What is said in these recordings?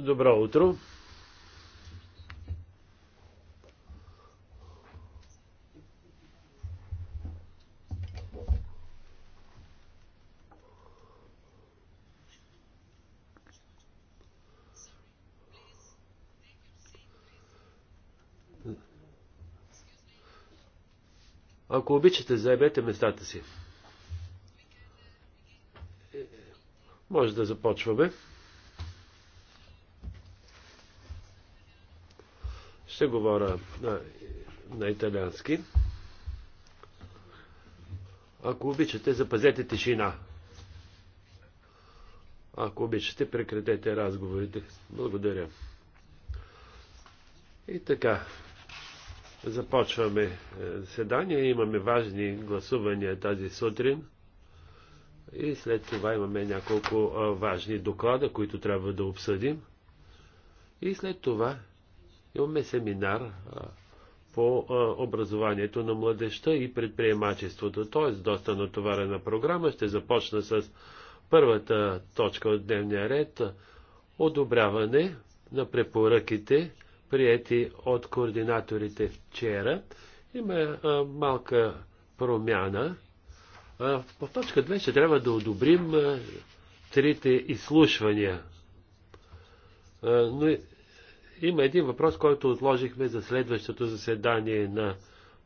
Добро утро. Ако обичате, заебете местата си. Може да започваме. Ще говоря на, на италиански. Ако обичате, запазете тишина. Ако обичате, прекратете разговорите. Благодаря. И така, започваме е, заседание. Имаме важни гласувания тази сутрин. И след това имаме няколко е, важни доклада, които трябва да обсъдим. И след това Имаме семинар по образованието на младеща и предприемачеството, т.е. доста натоварена програма. Ще започна с първата точка от дневния ред – одобряване на препоръките, приети от координаторите вчера. Има малка промяна. В точка 2 ще трябва да одобрим трите изслушвания. Но има един въпрос, който отложихме за следващото заседание на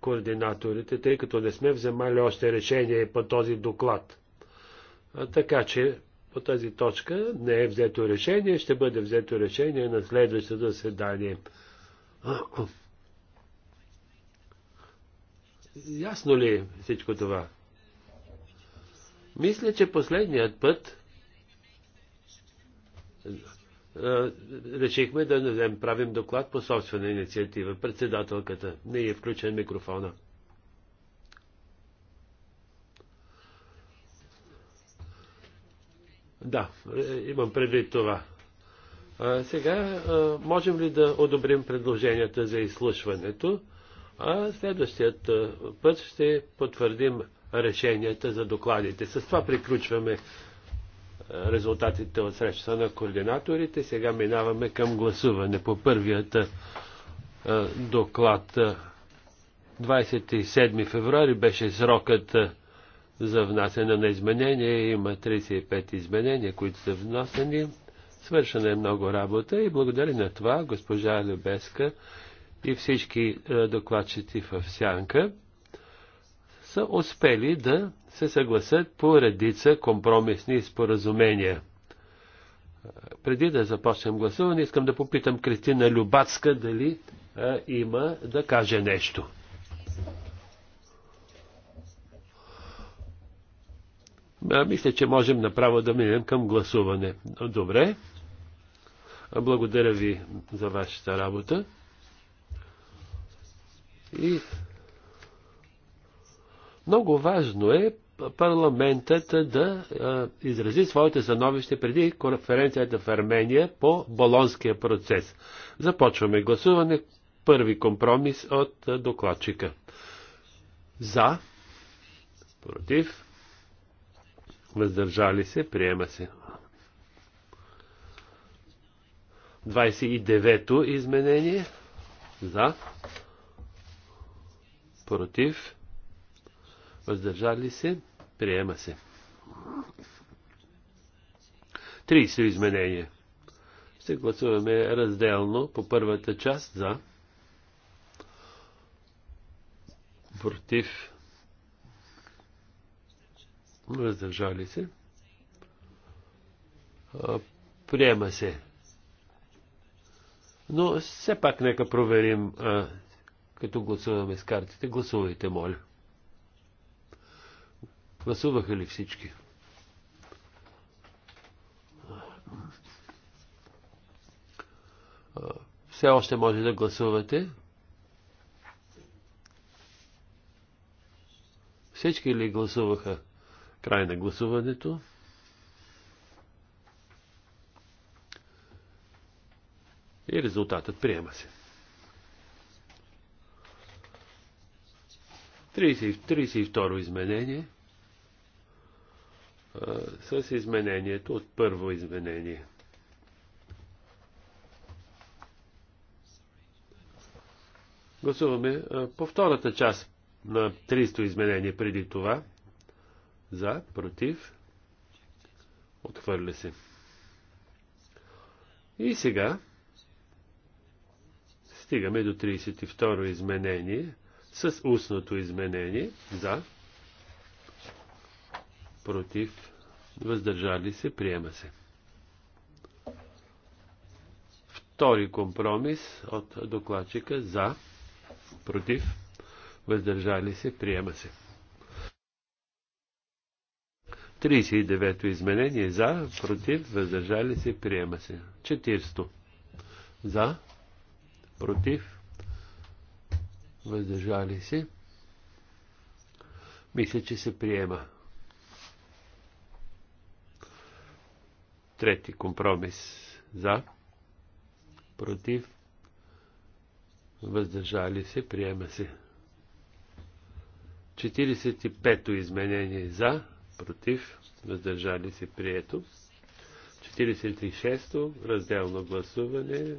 координаторите, тъй като не сме вземали още решение по този доклад. А, така че по тази точка не е взето решение, ще бъде взето решение на следващото заседание. Ясно ли е всичко това? Мисля, че последният път е, решихме да не правим доклад по собствена инициатива. Председателката не е включен микрофона. Да, е, имам предвид това. А, сега а, можем ли да одобрим предложенията за изслушването? А следващият път ще потвърдим решенията за докладите. С това приключваме резултатите от среща на координаторите. Сега минаваме към гласуване по първият доклад. 27 февруари беше срокът за внасяне на изменения. Има 35 изменения, които са внасени. Свършена е много работа и благодаря на това госпожа Любеска и всички докладчици в Сянка са успели да се съгласят по редица компромисни споразумения. Преди да започнем гласуване, искам да попитам Кристина Любацка дали а, има да каже нещо. А, мисля, че можем направо да минем към гласуване. Добре. Благодаря ви за вашата работа. И много важно е парламентът да изрази своите становище преди конференцията в Армения по Болонския процес. Започваме гласуване. Първи компромис от докладчика. За, против, въздържали се, приема се. 29-то изменение. За, против, въздържали се, приема се. 30 изменения. Ще гласуваме разделно по първата част за против въздържали се. Приема се. Но все пак нека проверим, като гласуваме с картите. Гласувайте, моля. Гласуваха ли всички? Все още може да гласувате. Всички ли гласуваха край на гласуването? И резултатът приема се. 32 изменение с изменението от първо изменение. Гласуваме по втората част на 300 изменение преди това. За, против, отхвърля се. И сега стигаме до 32 изменение с устното изменение. За, против, въздържали се, приема се. Втори компромис от докладчика за, против, въздържали се, приема се. 39-то изменение за, против, въздържали се, приема се. 40 За, против, въздържали се. Мисля, че се приема. Трети компромис за, против, въздържали се, приема се. 45-то изменение за, против, въздържали се, прието. 46-то разделно гласуване,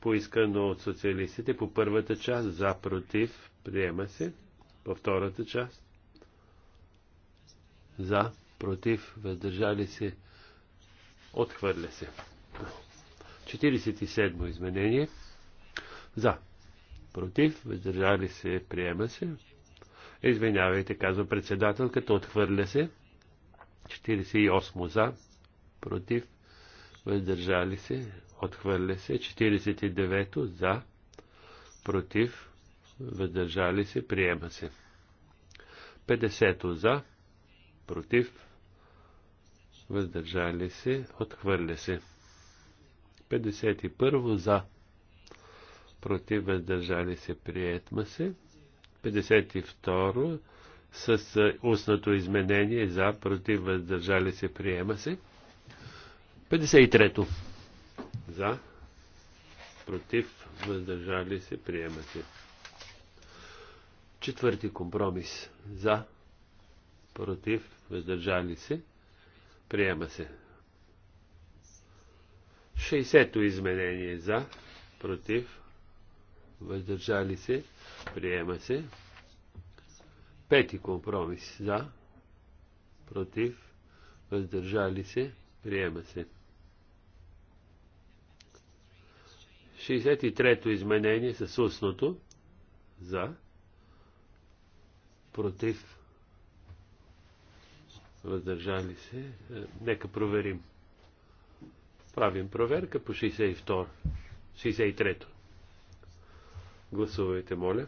поискано от социалистите по първата част, за, против, приема се. По втората част, за, против, въздържали се, се Отхвърля се. 47 изменение. За. Против. Въздържали се. Приема се. Извинявайте, казва председателката. Отхвърля се. 48 за. Против. Въздържали се. Отхвърля се. 49 за. Против. Въздържали се. Приема се. 50 за. Против въздържали се, отхвърля се. 51 за, против, въздържали се, приетма се. 52 с устното изменение за, против, въздържали се, приема се. 53 за, против, въздържали се, приема се. Четвърти компромис за, против, въздържали се, Приема се. 60-то изменение за, против, въздържали се, приема се. Пети компромис за, против, въздържали се, приема се. 63-то изменение с устното за, против, въздържали се. Е, нека проверим. Правим проверка по 62. 63-то. Гласувайте, моля.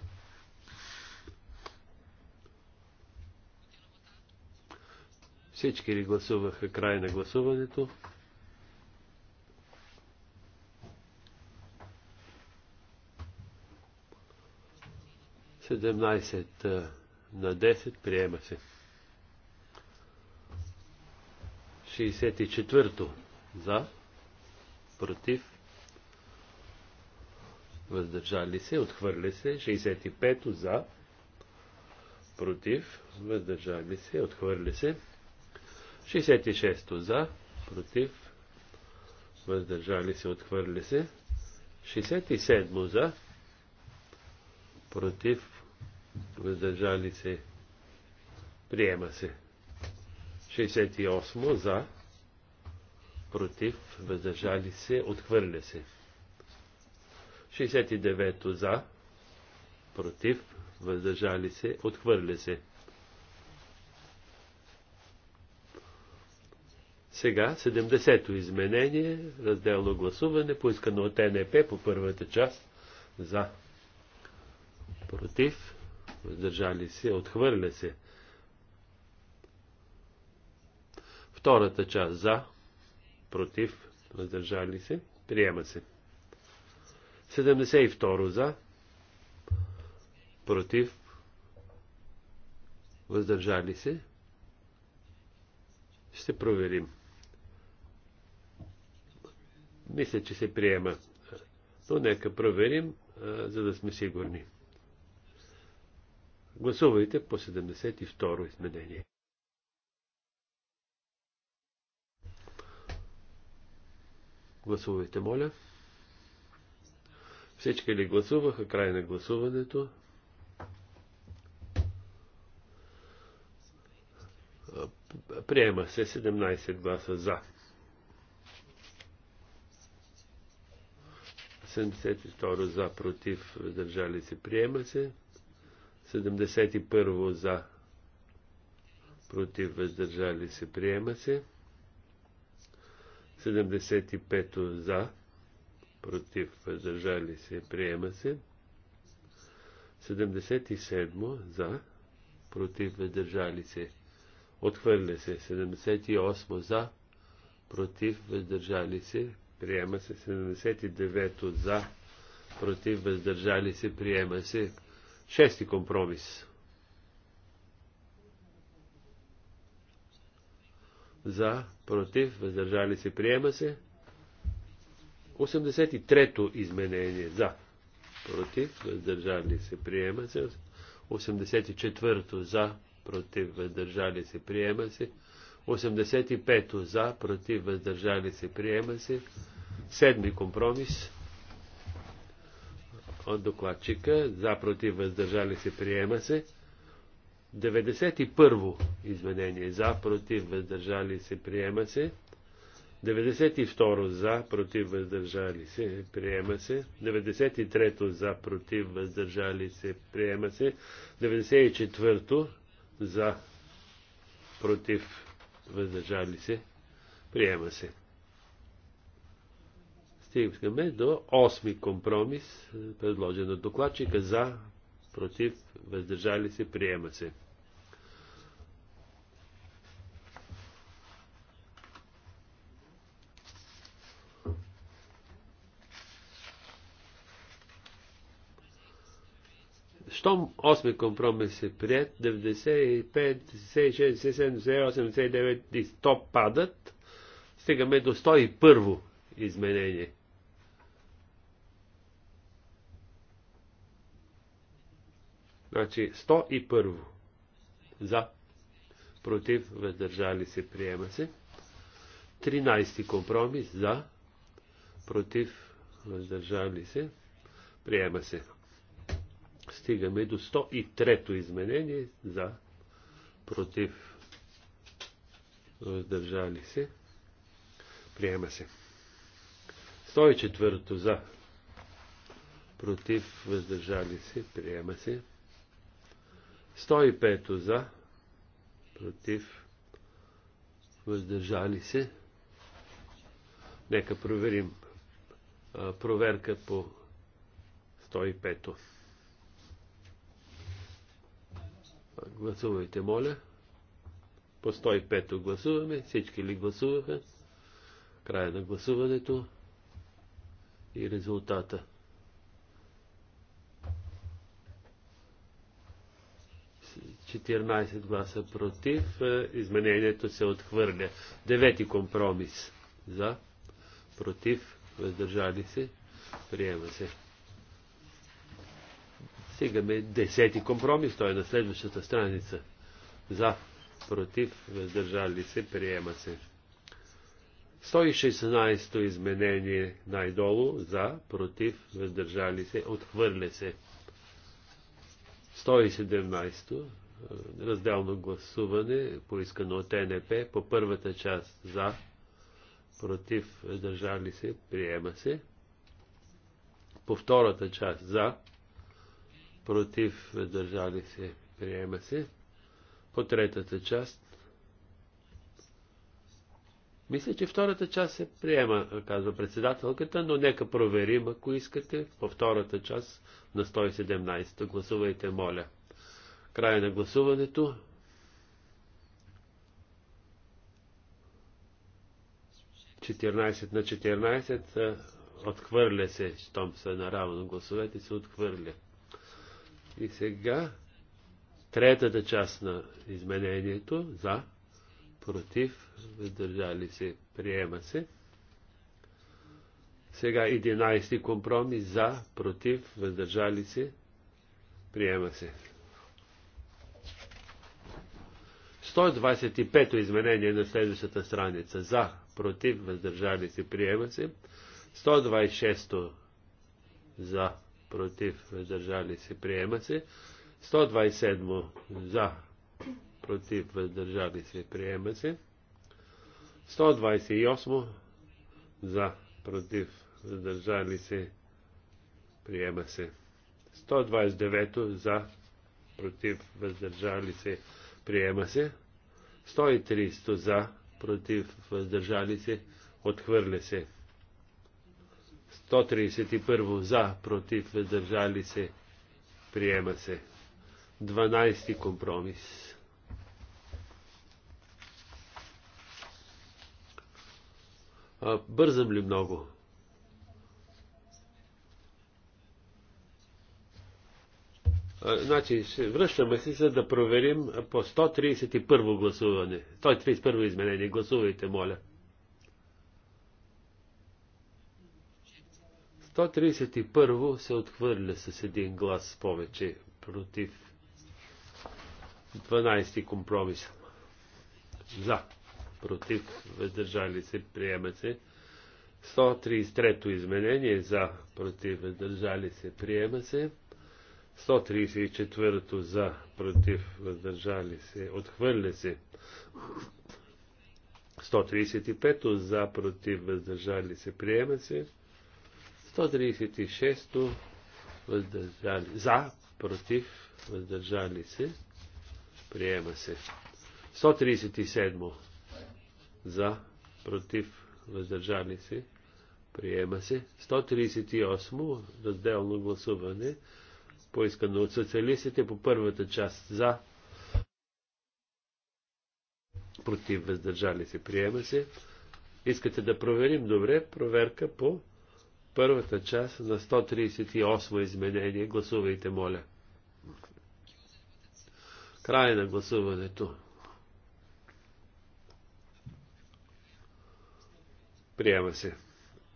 Всички ли гласуваха край на гласуването? Седемнайсет е, на 10 приема се. 64-то. За. Против. Въздържали се. Отхвърля се. 65-то. За. Против. Въздържали се. Отхвърля се. 66-то. За. Против. Въздържали се. Отхвърля се. 67-то. За. Против. Въздържали се. Приема се. 68 за, против, въздържали се, отхвърля се. 69 за, против, въздържали се, отхвърля се. Сега 70-то изменение, разделно гласуване, поискано от НП по първата част, за, против, въздържали се, отхвърля се. Втората част за, против, въздържали се, приема се. 72 за, против, въздържали се. Ще проверим. Мисля, че се приема. Но нека проверим, за да сме сигурни. Гласувайте по 72 изменение. Гласувайте, моля. Всички ли гласуваха? Край на гласуването. Приема се 17 гласа за. 72 за, против, въздържали се, приема се. 71 за, против, въздържали се, приема се. 75 за, против, въздържали се, приема се. 77 за, против, въздържали се, отхвърля се. 78 за, против, въздържали се, приема се. 79 за, против, въздържали се, приема се. Шести компромис. за, против, въздържали се, приема се. 83-то изменение за, против, въздържали се, приема се. 84-то за, против, въздържали се, приема се. 85-то за, против, въздържали се, приема се. Седми компромис от докладчика. За, против, въздържали се, приема се. 91-во изменение за, против, въздържали се, приема се. 92 за, против, въздържали се, приема се. 93 за, против, въздържали се, приема се. 94 за, против, въздържали се, приема се. Стигаме до 8 ми компромис, предложен от докладчика за, против, въздържали се, приема се. Щом 8 компромис е прият, 95, 96, 67, 78, 79 и 100 падат, стигаме до 101 изменение – Значи 101 за, против, въздържали се, приема се. 13 компромис за, против, въздържали се, приема се. Стигаме до 103-то изменение за, против, въздържали се, приема се. 104 за, против, въздържали се, приема се. 105 за, против, въздържали се. Нека проверим а, проверка по 105. Гласувайте, моля. По 105 гласуваме. Всички ли гласуваха? Края на гласуването и резултата. 14 гласа против. Е, изменението се отхвърля. Девети компромис. За. Против. Въздържали се. Приема се. Стигаме десети компромис. Той е на следващата страница. За. Против. Въздържали се. Приема се. 116-то изменение най-долу. За. Против. Въздържали се. Отхвърля се. 117-то разделно гласуване, поискано от НП, по първата част за, против, държали се, приема се. По втората част за, против, държали се, приема се. По третата част. Мисля, че втората част се приема, казва председателката, но нека проверим, ако искате, по втората част на 117. Гласувайте, моля. Край на гласуването. Четиринайсет на 14 отхвърля се, щом са наравно гласовете, се отхвърля. И сега третата част на изменението за, против, въздържали се, приема се. Сега 11 компромис за, против, въздържали се, приема се. 125-то изменение на следващата страница. За, против, въздържали се, приема се. 126-то за, против, въздържали се, приема се. 127 за, против, въздържали се, приема се. 128 за, против, въздържали се, приема се. 129 за, против, въздържали се, приема се. 130 за, против, въздържали се, отхвърля се. 131 за, против, въздържали се, приема се. 12 компромис. Бързам ли много? Значи, връщаме се, за да проверим по 131 гласуване. 131 е изменение. Гласувайте, моля. 131 се отхвърля с един глас повече против 12 компромис. За. Против. Въздържали се. Приема се. 133 изменение. За. Против. Въздържали се. Приема се. 134-то за, против, въздържали се, отхвърля се. 135-то за, против, въздържали се, приема се. 136-то въздържали, за, против, въздържали се, приема се. 137 за, против, въздържали се, приема се. 138 разделно гласуване поискано от социалистите по първата част за, против, въздържали се, приема се. Искате да проверим добре проверка по първата част на 138 изменение. Гласувайте, моля. Край на гласуването. Приема се.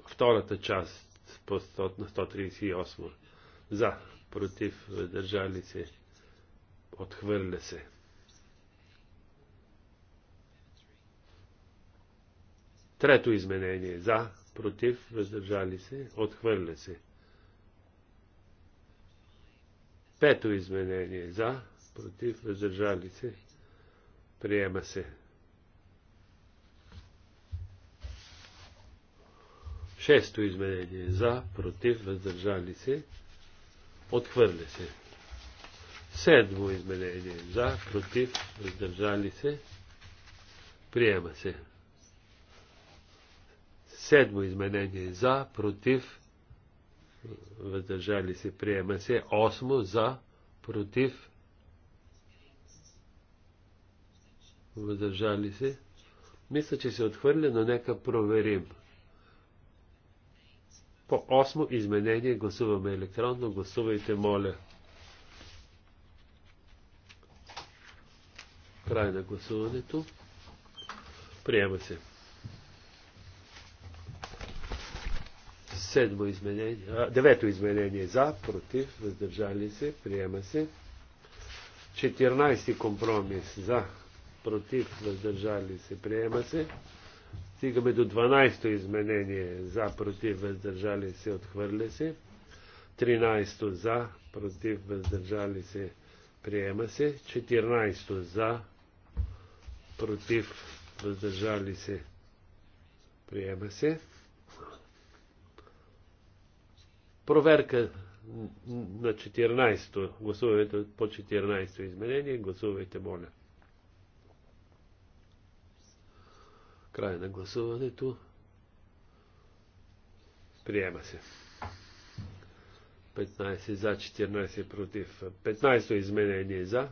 Втората част по 100, на 138. За против, въздържали се, отхвърля се. Трето изменение. За, против, въздържали се, отхвърля се. Пето изменение. За, против, въздържали се, приема се. Шесто изменение. За, против, въздържали се, се. Отхвърля се. Седмо изменение. За, против, въздържали се. Приема се. Седмо изменение. За, против, въздържали се. Приема се. Осмо. За, против, въздържали се. Мисля, че се отхвърля, но нека проверим. По осмо изменение гласуваме електронно. Гласувайте, моля. Край на гласуването. Приема се. Седмо изменение. А, девето изменение за, против, въздържали се, приема се. 14 компромис за, против, въздържали се, приема се. Стигаме до 12-то изменение. За, против, въздържали се, отхвърля се. 13-то за, против, въздържали се, приема се. 14-то за, против, въздържали се, приема се. Проверка на 14-то. Гласувайте по 14-то изменение. Гласувайте, моля. Край на гласуването. Приема се. 15 за, 14 против. 15 изменение за.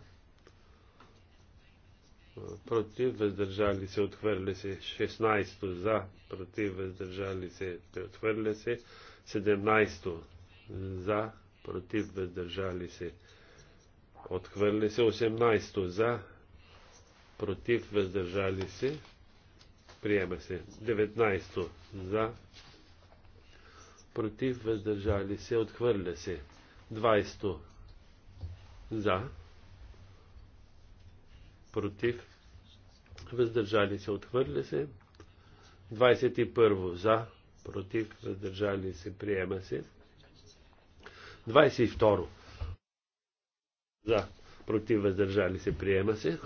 Против, въздържали се, отхвърля се. 16 за, против, въздържали се, отхвърля се. 17 за, против, въздържали се. Отхвърли се 18 за, против, въздържали се. Приема се. 19 за. Против. Въздържали се. Отхвърля се. 20 за. Против. Въздържали се. Отхвърля се. 21 за. Против. Въздържали се. Приема се. 22 за. Против. Въздържали се. Приема се.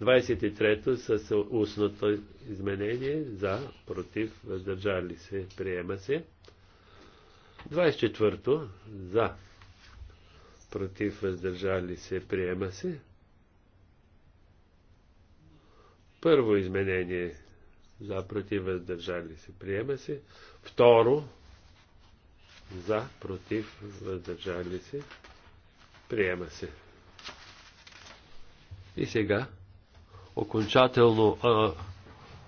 23 с устното изменение за, против, въздържали се, приема се. 24 за, против, въздържали се, приема се. Първо изменение за, против, въздържали се, приема се. Второ за, против, въздържали се, приема се. И сега Окончателно а,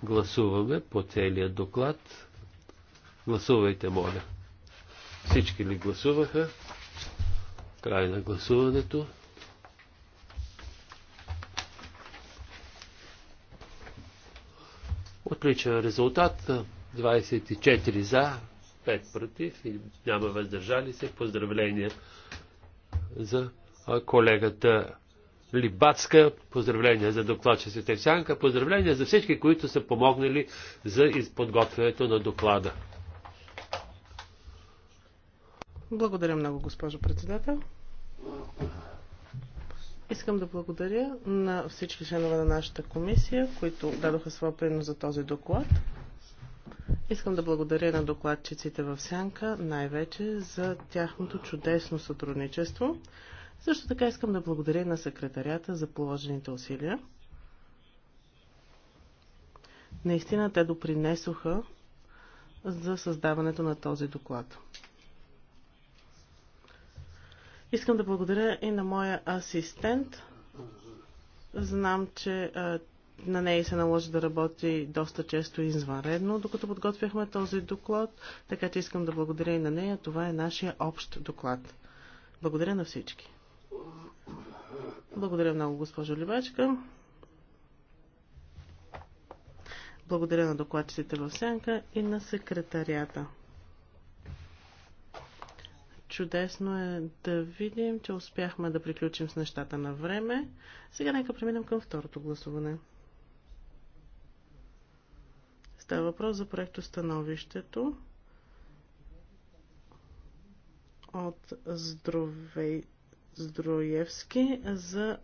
гласуваме по целият доклад. Гласувайте, моля. Всички ли гласуваха? Край на гласуването. Отличен резултат. 24 за, 5 против и няма въздържали се. Поздравления за колегата Либацка, поздравления за докладчицата Евсянка, поздравления за всички, които са помогнали за подготвянето на доклада. Благодаря много, госпожо председател. Искам да благодаря на всички членове на нашата комисия, които дадоха своя принос за този доклад. Искам да благодаря на докладчиците в Сянка, най-вече за тяхното чудесно сътрудничество. Също така искам да благодаря на секретарята за положените усилия. Наистина те допринесоха за създаването на този доклад. Искам да благодаря и на моя асистент. Знам, че а, на нея се наложи да работи доста често и извънредно, докато подготвяхме този доклад, така че искам да благодаря и на нея. Това е нашия общ доклад. Благодаря на всички. Благодаря много, госпожо Ливачка. Благодаря на докладчиците в Сянка и на секретарията. Чудесно е да видим, че успяхме да приключим с нещата на време. Сега нека преминем към второто гласуване. Става въпрос за проектостановището от Здравейте Здроевски за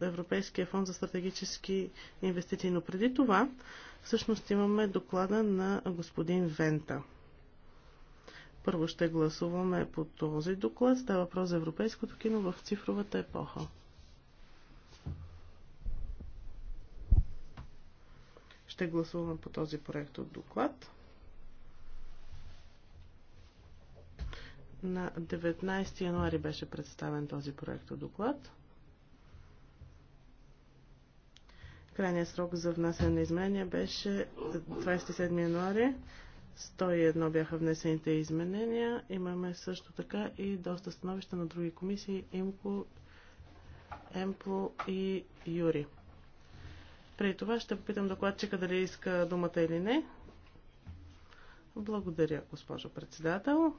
Европейския фонд за стратегически инвестиции. Но преди това, всъщност имаме доклада на господин Вента. Първо ще гласуваме по този доклад. Става въпрос за европейското кино в цифровата епоха. Ще гласуваме по този проект от доклад. На 19 януари беше представен този проект доклад. Крайният срок за внасяне на изменения беше 27 януари. 101 бяха внесените изменения. Имаме също така и доста становища на други комисии, ИМКО, ЕМПО и ЮРИ. При това ще попитам докладчика дали иска думата или не. Благодаря, госпожо председател.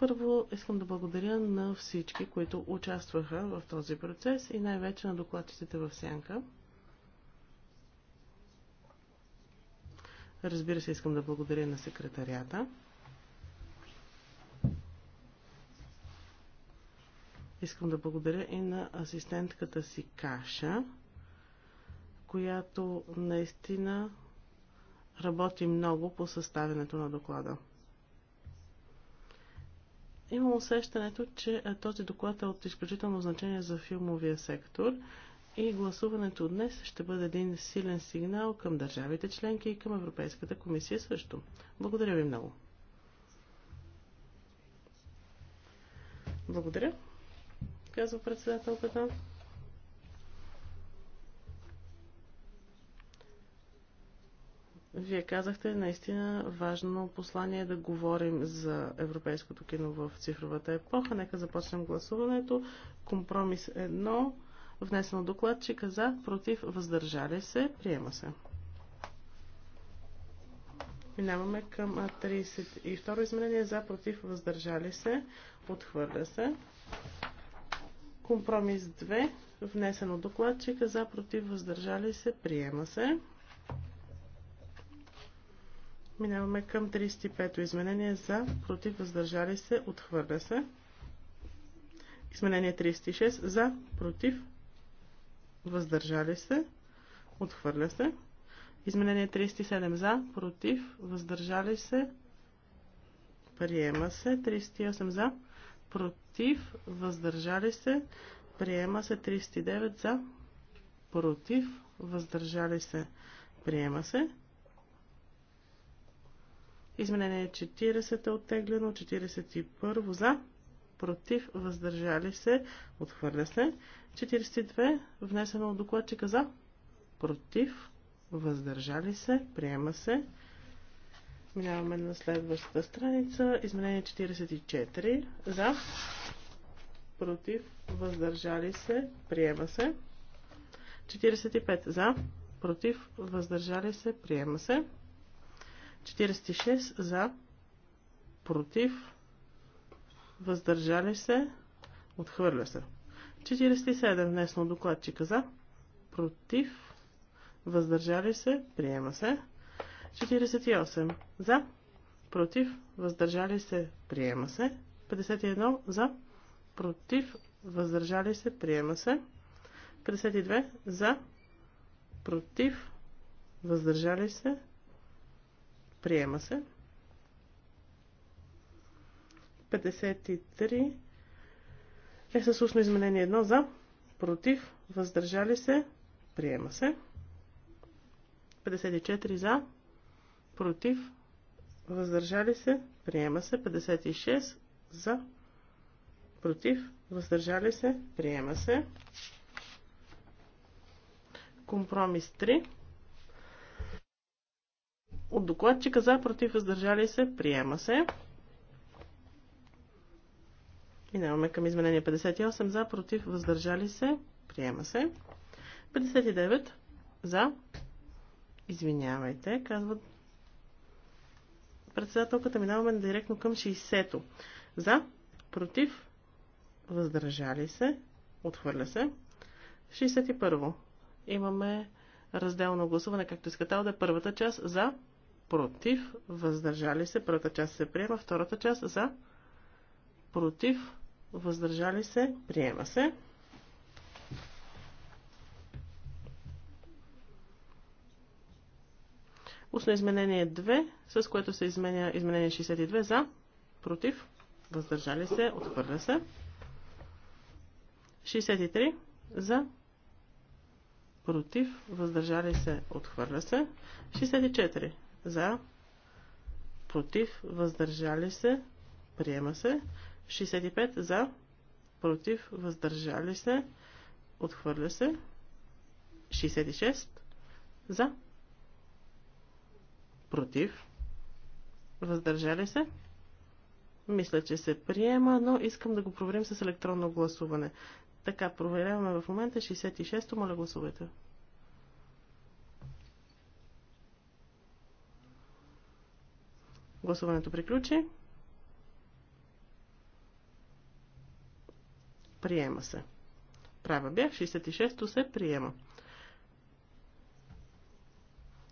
Първо искам да благодаря на всички, които участваха в този процес и най-вече на докладчиците в Сянка. Разбира се, искам да благодаря на секретарията. Искам да благодаря и на асистентката си Каша, която наистина работи много по съставянето на доклада. Имам усещането, че е, този доклад е от изключително значение за филмовия сектор и гласуването днес ще бъде един силен сигнал към държавите членки и към Европейската комисия също. Благодаря ви много. Благодаря, казва председателката. Вие казахте наистина важно послание е да говорим за европейското кино в цифровата епоха. Нека започнем гласуването. Компромис 1, Внесено докладчика за, против, въздържали се, приема се. Минаваме към 32 изменение за, против, въздържали се, отхвърля се. Компромис 2, Внесено докладчика за, против, въздържали се, приема се. Минаваме към 35-то изменение за, против, въздържали се, отхвърля се. Изменение 36 за, против, въздържали се, отхвърля се. Изменение 37 за, против, въздържали се, приема се. 38 за, против, въздържали се, приема се. 39 за, против, въздържали се, приема се. Изменение 40 е оттеглено, 41 за, против, въздържали се, отхвърля се. 42, внесено от докладчика за, против, въздържали се, приема се. Минаваме на следващата страница. Изменение 44 за, против, въздържали се, приема се. 45 за, против, въздържали се, приема се. 46 за, против, въздържали се, отхвърля се. 47 внесно докладчика за, против, въздържали се, приема се. 48 за, против, въздържали се, приема се. 51 за, против, въздържали се, приема се. 52 за, против, въздържали се, Приема се. 53 е със устно изменение 1 за, против, въздържали се, приема се. 54 за, против, въздържали се, приема се. 56 за, против, въздържали се, приема се. Компромис 3 от докладчика за, против, въздържали се, приема се. Минаваме към изменение 58 за, против, въздържали се, приема се. 59 за. Извинявайте, казват председателката. Минаваме директно към 60-то. За, против, въздържали се, отхвърля се. 61. Имаме разделно гласуване, както искате, да е първата част за, против, въздържали се. Първата част се приема, втората част за, против, въздържали се, приема се. Устно изменение 2, с което се изменя изменение 62 за, против, въздържали се, отхвърля се. 63 за, против, въздържали се, отхвърля се. 64 за, против, въздържали се, приема се. 65 за, против, въздържали се, отхвърля се. 66 за, против, въздържали се. Мисля, че се приема, но искам да го проверим с електронно гласуване. Така, проверяваме в момента 66-то. Моля, гласувайте. Гласуването приключи. Приема се. Права бях, 66-то се приема.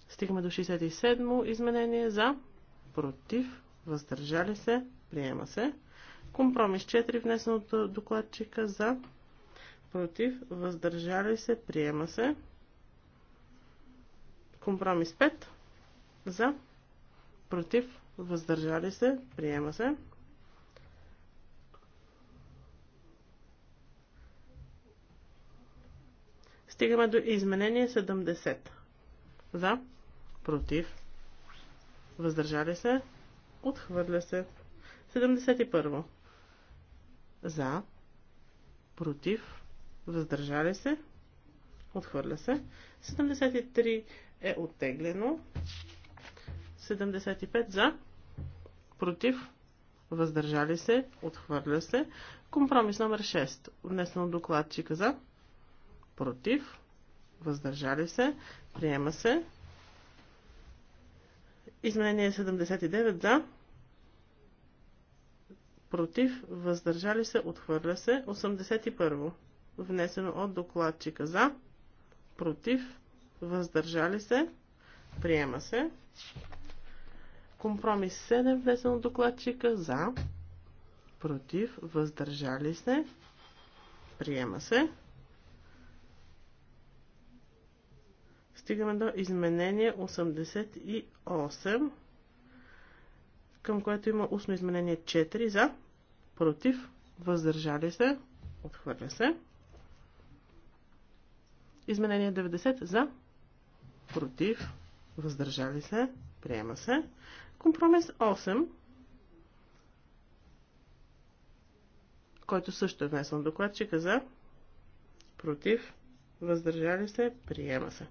Стигаме до 67-мо изменение за, против, въздържали се, приема се. Компромис 4, внесен от докладчика за, против, въздържали се, приема се. Компромис 5 за, против, въздържали се, приема се. Стигаме до изменение 70. За, против, въздържали се, отхвърля се. 71. За, против, въздържали се, отхвърля се. 73 е оттеглено. 75 за, против, въздържали се, отхвърля се. Компромис номер 6, внесен от докладчика за, против, въздържали се, приема се. Изменение 79 за, против, въздържали се, отхвърля се. 81. Внесено от докладчика за, против, въздържали се, приема се. Компромис 7, внесен от докладчика, за, против, въздържали се, приема се. Стигаме до изменение 88, към което има устно изменение 4 за, против, въздържали се, отхвърля се. Изменение 90 за, против, въздържали се, приема се. Компромис 8, който също е внесен докладчика за против, въздържали се, приема се.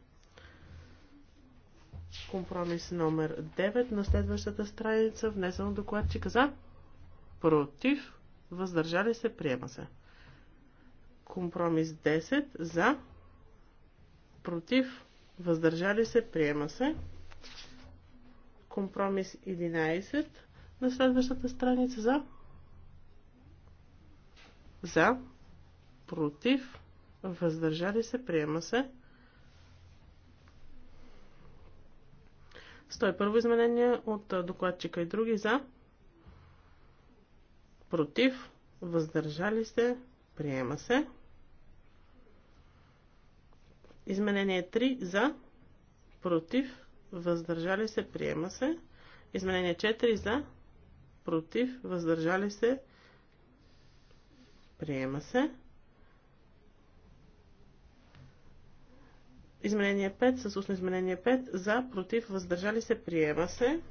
Компромис номер 9 на следващата страница, внесен докладчика за против, въздържали се, приема се. Компромис 10 за против, въздържали се, приема се. Компромис 11 на следващата страница за. За. Против. Въздържали се. Приема се. 101 изменение от докладчика и други за. Против. Въздържали се. Приема се. Изменение 3 за. Против въздържали се, приема се. Изменение 4 за, против, въздържали се, приема се. Изменение 5 с устно изменение 5 за, против, въздържали се, приема се.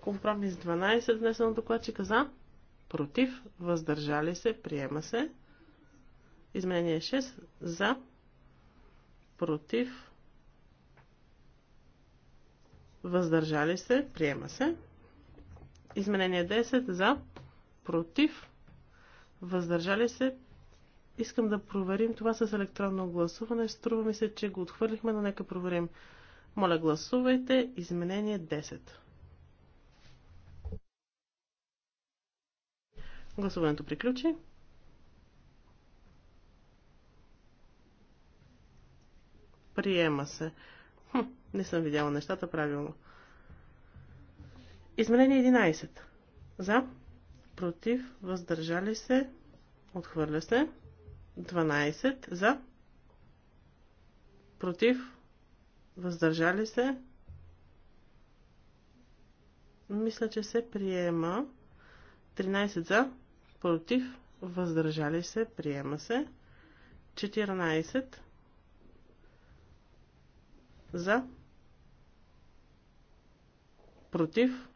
Компромис 12 внесен от докладчика за, против, въздържали се, приема се. Изменение 6 за, против, въздържали се, приема се. Изменение 10 за, против, въздържали се. Искам да проверим това с електронно гласуване. Струва ми се, че го отхвърлихме, но нека проверим. Моля, гласувайте. Изменение 10. Гласуването приключи. Приема се. Не съм видяла нещата правилно. Измерение 11. За, против, въздържали се, отхвърля се. 12. За, против, въздържали се. Мисля, че се приема. 13 за, против, въздържали се, приема се. 14 за, Против?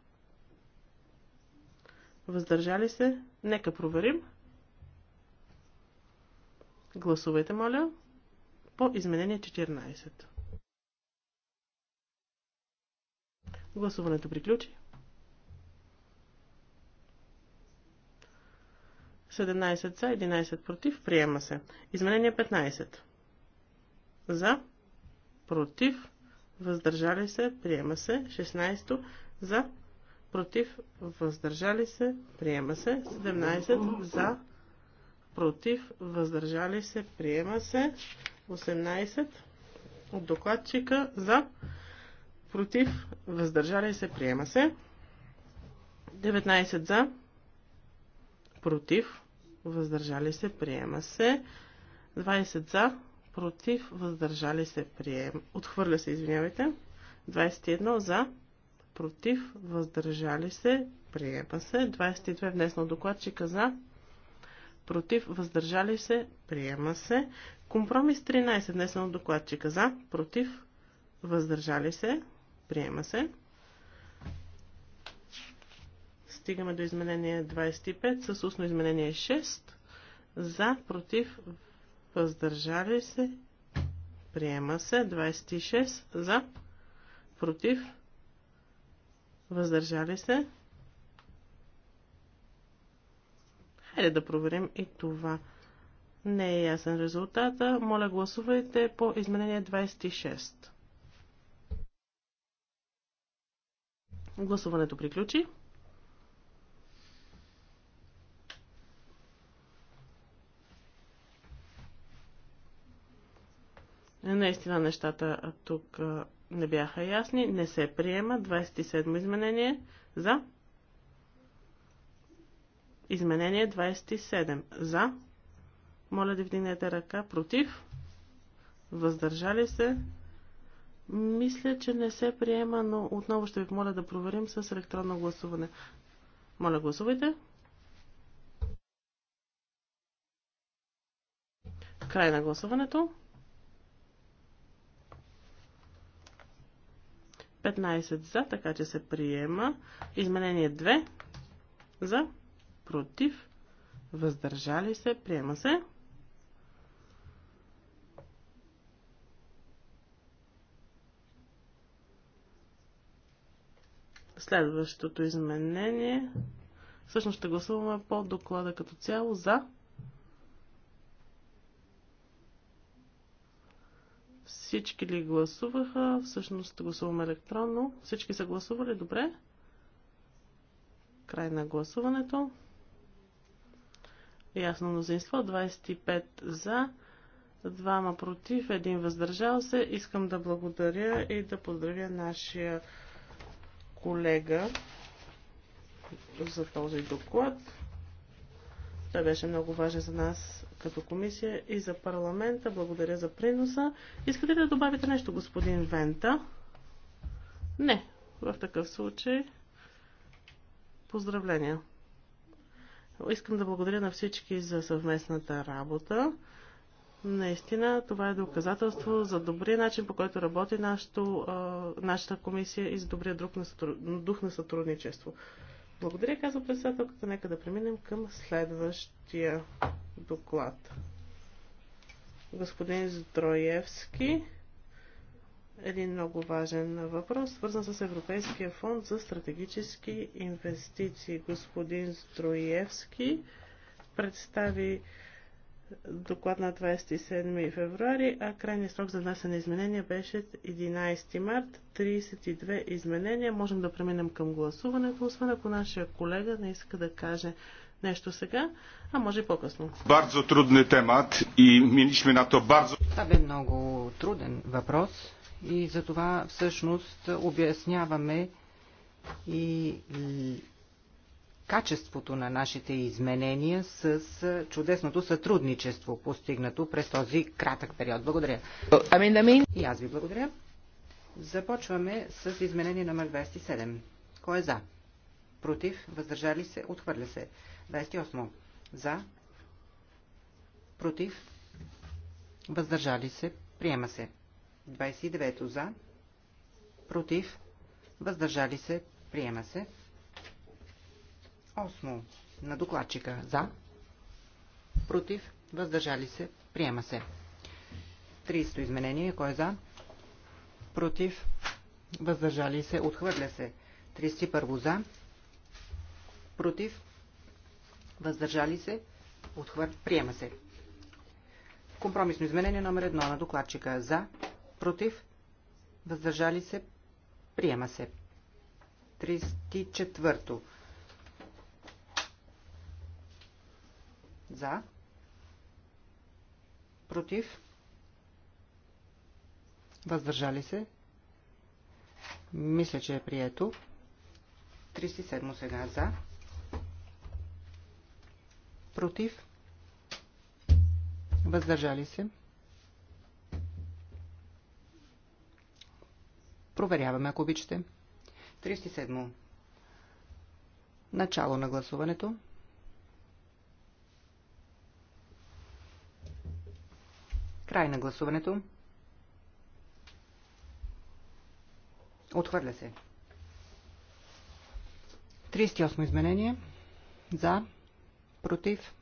Въздържали се? Нека проверим. Гласувайте, моля, по изменение 14. Гласуването приключи. 17 за, 11 против. Приема се. Изменение 15. За. Против. Въздържали се. Приема се. 16 за, против, въздържали се, приема се. 17 за, против, въздържали се, приема се. 18 от докладчика за, против, въздържали се, приема се. 19 за, против, въздържали се, приема се. 20 за, против, въздържали се, приема. Отхвърля се, извинявайте. 21 за, против, въздържали се, приема се. 22 внесна докладчика за, против, въздържали се, приема се. Компромис 13 внесено докладчика за, против, въздържали се, приема се. Стигаме до изменение 25 с устно изменение 6. За, против, въздържали се, приема се. 26 за, против, Въздържали се? Хайде да проверим и това. Не е ясен резултата. Моля гласувайте по изменение 26. Гласуването приключи. Наистина нещата тук не бяха ясни. Не се приема. 27 изменение за. Изменение 27 за. Моля да вдигнете ръка против. Въздържали се. Мисля, че не се приема, но отново ще ви моля да проверим с електронно гласуване. Моля, гласувайте. Край на гласуването. 15 за, така че се приема. Изменение 2 за, против, въздържали се, приема се. Следващото изменение. Всъщност ще гласуваме по доклада като цяло за Всички ли гласуваха? Всъщност гласуваме електронно. Всички са гласували? Добре. Край на гласуването. Ясно мнозинство. 25 за, двама против, един въздържал се. Искам да благодаря и да поздравя нашия колега за този доклад. Той беше много важен за нас като комисия и за парламента. Благодаря за приноса. Искате ли да добавите нещо, господин Вента? Не. В такъв случай. Поздравления. Искам да благодаря на всички за съвместната работа. Наистина, това е доказателство за добрия начин, по който работи нашата комисия и за добрия дух на сътрудничество. Благодаря, казва председателката. Нека да преминем към следващия доклад. Господин Здроевски, един много важен въпрос, свързан с Европейския фонд за стратегически инвестиции. Господин Здроевски представи доклад на 27 февруари, а крайният срок за внасяне изменения беше 11 март, 32 изменения. Можем да преминем към гласуването, освен ако нашия колега не иска да каже нещо сега, а може и по-късно. Бързо труден темат и минишме на то бързо. Това бе много труден въпрос и за това всъщност обясняваме и качеството на нашите изменения с чудесното сътрудничество, постигнато през този кратък период. Благодаря. Амин, амин. И аз ви благодаря. Започваме с изменение номер 27. Кой е за? Против? Въздържали се? Отхвърля се. 28. За? Против? Въздържали се? Приема се. 29. За? Против? Въздържали се? Приема се. 8 на докладчика. За. Против. Въздържали се. Приема се. 30 изменение. Кой е за? Против. Въздържали се. Отхвърля се. 31 за. Против. Въздържали се. Отхвърля. Приема се. Компромисно изменение номер 1 на докладчика. За. Против. Въздържали се. Приема се. 34. За. Против. Въздържали се. Мисля, че е прието. 37 сега за. Против. Въздържали се. Проверяваме, ако обичате. 37. Начало на гласуването. Край на гласуването. Отхвърля се. 38 изменение. За. Против.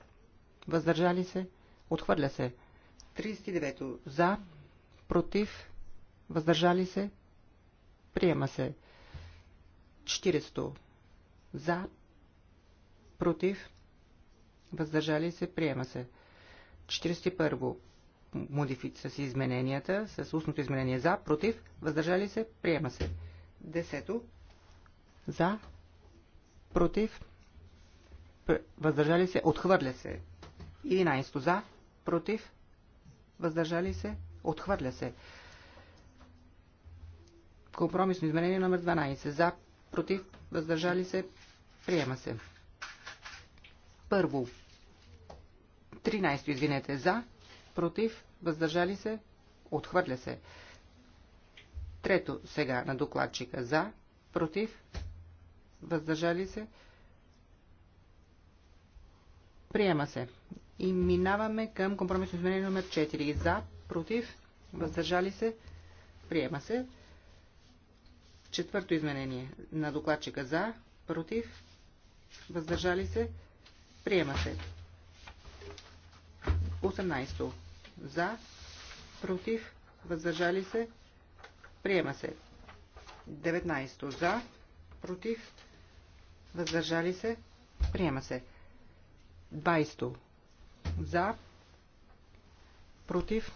Въздържали се. Отхвърля се. 39. За. Против. Въздържали се. Приема се. 40. За. Против. Въздържали се. Приема се. 41 модифи... с измененията, с устното изменение за, против, въздържали се, приема се. Десето. За, против, въздържали се, отхвърля се. 11 за, против, въздържали се, отхвърля се. Компромисно изменение номер 12. За, против, въздържали се, приема се. Първо. 13 извинете, за, против, въздържали се, отхвърля се. Трето сега на докладчика за, против, въздържали се, приема се. И минаваме към компромисно изменение номер 4. За, против, въздържали се, приема се. Четвърто изменение на докладчика за, против, въздържали се, приема се. 18. За. Против. Въздържали се. Приема се. 19. За. Против. Въздържали се. Приема се. 20. За. Против.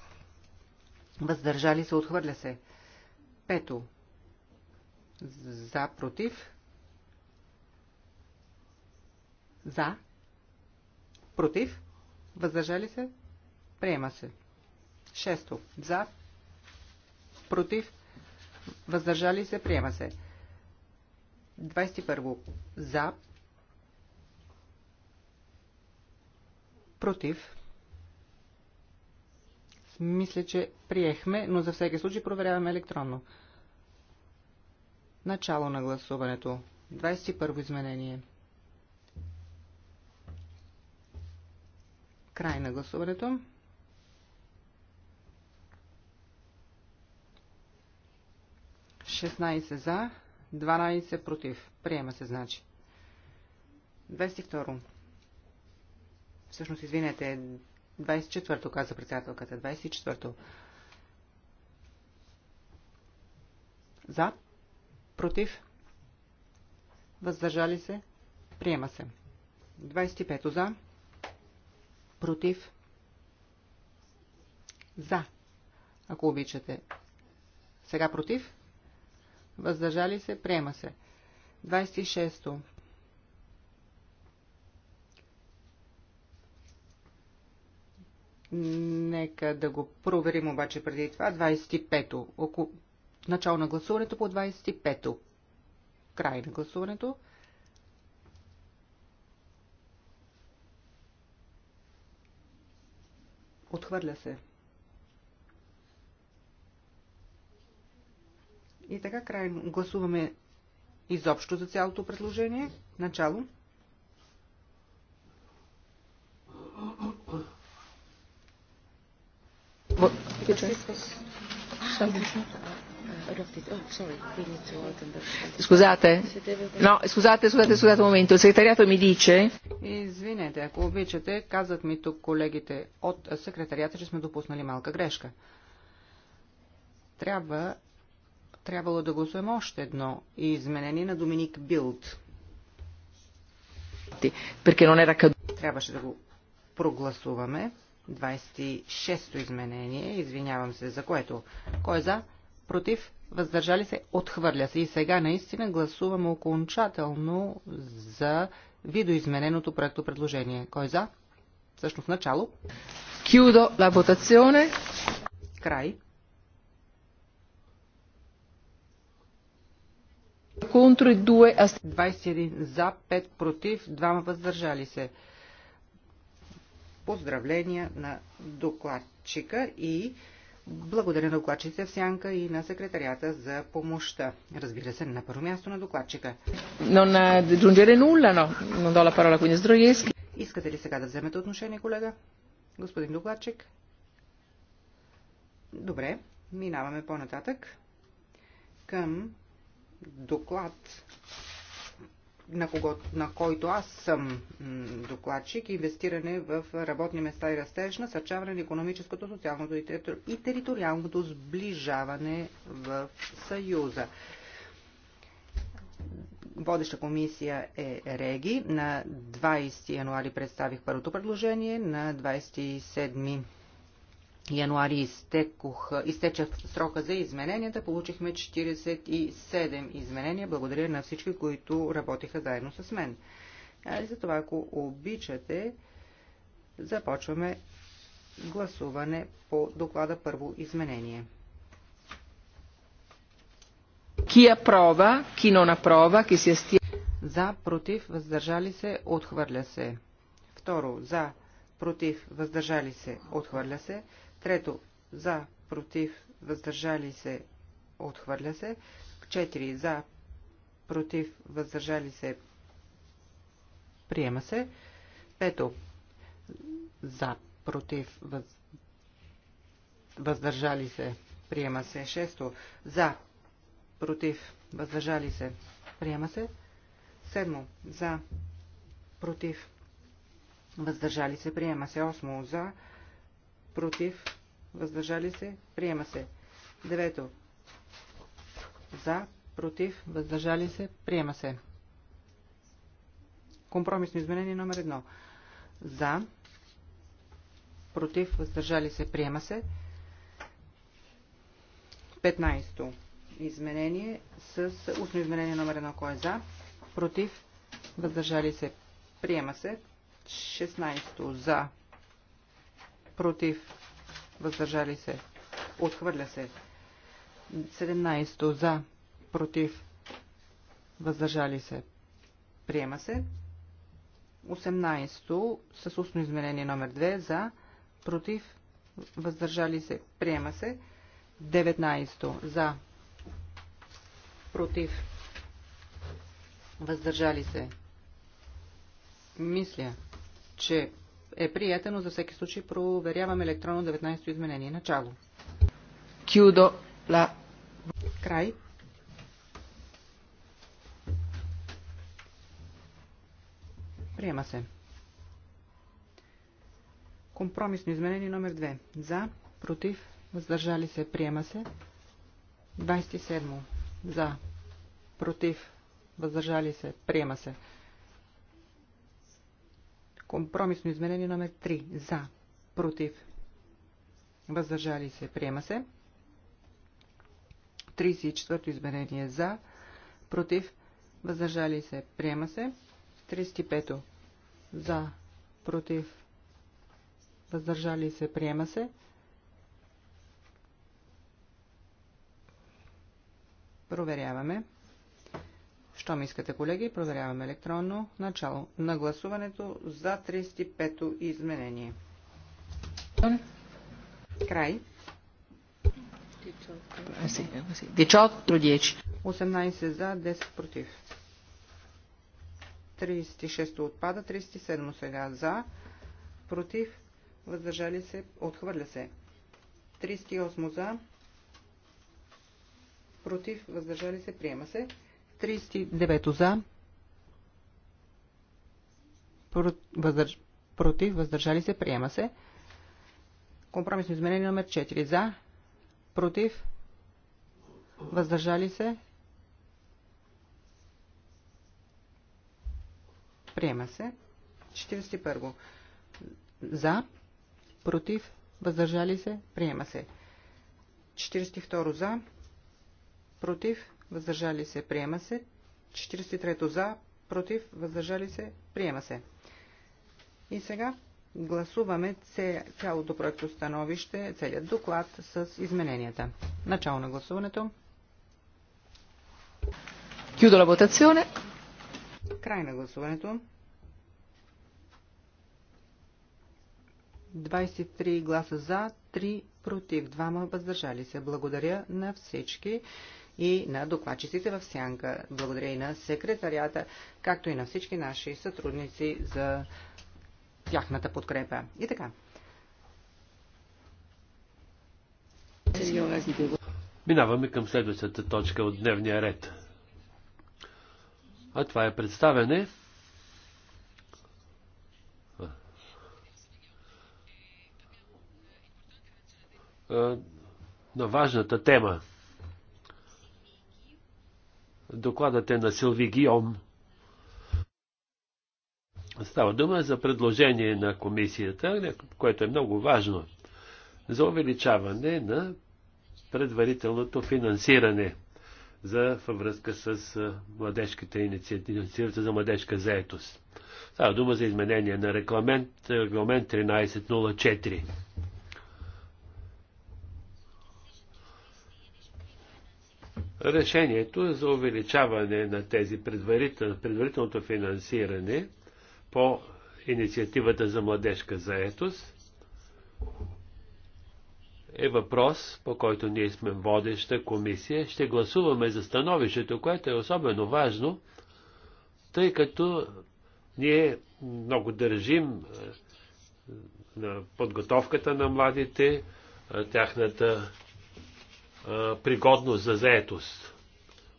Въздържали се. Отхвърля се. 5. За. Против. За. Против. Въздържали се. Приема се. Шесто. За. Против. Въздържали се. Приема се. 21. За. Против. Мисля, че приехме, но за всеки случай проверяваме електронно. Начало на гласуването. 21 изменение. Край на гласуването. 16 за, 12 против. Приема се, значи. 22. Всъщност, извинете, 24-то, каза председателката. 24-то. За, против, въздържали се, приема се. 25-то за, против, за, ако обичате. Сега против, въздържали се, приема се. 26-то. Нека да го проверим обаче преди това. 25-то. Око... Начало на гласуването по 25-то. Край на гласуването. Отхвърля се. И така крайно гласуваме изобщо за цялото предложение. Начало. Scusate, no, scusate, scusate, scusate un momento, il segretariato mi dice... Извинете, ако обичате, казват ми тук колегите от секретарията, че сме допуснали малка грешка. Трябва трябвало да гласуем още едно изменение на Доминик Билд. Трябваше да го прогласуваме. 26-то изменение, извинявам се, за което. Кой е за? Против? Въздържали се? Отхвърля се. И сега наистина гласуваме окончателно за видоизмененото проекто предложение. Кой е за? Всъщност начало. Кюдо la Край. Контро 21 за, 5 против, 2 въздържали се. Поздравления на докладчика и благодаря на докладчица в Сянка и на секретарията за помощта. Разбира се, на първо място на докладчика. Искате ли сега да вземете отношение, колега? Господин докладчик? Добре, минаваме по-нататък към доклад, на, кого, на който аз съм докладчик, инвестиране в работни места и растеж, насърчаване на економическото, социалното и териториалното сближаване в Съюза. Водеща комисия е Реги. На 20 януари представих първото предложение, на 27 януари изтекох, изтече срока за измененията. Получихме 47 изменения. Благодаря на всички, които работиха заедно с мен. А и за това, ако обичате, започваме гласуване по доклада първо изменение. Кия aprova, кино на approva, ки се asti... За, против, въздържали се, отхвърля се. Второ, за, против, въздържали се, отхвърля се. Трето, за, против, въздържали се, отхвърля се. 4 за, против, въздържали се, приема се. Пето, за, против, въз... въздържали се, приема се. Шесто, за, против, въздържали се, приема се. Седмо, за, против, въздържали се, приема се. Осмо, за, против, против, въздържали се, приема се. Девето. За, против, въздържали се, приема се. Компромисно изменение номер едно. За, против, въздържали се, приема се. 15 изменение с устно изменение номер едно. кое е за, против, въздържали се, приема се. 16 за, против, въздържали се, отхвърля се. 17 за, против, въздържали се, приема се. 18 с устно изменение номер 2 за, против, въздържали се, приема се. 19 за, против, въздържали се. Мисля, че е прията, но за всеки случай проверявам електронно 19-то изменение. Начало. Кюдо ла. Край. Приема се. Компромисно изменение номер 2. За, против, въздържали се, приема се. 27. За, против, въздържали се, приема се. Компромисно изменение номер 3. За. Против. Въздържали се. Приема се. 34-то изменение. За. Против. Въздържали се. Приема се. 35-то. За. Против. Въздържали се. Приема се. Проверяваме. Щом искате, колеги, проверяваме електронно начало на гласуването за 35-то изменение. Край. 18 за, 10 против. 36 отпада, 37 сега за, против, въздържали се, отхвърля се. 38 за, против, въздържали се, приема се. 39 за, против, въздържали се, приема се. Компромисно изменение номер 4 за, против, въздържали се, приема се. 41. За, против, въздържали се, приема се. 42 за, против, въздържали се, приема се. 43 за, против, въздържали се, приема се. И сега гласуваме цялото проекто становище, целият доклад с измененията. Начало на гласуването. Chiudo la Край на гласуването. 23 гласа за, 3 против, 2 въздържали се. Благодаря на всички и на докладчиците в Сянка. Благодаря и на секретарията, както и на всички наши сътрудници за тяхната подкрепа. И така. Минаваме към следващата точка от дневния ред. А това е представяне на важната тема Докладът е на Силви Гиом. Става дума за предложение на комисията, което е много важно, за увеличаване на предварителното финансиране за, във връзка с младежката инициатива, за младежка заетост. Става дума за изменение на регламент, регламент 1304. решението е за увеличаване на тези предварител, предварителното финансиране по инициативата за младежка заетост е въпрос, по който ние сме водеща комисия. Ще гласуваме за становището, което е особено важно, тъй като ние много държим е, на подготовката на младите, е, тяхната пригодност за заетост.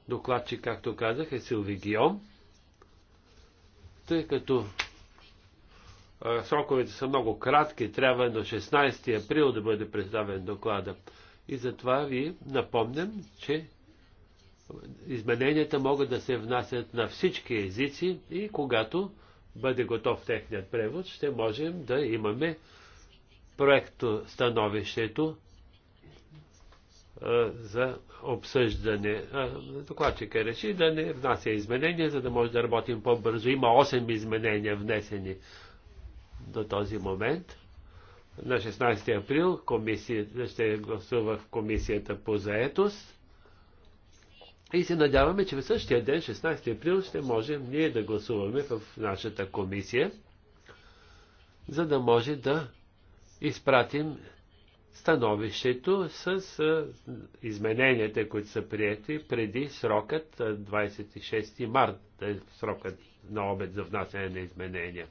Докладчик, както казах, е Силви Гиом. Тъй като сроковете са много кратки, трябва до 16 април да бъде представен доклада. И затова ви напомням, че измененията могат да се внасят на всички езици и когато бъде готов техният превод, ще можем да имаме проекто становището за обсъждане. Докладчика реши да не внася изменения, за да може да работим по-бързо. Има 8 изменения внесени до този момент. На 16 април комисията, ще гласува в комисията по заетост. И се надяваме, че в същия ден, 16 април, ще можем ние да гласуваме в нашата комисия, за да може да изпратим становището с измененията, които са приети преди срокът 26 март, е срокът на обед за внасяне на изменения.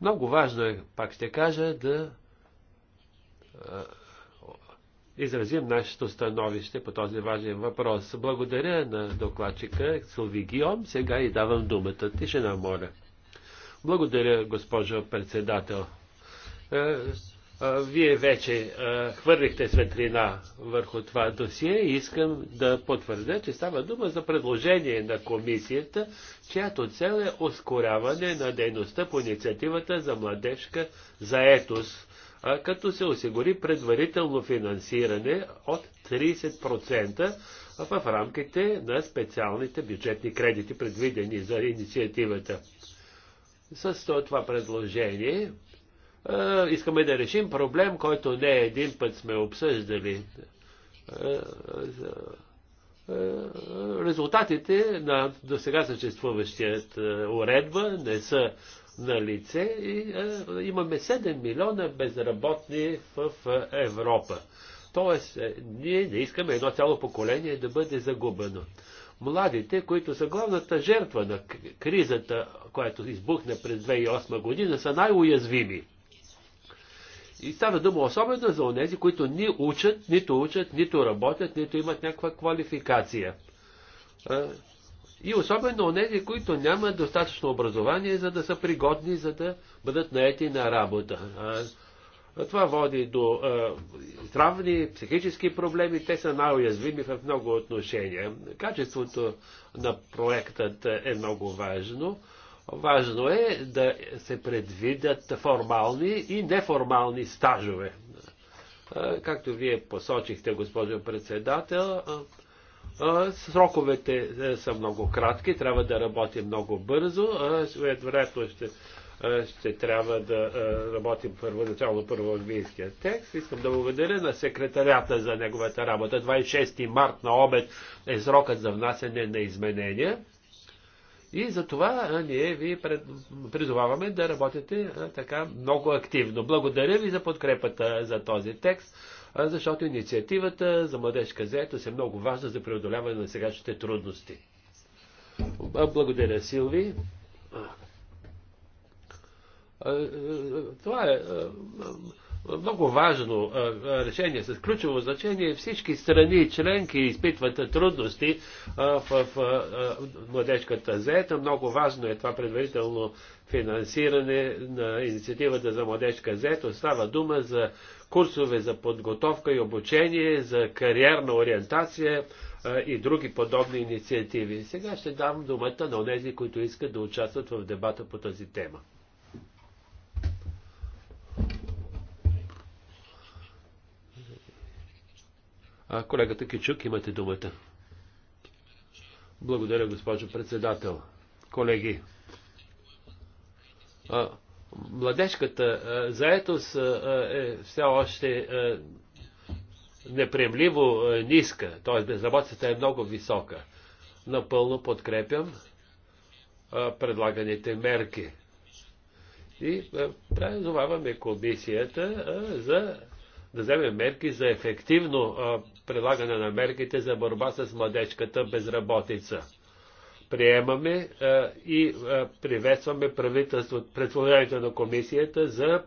Много важно е, пак ще кажа, да изразим нашето становище по този важен въпрос. Благодаря на докладчика Силви Гиом. Сега и давам думата. Тишина, моля. Благодаря, госпожо председател. Е, вие вече хвърлихте светлина върху това досие и искам да потвърдя, че става дума за предложение на комисията, чиято цел е ускоряване на дейността по инициативата за младежка заетост, като се осигури предварително финансиране от 30% в рамките на специалните бюджетни кредити, предвидени за инициативата. С това предложение искаме да решим проблем, който не един път сме обсъждали. Резултатите на до сега съществуващият уредба не са на лице и имаме 7 милиона безработни в Европа. Тоест, е, ние не искаме едно цяло поколение да бъде загубено. Младите, които са главната жертва на кризата, която избухна през 2008 година, са най-уязвими. И става дума особено за онези, които ни учат, нито учат, нито работят, нито имат някаква квалификация. И особено онези, които нямат достатъчно образование, за да са пригодни, за да бъдат наети на работа. Това води до здравни, психически проблеми. Те са най-уязвими в много отношения. Качеството на проектът е много важно. Важно е да се предвидят формални и неформални стажове. Както вие посочихте, госпожо председател, сроковете е, са много кратки, трябва да работи много бързо. Вероятно ще, ще трябва да работим първоначално първо английския текст. Искам да благодаря на секретарята за неговата работа. 26 март на обед е срокът за внасене на изменения. И за това ние ви призоваваме да работите така много активно. Благодаря ви за подкрепата за този текст, защото инициативата за младежка заетост е много важна за преодоляване на сегашните трудности. Благодаря, Силви. Това е много важно решение с ключово значение. Всички страни и членки изпитват трудности в младежката заета. Много важно е това предварително финансиране на инициативата за младежка заета. Става дума за курсове за подготовка и обучение, за кариерна ориентация и други подобни инициативи. Сега ще дам думата на тези, които искат да участват в дебата по тази тема. Колегата Кичук, имате думата. Благодаря, госпожо председател. Колеги, младежката заетост е все още неприемливо ниска, т.е. безработицата е много висока. Напълно подкрепям предлаганите мерки. И призоваваме комисията за да вземе мерки за ефективно прилагане на мерките за борба с младежката безработица. Приемаме а, е, и а, е, приветстваме правителството, предполагането на комисията за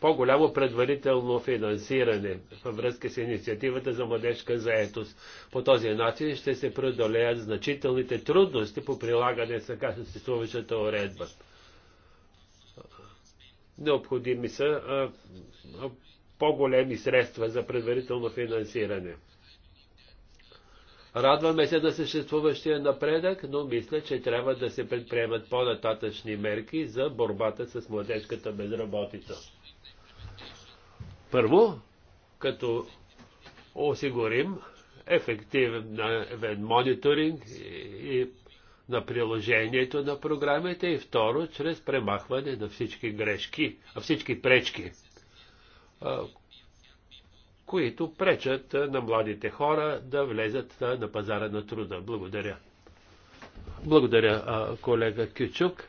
по-голямо предварително финансиране във връзка с инициативата за младежка заетост. По този начин ще се преодолеят значителните трудности по прилагане сега съществуващата уредба. Необходими са е, по-големи средства за предварително финансиране. Радваме се на съществуващия напредък, но мисля, че трябва да се предприемат по-нататъчни мерки за борбата с младежката безработица. Първо, като осигурим ефективен мониторинг и на приложението на програмите и второ, чрез премахване на всички грешки, на всички пречки които пречат на младите хора да влезат на пазара на труда. Благодаря. Благодаря, колега Кючук.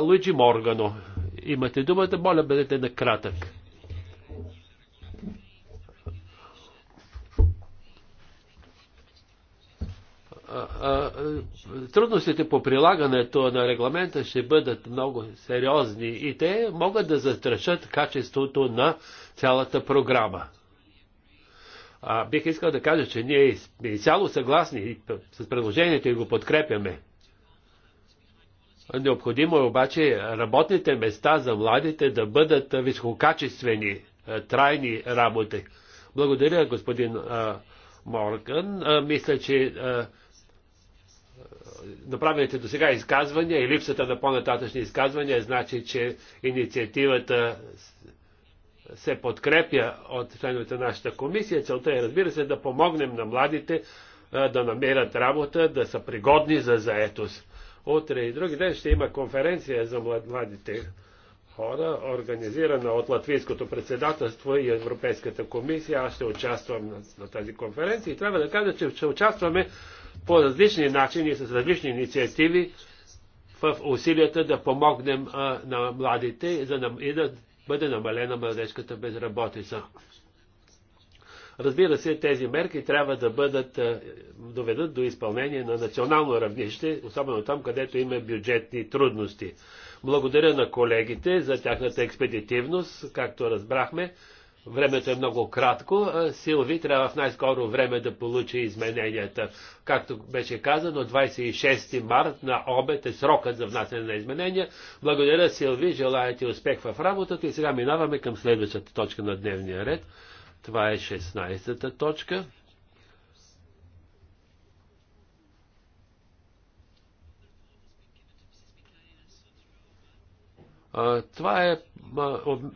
Луиджи Моргано, имате думата, моля бъдете накратък. кратък. трудностите по прилагането на регламента ще бъдат много сериозни и те могат да застрашат качеството на цялата програма. А, бих искал да кажа, че ние сме изцяло съгласни с предложението и го подкрепяме. Необходимо е обаче работните места за младите да бъдат висококачествени, трайни работи. Благодаря, господин Морган. Мисля, че направените до сега изказвания и липсата на по-нататъчни изказвания значи, че инициативата се подкрепя от членовете на нашата комисия. Целта е, разбира се, да помогнем на младите да намерят работа, да са пригодни за заетост. Утре и други ден ще има конференция за младите хора, организирана от Латвийското председателство и Европейската комисия. Аз ще участвам на, тази конференция и трябва да кажа, че ще участваме по различни начини, с различни инициативи в усилията да помогнем а, на младите и, за, и да бъде намалена младежката безработица. Разбира се, тези мерки трябва да бъдат, доведат до изпълнение на национално равнище, особено там, където има бюджетни трудности. Благодаря на колегите за тяхната експедитивност, както разбрахме. Времето е много кратко. Силви трябва в най-скоро време да получи измененията. Както беше казано, 26 март на обед е срокът за внасяне на изменения. Благодаря, Силви. Желая ти успех в работата. И сега минаваме към следващата точка на дневния ред. Това е 16-та точка. Това е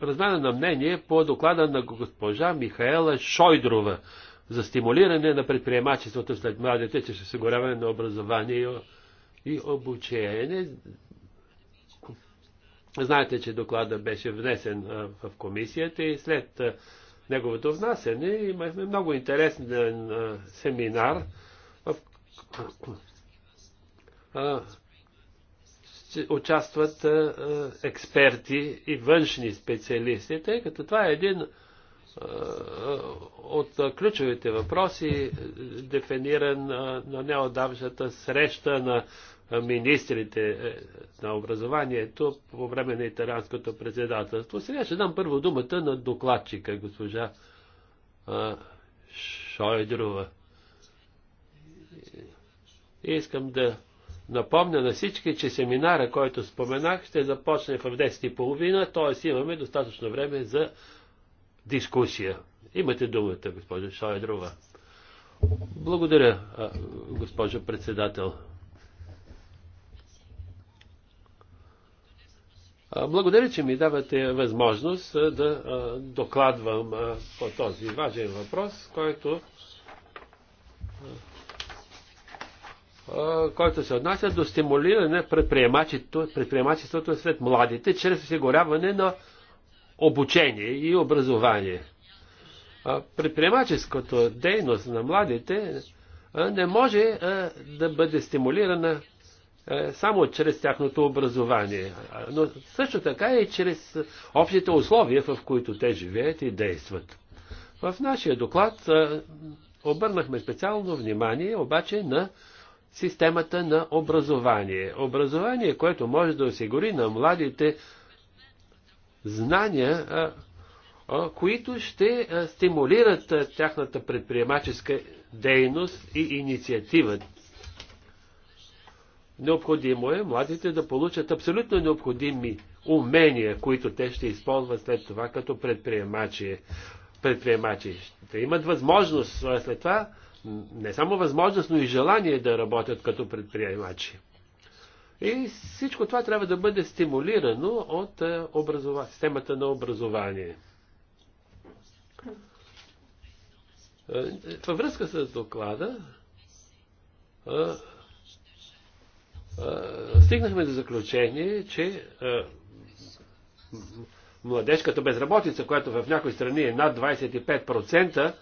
размяна на мнение по доклада на госпожа Михаела Шойдрова за стимулиране на предприемачеството след младите, че осигуряване на образование и обучение. Знаете, че доклада беше внесен в комисията и след неговото внасене имахме много интересен семинар, в участват експерти и външни специалисти, тъй като това е един от ключовите въпроси, дефиниран на неодавшата среща на министрите е, на образованието по време на италианското председателство. Сега ще дам първо думата на докладчика, госпожа Шойдрова. Искам да Напомня на всички, че семинара, който споменах, ще започне в 10.30, т.е. имаме достатъчно време за дискусия. Имате думата, госпожа Шойдрова. Благодаря, госпожо председател. Благодаря, че ми давате възможност да докладвам по този важен въпрос, който който се отнася до стимулиране предприемачеството, предприемачеството след младите чрез осигуряване на обучение и образование. Предприемаческата дейност на младите не може да бъде стимулирана само чрез тяхното образование, но също така и чрез общите условия, в които те живеят и действат. В нашия доклад обърнахме специално внимание обаче на системата на образование. Образование, което може да осигури на младите знания, които ще стимулират тяхната предприемаческа дейност и инициатива. Необходимо е младите да получат абсолютно необходими умения, които те ще използват след това като предприемачи. предприемачи. Ще имат възможност след това не само възможност, но и желание да работят като предприемачи. И всичко това трябва да бъде стимулирано от е, образова... системата на образование. Е, във връзка с доклада, е, стигнахме до заключение, че младежката безработица, която в някои страни е над 25%,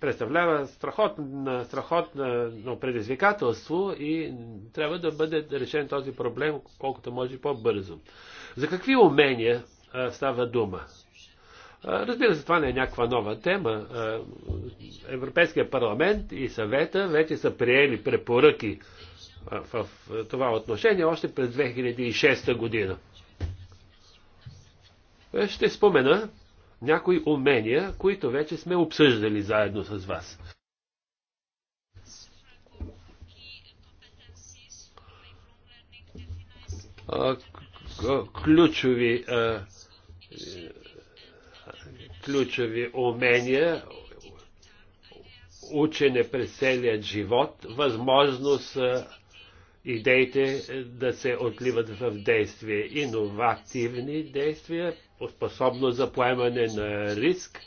представлява страхотно, страхотно предизвикателство и трябва да бъде решен този проблем колкото може по-бързо. За какви умения става дума? разбира се, това не е някаква нова тема. Европейския парламент и съвета вече са приели препоръки в това отношение още през 2006 година. Е, ще спомена някои умения, които вече сме обсъждали заедно с вас. Ключови, ключови умения, учене през целият живот, възможност идеите е, да се отливат в действие. Иновативни действия, способност за поемане на риск,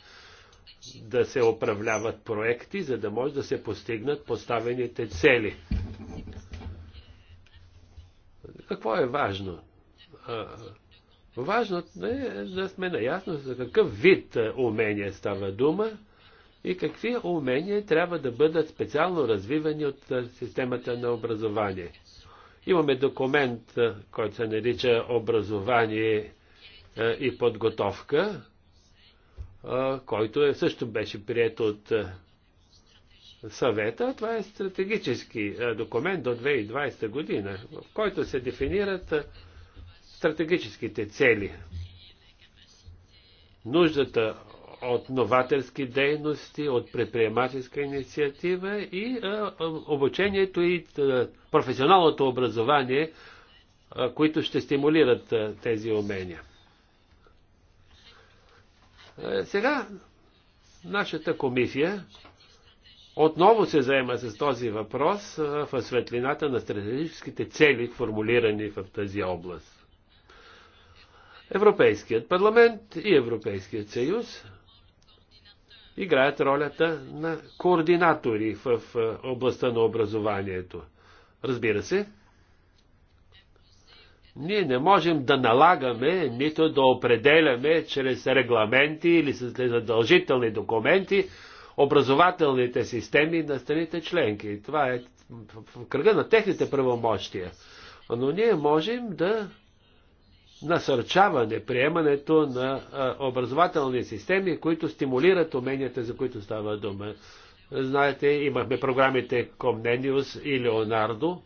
да се управляват проекти, за да може да се постигнат поставените цели. Какво е важно? Важно е да сме наясно за какъв вид умения става дума и какви умения трябва да бъдат специално развивани от системата на образование. Имаме документ, който се нарича образование и подготовка, който е, също беше прият от съвета. Това е стратегически документ до 2020 година, в който се дефинират стратегическите цели. Нуждата от новаторски дейности, от предприемаческа инициатива и обучението и професионалното образование, които ще стимулират тези умения. сега нашата комисия отново се заема с този въпрос в светлината на стратегическите цели, формулирани в тази област. Европейският парламент и Европейският съюз играят ролята на координатори в областта на образованието. Разбира се, ние не можем да налагаме, нито да определяме чрез регламенти или с задължителни документи образователните системи на страните членки. Това е в кръга на техните правомощия. Но ние можем да насърчаване приемането на образователни системи, които стимулират уменията, за които става дума. Знаете, имахме програмите Комнениус и Леонардо.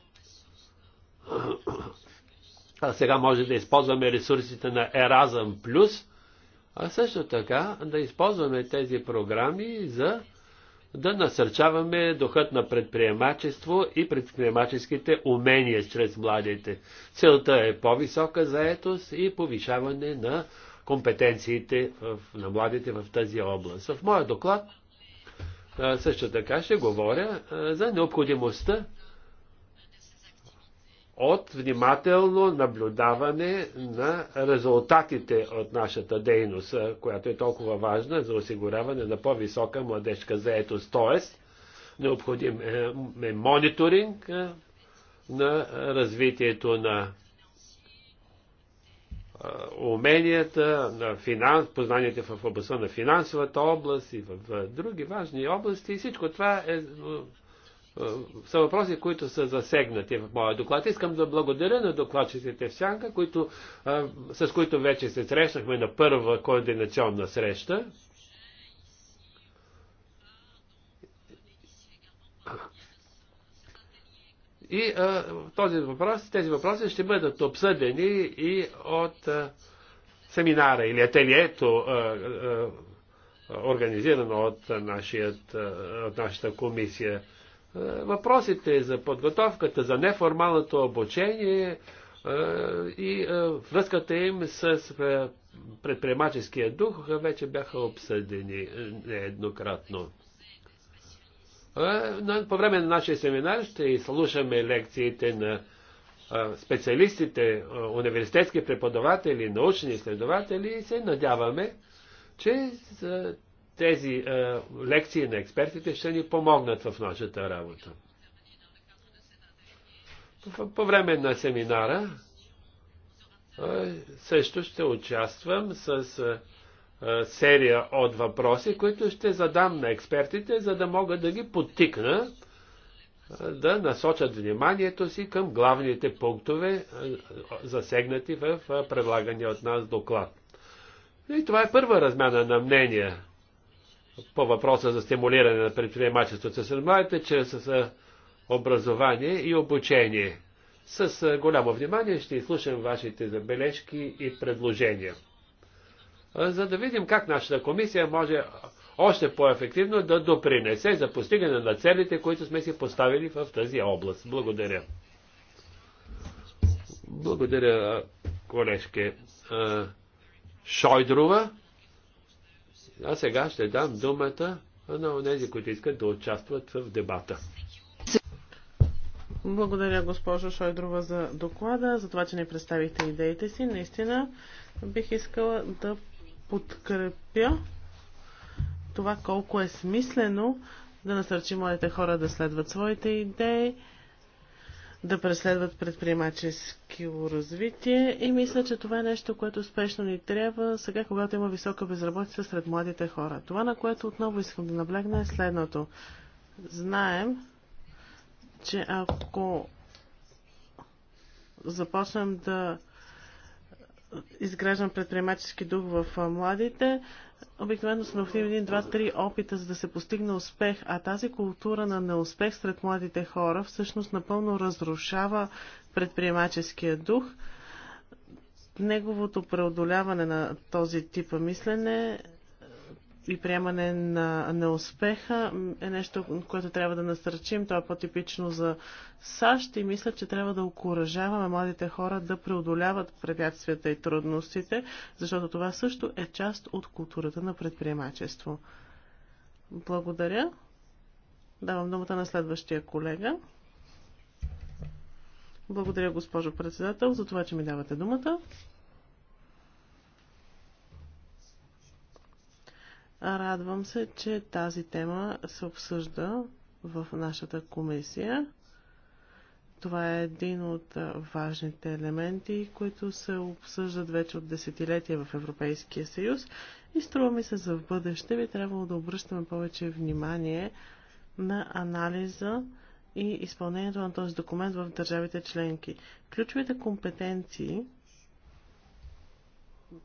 А сега може да използваме ресурсите на Еразъм Плюс, а също така да използваме тези програми за да насърчаваме духът на предприемачество и предприемаческите умения чрез младите. Целта е по-висока заетост и повишаване на компетенциите на младите в тази област. В моя доклад също така ще говоря за необходимостта от внимателно наблюдаване на резултатите от нашата дейност, която е толкова важна за осигуряване на по-висока младежка заетост. Тоест, необходим е, е мониторинг на развитието на уменията, на финанс, познанията в областта на финансовата област и в други важни области. И всичко това е е, са въпроси, които са засегнати в моя доклад. Искам да благодаря на докладчиците в Сянка, които, е, с които вече се срещнахме на първа координационна среща. И а, е, този въпрос, тези въпроси ще бъдат обсъдени и от а, семинара или ателието, а, а, организирано от, нашият, от нашата комисия. Е, въпросите за подготовката, за неформалното обучение е, и е, връзката им с предприемаческия дух вече бяха обсъдени нееднократно. По време на нашия семинар ще слушаме лекциите на специалистите, университетски преподаватели, научни изследователи и се надяваме, че тези е, лекции на експертите ще ни помогнат в нашата работа. По, по време на семинара е, също ще участвам с е, е, серия от въпроси, които ще задам на експертите, за да мога да ги е, да насочат вниманието си към главните пунктове, е, засегнати в е, предлагания от нас доклад. И това е първа размяна на мнения по въпроса за стимулиране на предприемачеството с младите, с образование и обучение. С голямо внимание ще изслушам вашите забележки и предложения. За да видим как нашата комисия може още по-ефективно да допринесе за постигане на целите, които сме си поставили в тази област. Благодаря. Благодаря, колежке Шойдрова. А сега ще дам думата на тези, които искат да участват в дебата. Благодаря, госпожо Шойдрова, за доклада, за това, че не представихте идеите си. Наистина бих искала да подкрепя това колко е смислено да насърчи младите хора да следват своите идеи да преследват предприемаческо развитие и мисля, че това е нещо, което спешно ни трябва сега, когато има висока безработица сред младите хора. Това, на което отново искам да наблегна е следното. Знаем, че ако започнем да изграждам предприемачески дух в младите, Обикновено сме в един, два, три опита, за да се постигне успех, а тази култура на неуспех сред младите хора всъщност напълно разрушава предприемаческия дух. Неговото преодоляване на този тип мислене и приемане на неуспеха е нещо, което трябва да насърчим. То е по-типично за САЩ и мисля, че трябва да окоръжаваме младите хора да преодоляват препятствията и трудностите, защото това също е част от културата на предприемачество. Благодаря. Давам думата на следващия колега. Благодаря, госпожо председател, за това, че ми давате думата. Радвам се, че тази тема се обсъжда в нашата комисия. Това е един от важните елементи, които се обсъждат вече от десетилетия в Европейския съюз и струва ми се за в бъдеще би трябвало да обръщаме повече внимание на анализа и изпълнението на този документ в държавите членки. Ключовите компетенции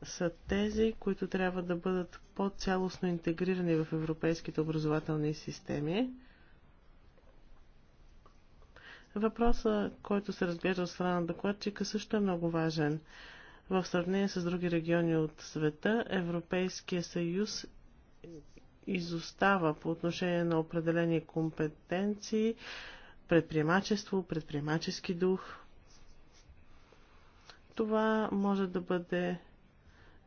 са тези, които трябва да бъдат по-цялостно интегрирани в европейските образователни системи. Въпросът, който се разглежда от страна на докладчика, също е много важен. В сравнение с други региони от света, Европейския съюз изостава по отношение на определени компетенции, предприемачество, предприемачески дух. Това може да бъде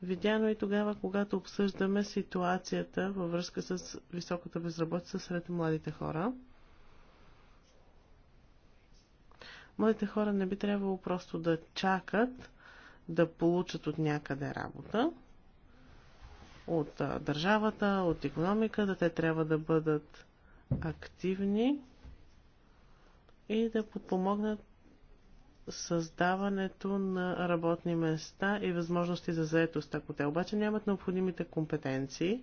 видяно е и тогава, когато обсъждаме ситуацията във връзка с високата безработица сред младите хора. Младите хора не би трябвало просто да чакат да получат от някъде работа, от държавата, от економиката. Те трябва да бъдат активни и да подпомогнат създаването на работни места и възможности за заетост. Ако те обаче нямат необходимите компетенции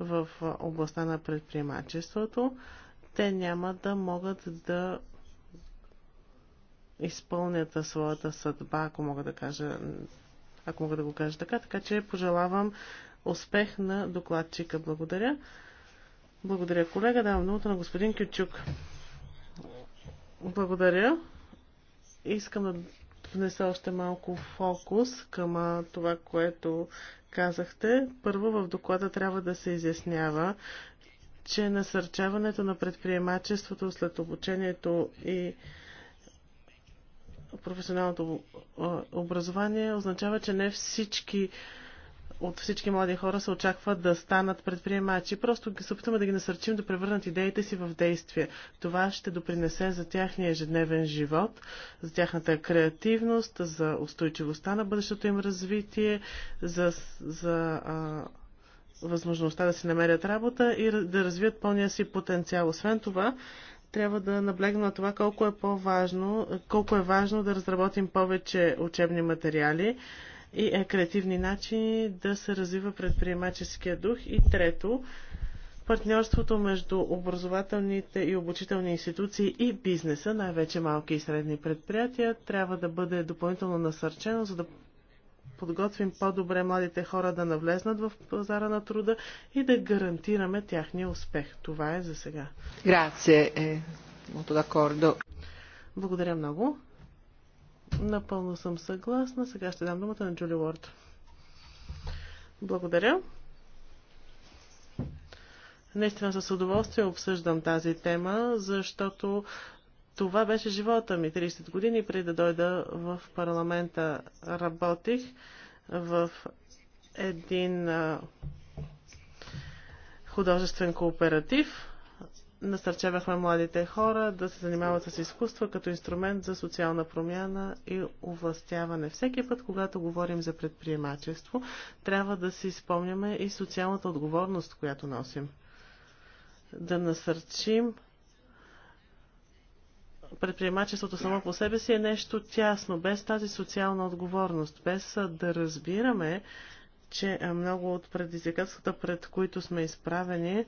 в областта на предприемачеството, те няма да могат да изпълнят своята съдба, ако мога да кажа, ако мога да го кажа така. Така че пожелавам успех на докладчика. Благодаря. Благодаря, колега. Давам думата на господин Кючук. Благодаря. Искам да внеса още малко фокус към това, което казахте. Първо в доклада трябва да се изяснява, че насърчаването на предприемачеството след обучението и професионалното образование означава, че не всички от всички млади хора се очаква да станат предприемачи. Просто се опитваме да ги насърчим да превърнат идеите си в действие. Това ще допринесе за тяхния ежедневен живот, за тяхната креативност, за устойчивостта на бъдещото им развитие, за, за а, възможността да си намерят работа и да развият пълния си потенциал. Освен това, трябва да наблегна на това колко е по-важно, колко е важно да разработим повече учебни материали, и е креативни начини да се развива предприемаческия дух. И трето, партньорството между образователните и обучителни институции и бизнеса, най-вече малки и средни предприятия, трябва да бъде допълнително насърчено, за да подготвим по-добре младите хора да навлезнат в пазара на труда и да гарантираме тяхния успех. Това е за сега. Грация. Eh, Благодаря много. Напълно съм съгласна. Сега ще дам думата на Джули Уорд. Благодаря. Наистина с удоволствие обсъждам тази тема, защото това беше живота ми 30 години преди да дойда в парламента. Работих в един художествен кооператив, насърчавахме младите хора да се занимават с изкуство като инструмент за социална промяна и увластяване. Всеки път, когато говорим за предприемачество, трябва да си спомняме и социалната отговорност, която носим. Да насърчим предприемачеството само по себе си е нещо тясно, без тази социална отговорност, без да разбираме, че много от предизвикателствата, пред които сме изправени,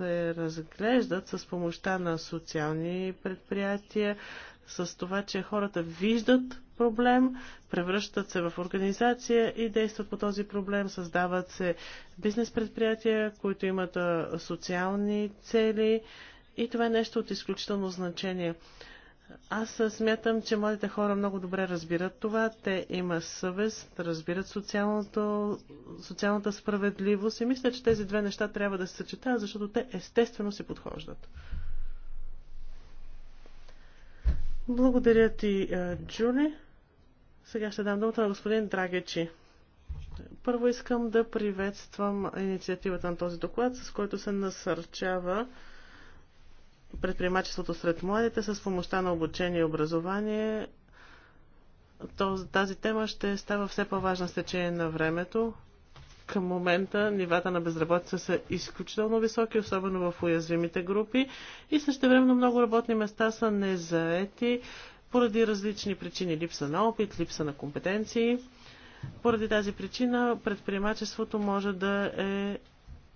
се разглеждат с помощта на социални предприятия, с това, че хората виждат проблем, превръщат се в организация и действат по този проблем, създават се бизнес предприятия, които имат социални цели и това е нещо от изключително значение. Аз смятам, че младите хора много добре разбират това. Те има съвест, разбират социалното, социалната справедливост и мисля, че тези две неща трябва да се съчетаят, защото те естествено се подхождат. Благодаря ти, е, Джуни. Сега ще дам думата на господин Драгечи. Първо искам да приветствам инициативата на този доклад, с който се насърчава предприемачеството сред младите с помощта на обучение и образование. тази тема ще става все по-важна с течение на времето. Към момента нивата на безработица са изключително високи, особено в уязвимите групи и същевременно много работни места са незаети поради различни причини. Липса на опит, липса на компетенции. Поради тази причина предприемачеството може да е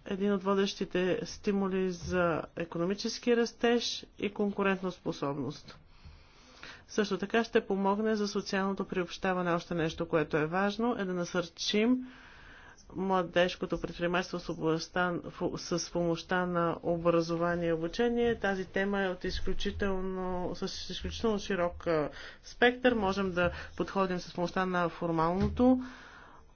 един от водещите стимули за економически растеж и конкурентоспособност. Също така ще помогне за социалното приобщаване. Още нещо, което е важно, е да насърчим младежкото предприемачество с, областта, с помощта на образование и обучение. Тази тема е от изключително, с изключително широк спектър. Можем да подходим с помощта на формалното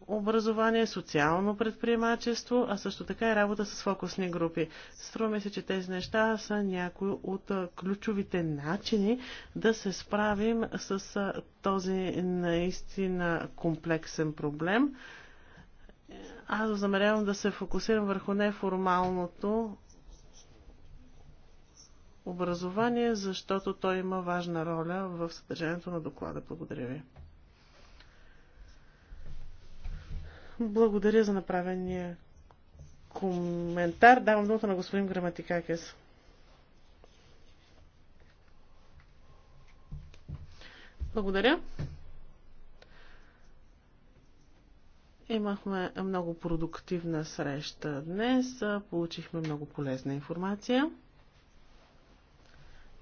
образование, социално предприемачество, а също така и работа с фокусни групи. Струваме се, че тези неща са някои от ключовите начини да се справим с този наистина комплексен проблем. Аз замерявам да се фокусирам върху неформалното образование, защото той има важна роля в съдържанието на доклада. Благодаря ви. Благодаря за направения коментар. Давам думата на господин Граматикакес. Благодаря. Имахме много продуктивна среща днес. Получихме много полезна информация.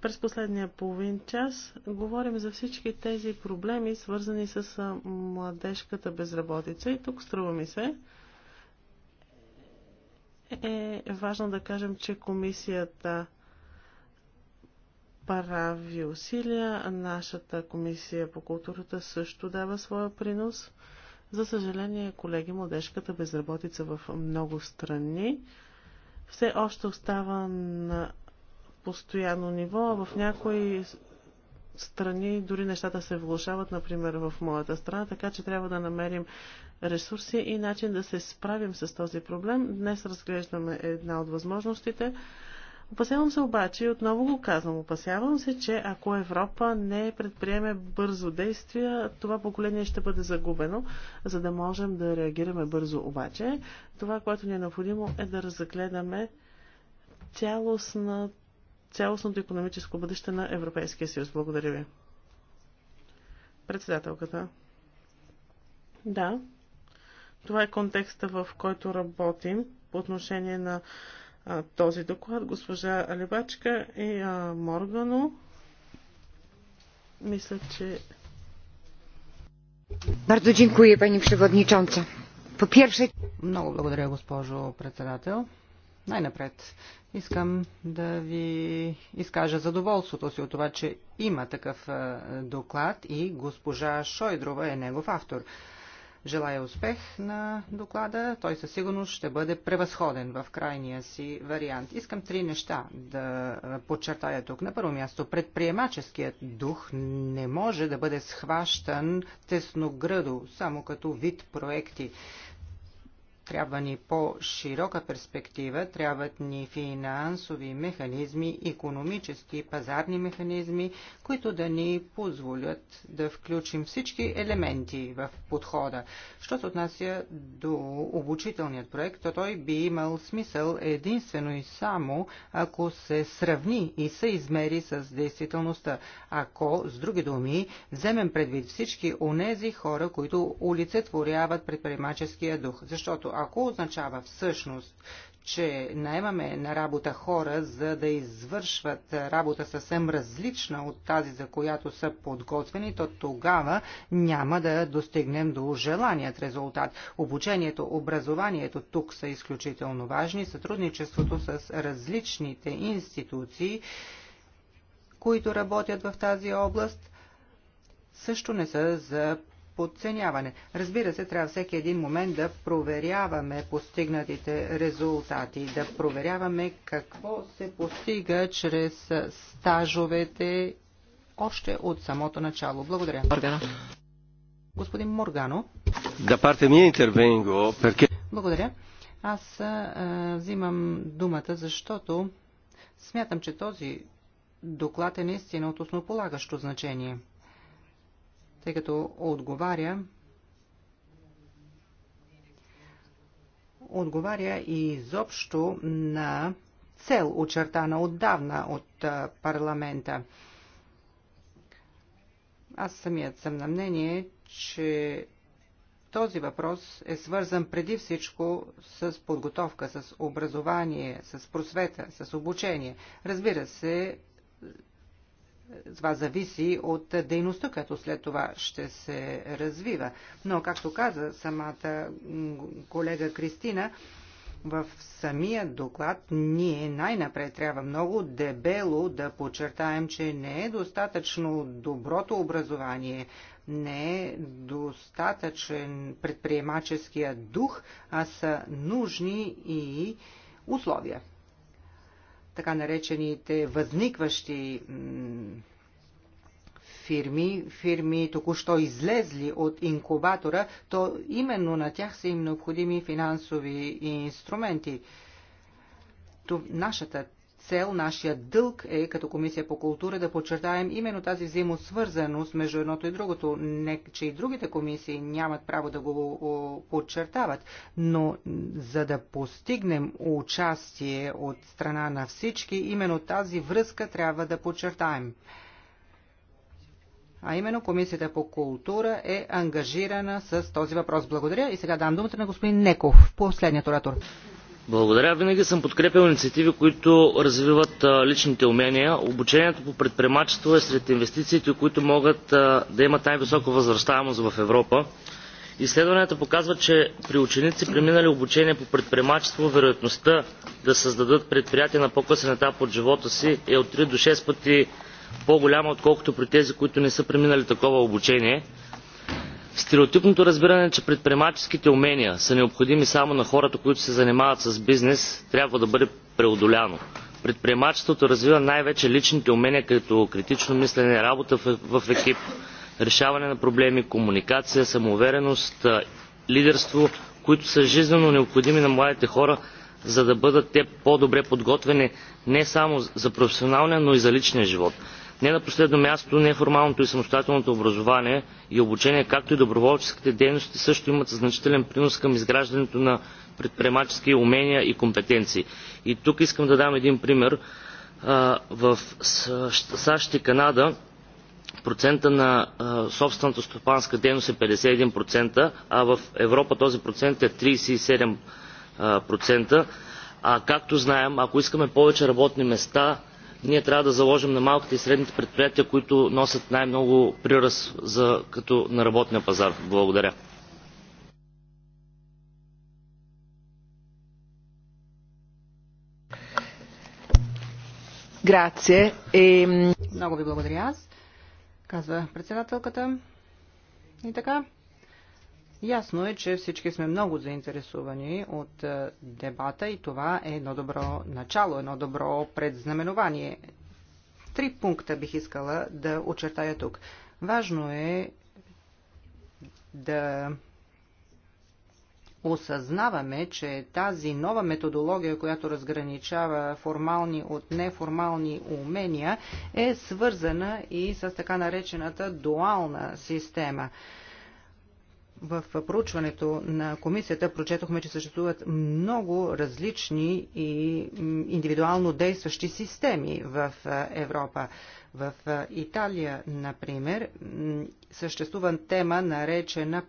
През последния половин час говорим за всички тези проблеми, свързани с младежката безработица. И тук струва ми се, е важно да кажем, че комисията прави усилия, нашата комисия по културата също дава своя принос. За съжаление, колеги, младежката безработица в много страни все още остава на постоянно ниво, а в някои страни дори нещата се влушават, например в моята страна, така че трябва да намерим ресурси и начин да се справим с този проблем. Днес разглеждаме една от възможностите. Опасявам се обаче, и отново го казвам, опасявам се, че ако Европа не предприеме бързо действия, това поколение ще бъде загубено. За да можем да реагираме бързо обаче, това, което ни е необходимо е да разгледаме цялостната цялостното економическо бъдеще на Европейския съюз. Благодаря ви. Председателката. Да. Това е контекста, в който работим по отношение на а, този доклад. Госпожа Алибачка и а, Моргано. Мисля, че. Bardzo dziękuję Pani Przewodnicząca. По-перше... Много благодаря, госпожо председател. Най-напред искам да ви изкажа задоволството си от това, че има такъв е, доклад и госпожа Шойдрова е негов автор. Желая успех на доклада. Той със сигурност ще бъде превъзходен в крайния си вариант. Искам три неща да е, подчертая тук. На първо място, предприемаческият дух не може да бъде схващан тесногръдо, само като вид проекти. Трябва ни по-широка перспектива, трябват ни финансови механизми, економически, пазарни механизми, които да ни позволят да включим всички елементи в подхода. Що се отнася до обучителният проект, то той би имал смисъл единствено и само, ако се сравни и се измери с действителността. Ако, с други думи, вземем предвид всички онези хора, които олицетворяват предприемаческия дух. Защото ако означава всъщност, че наемаме на работа хора, за да извършват работа съвсем различна от тази, за която са подготвени, то тогава няма да достигнем до желаният резултат. Обучението, образованието тук са изключително важни, сътрудничеството с различните институции, които работят в тази област, също не са за подценяване. Разбира се, трябва всеки един момент да проверяваме постигнатите резултати, да проверяваме какво се постига чрез стажовете още от самото начало. Благодаря. Моргано. Господин Моргано. Да парте ми интервенго, перке... Благодаря. Аз а, взимам думата, защото смятам, че този доклад е наистина от основополагащо значение тъй като отговаря отговаря и изобщо на цел, очертана отдавна от парламента. Аз самият съм на мнение, че този въпрос е свързан преди всичко с подготовка, с образование, с просвета, с обучение. Разбира се, това зависи от дейността, която след това ще се развива. Но, както каза самата колега Кристина, в самия доклад ние най-напред трябва много дебело да подчертаем, че не е достатъчно доброто образование, не е достатъчен предприемаческия дух, а са нужни и условия така наречените възникващи фирми, фирми току-що излезли от инкубатора, то именно на тях са им необходими финансови инструменти. нашата цел, нашия дълг е като Комисия по култура да подчертаем именно тази взаимосвързаност между едното и другото. Не, че и другите комисии нямат право да го подчертават, но за да постигнем участие от страна на всички, именно тази връзка трябва да подчертаем а именно Комисията по култура е ангажирана с този въпрос. Благодаря и сега дам думата на господин Неков, последният оратор. Благодаря. Винаги съм подкрепил инициативи, които развиват личните умения. Обучението по предприемачество е сред инвестициите, които могат да имат най-висока възвръщаемост в Европа. Изследванията показват, че при ученици, преминали обучение по предприемачество, вероятността да създадат предприятие на по-късен етап от живота си е от 3 до 6 пъти по-голяма, отколкото при тези, които не са преминали такова обучение – стереотипното разбиране е, че предприемаческите умения са необходими само на хората които се занимават с бизнес трябва да бъде преодоляно. предприемачеството развива най вече личните умения като критично мислене работа в екип решаване на проблеми комуникация самоувереност лидерство които са жизнено необходими на младите хора за да бъдат те по добре подготвени не само за професионалния но и за личния живот. Не на последно място, неформалното и самостоятелното образование и обучение, както и доброволческите дейности също имат значителен принос към изграждането на предприемачески умения и компетенции. И тук искам да дам един пример. В САЩ и Канада процента на собствената стопанска дейност е 51%, а в Европа този процент е 37%. А както знаем, ако искаме повече работни места, ние трябва да заложим на малките и средните предприятия, които носят най-много приръст за, като на работния пазар. Благодаря. Грация. Е... Много ви благодаря аз, казва председателката. И така, Ясно е, че всички сме много заинтересувани от е, дебата и това е едно добро начало, едно добро предзнаменование. Три пункта бих искала да очертая тук. Важно е да осъзнаваме, че тази нова методология, която разграничава формални от неформални умения, е свързана и с така наречената дуална система – в проучването на комисията прочетохме, че съществуват много различни и индивидуално действащи системи в Европа. В Италия, например, съществува тема наречена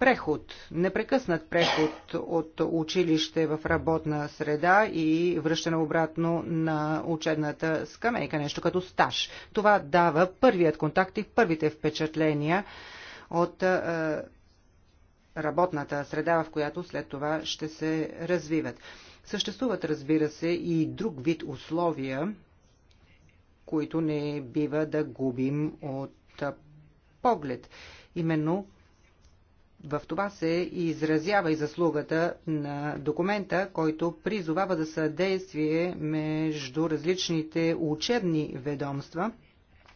преход, непрекъснат преход от училище в работна среда и връщане обратно на учебната скамейка, нещо като стаж. Това дава първият контакт и първите впечатления от работната среда, в която след това ще се развиват. Съществуват, разбира се, и друг вид условия, които не бива да губим от поглед. Именно в това се изразява и заслугата на документа, който призовава за съдействие между различните учебни ведомства,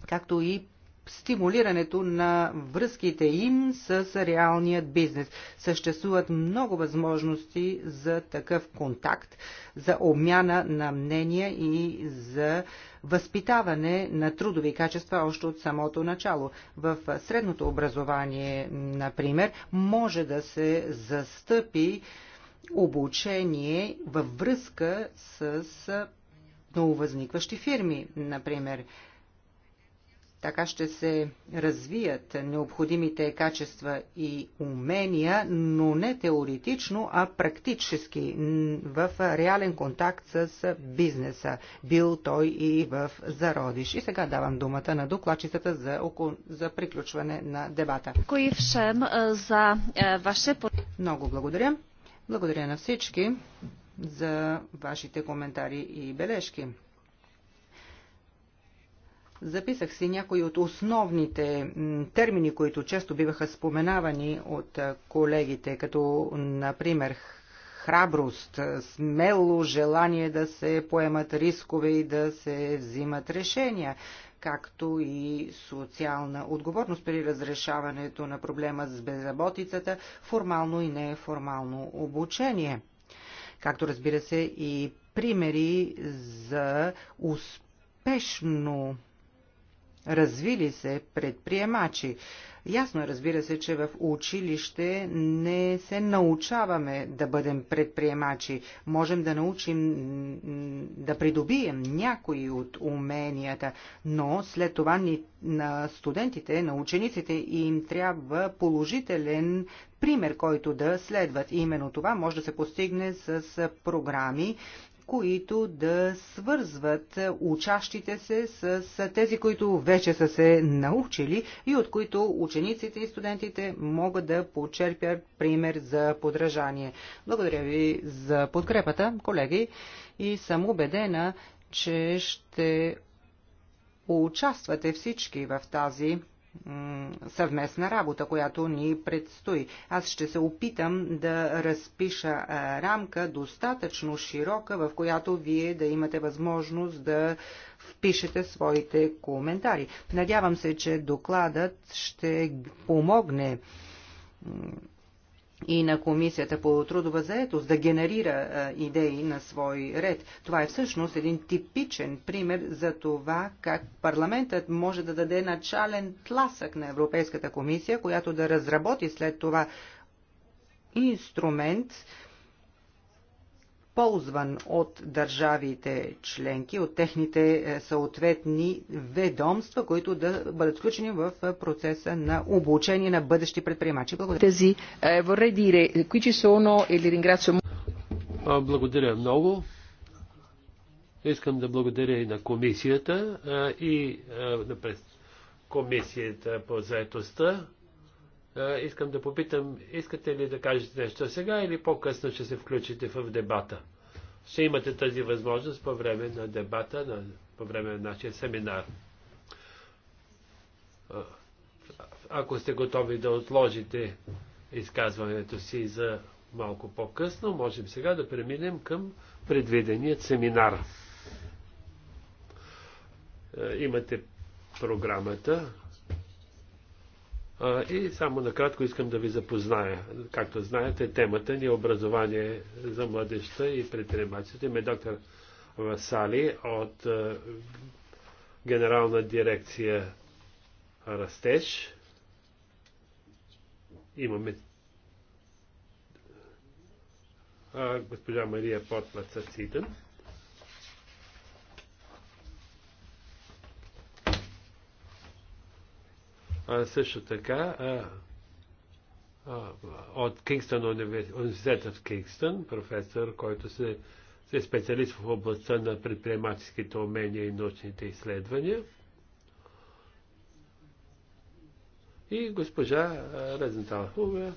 както и стимулирането на връзките им с реалният бизнес. Съществуват много възможности за такъв контакт, за обмяна на мнения и за възпитаване на трудови качества още от самото начало. В средното образование, например, може да се застъпи обучение във връзка с нововъзникващи фирми, например. Така ще се развият необходимите качества и умения, но не теоретично, а практически в реален контакт с бизнеса, бил той и в зародиш. И сега давам думата на докладчицата за, око... за приключване на дебата. Кои всем за ваше... Много благодаря. Благодаря на всички за вашите коментари и бележки. Записах си някои от основните термини, които често биваха споменавани от колегите, като, например, храброст, смело желание да се поемат рискове и да се взимат решения, както и социална отговорност при разрешаването на проблема с безработицата, формално и неформално обучение. Както разбира се и примери за успешно развили се предприемачи. Ясно е, разбира се, че в училище не се научаваме да бъдем предприемачи. Можем да научим да придобием някои от уменията, но след това ни, на студентите, на учениците им трябва положителен пример, който да следват. И именно това може да се постигне с програми, които да свързват учащите се с тези, които вече са се научили и от които учениците и студентите могат да почерпят пример за подражание. Благодаря ви за подкрепата, колеги, и съм убедена, че ще участвате всички в тази съвместна работа, която ни предстои. Аз ще се опитам да разпиша рамка достатъчно широка, в която вие да имате възможност да впишете своите коментари. Надявам се, че докладът ще помогне и на Комисията по трудова заетост да генерира идеи на свой ред. Това е всъщност един типичен пример за това как парламентът може да даде начален тласък на Европейската комисия, която да разработи след това инструмент, ползван от държавите членки, от техните е, съответни ведомства, които да бъдат включени в е, процеса на обучение на бъдещи предприемачи. Благодаря. Е, e благодаря много. Искам да благодаря и на комисията и на комисията по заетостта. Е, искам да попитам, искате ли да кажете нещо сега или по-късно ще се включите в дебата? Ще имате тази възможност по време на дебата, на, по време на нашия семинар. Е, ако сте готови да отложите изказването си за малко по-късно, можем сега да преминем към предвиденият семинар. Е, имате програмата, и само накратко искам да ви запозная. Както знаете, темата ни е образование за младеща и предприемачите. Ме доктор Васали от Генерална дирекция Растеж. Имаме госпожа Мария Потмаца Цитън. А, също така а, а, от Кингстън университета в Кингстън, професор, който се, се е специалист в областта на предприемаческите умения и научните изследвания. И госпожа Резентал Хубер,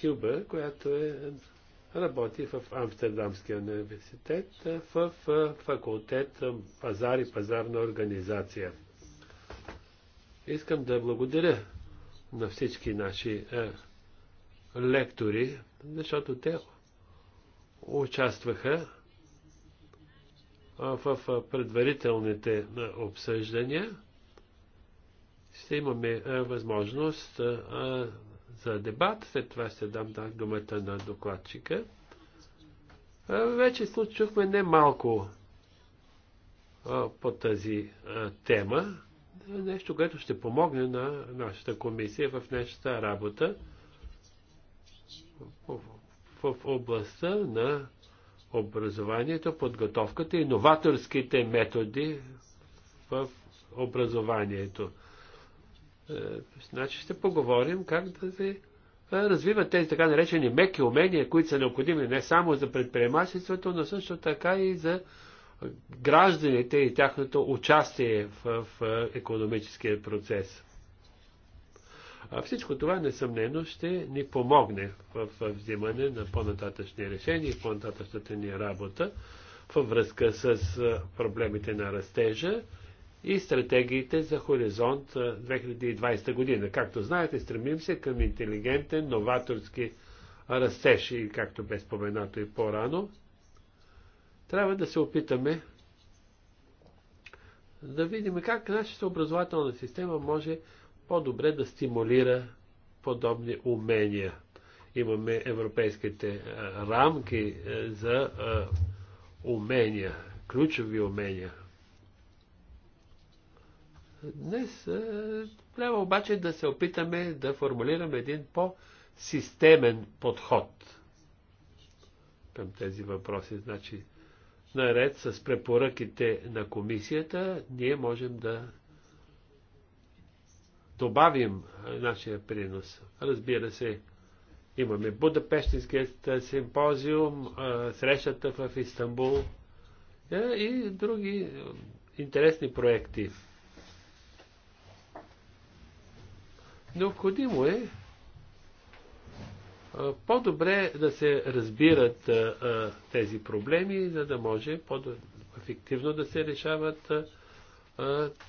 Хюбер, която е, работи в Амстердамския университет в факултет Пазар и пазарна организация. Искам да благодаря на всички наши е, лектори, защото те участваха е, в е, предварителните е, обсъждания. Ще имаме възможност за дебат. След това ще дам да, думата на докладчика. Вече случихме немалко по тази тема. Е нещо, което ще помогне на нашата комисия в нашата работа в, в областта на образованието, подготовката и новаторските методи в образованието. Е, значи ще поговорим как да се е, развиват тези така наречени меки умения, които са необходими не само за предприемачеството, но също така и за гражданите и тяхното участие в, в економическия процес. А всичко това несъмнено ще ни помогне в, в взимане на по-нататъчни решения и по-нататъчната ни работа във връзка с проблемите на растежа и стратегиите за хоризонт 2020 година. Както знаете, стремим се към интелигентен, новаторски растеж и както бе споменато и по-рано, трябва да се опитаме да видим как нашата образователна система може по-добре да стимулира подобни умения. Имаме европейските рамки за умения, ключови умения. Днес трябва обаче да се опитаме да формулираме един по-системен подход към тези въпроси. Значи, наред с препоръките на комисията, ние можем да добавим нашия принос. Разбира се, имаме Будапештинският симпозиум, срещата в Истанбул и други интересни проекти. Необходимо е по-добре да се разбират тези проблеми, за да може по-ефективно да се решават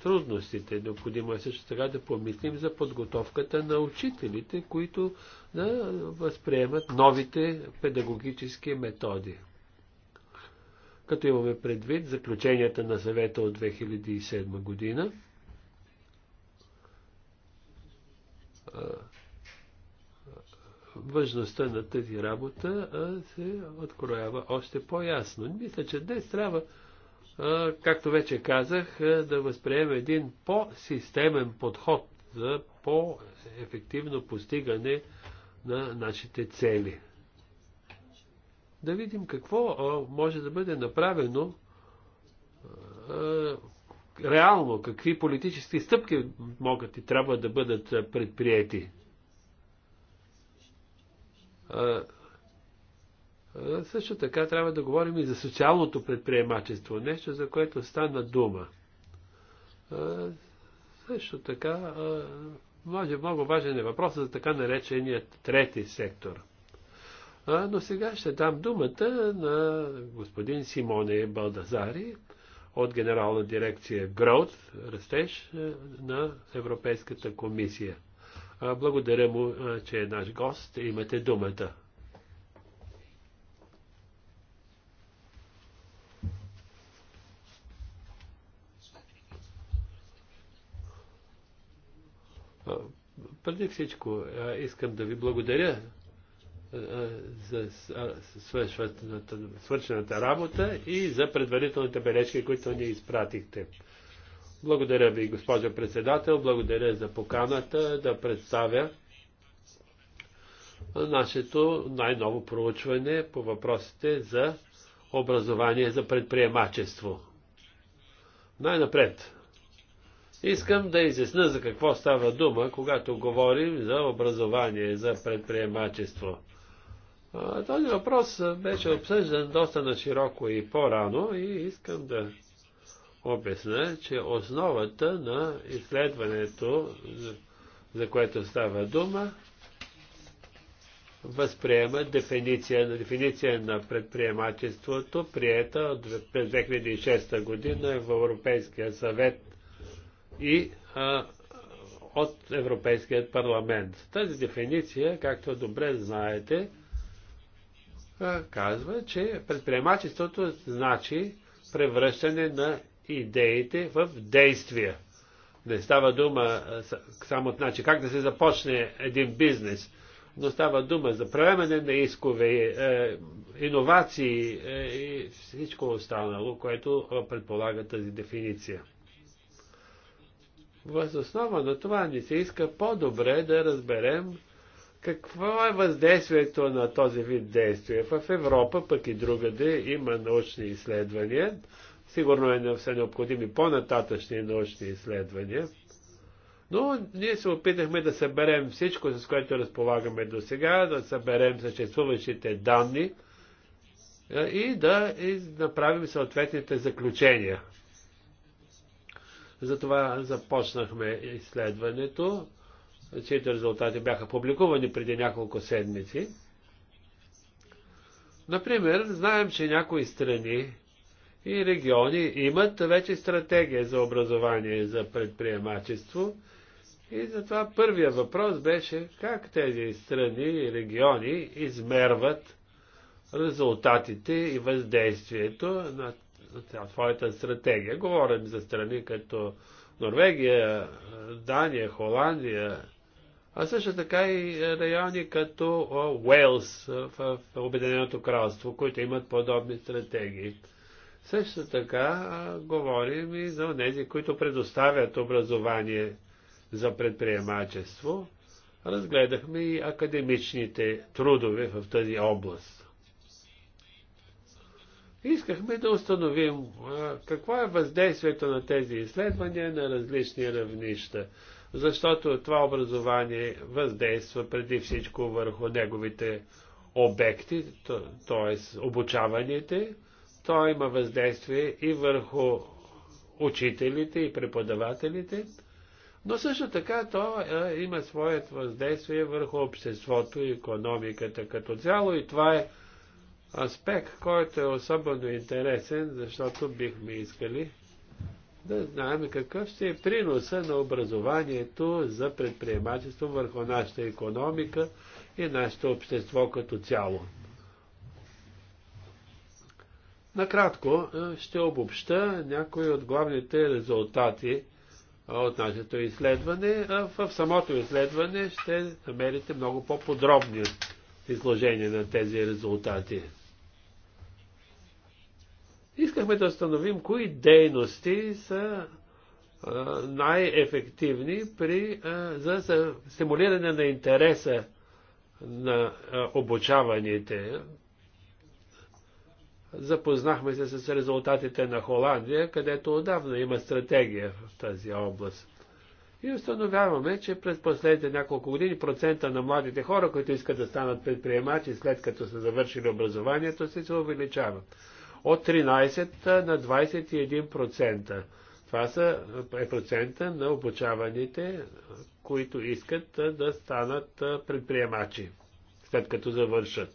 трудностите. Необходимо е също така да помислим за подготовката на учителите, които да възприемат новите педагогически методи. Като имаме предвид заключенията на съвета от 2007 година, важността на тази работа се откроява още по-ясно. Мисля, че днес трябва, както вече казах, да възприеме един по-системен подход за по-ефективно постигане на нашите цели. Да видим какво може да бъде направено реално, какви политически стъпки могат и трябва да бъдат предприяти. Също така трябва да говорим и за социалното предприемачество, нещо за което стана дума. Също така, може много важен е въпросът за така нареченият трети сектор. Но сега ще дам думата на господин Симоне Балдазари от Генерална дирекция Growth, растеж на Европейската комисия. Благодаря му, че е наш гост. Имате думата. Преди всичко искам да ви благодаря за свършената работа и за предварителните бележки, които ни изпратихте. Благодаря ви, госпожа председател. Благодаря за поканата да представя нашето най-ново проучване по въпросите за образование за предприемачество. Най-напред. Искам да изясня за какво става дума, когато говорим за образование за предприемачество. Този въпрос беше обсъждан доста на широко и по-рано и искам да обясна, че основата на изследването, за което става дума, възприема дефиниция, дефиниция на предприемачеството, приета през 2006 година в Европейския съвет и а, от Европейският парламент. Тази дефиниция, както добре знаете, казва, че предприемачеството значи превръщане на идеите в действия. Не става дума само значи, как да се започне един бизнес, но става дума за приемане на искове, е, иновации е, и всичко останало, което предполага тази дефиниция. Въз основа на това ни се иска по-добре да разберем какво е въздействието на този вид действие. В Европа, пък и другаде, има научни изследвания, Сигурно е, са необходими по-нататъчни научни изследвания, но ние се опитахме да съберем всичко, с което разполагаме до сега, да съберем съществуващите данни е, и да направим съответните заключения. Затова започнахме изследването, чието резултати бяха публикувани преди няколко седмици. Например, знаем, че някои страни и региони имат вече стратегия за образование за предприемачество. И затова първия въпрос беше как тези страни и региони измерват резултатите и въздействието на твоята стратегия. Говорим за страни като Норвегия, Дания, Холандия, а също така и райони като Уелс в Обединеното кралство, които имат подобни стратегии. Също така говорим и за тези, които предоставят образование за предприемачество. Разгледахме и академичните трудове в тази област. Искахме да установим какво е въздействието на тези изследвания на различни равнища, защото това образование въздейства преди всичко върху неговите обекти, т.е. обучаваните, то има въздействие и върху учителите и преподавателите, но също така то а, има своят въздействие върху обществото и економиката като цяло и това е аспект, който е особено интересен, защото бихме искали да знаем какъв ще е приноса на образованието за предприемачество върху нашата економика и нашето общество като цяло. Накратко ще обобща някои от главните резултати от нашето изследване. В самото изследване ще намерите много по-подробни изложения на тези резултати. Искахме да установим кои дейности са най-ефективни при, за, за стимулиране на интереса на обучаваните Запознахме се с резултатите на Холандия, където отдавна има стратегия в тази област. И установяваме, че през последните няколко години процента на младите хора, които искат да станат предприемачи след като са завършили образованието си, се увеличава. От 13 на 21%. Това са, е процента на обучаваните, които искат да станат предприемачи, след като завършат.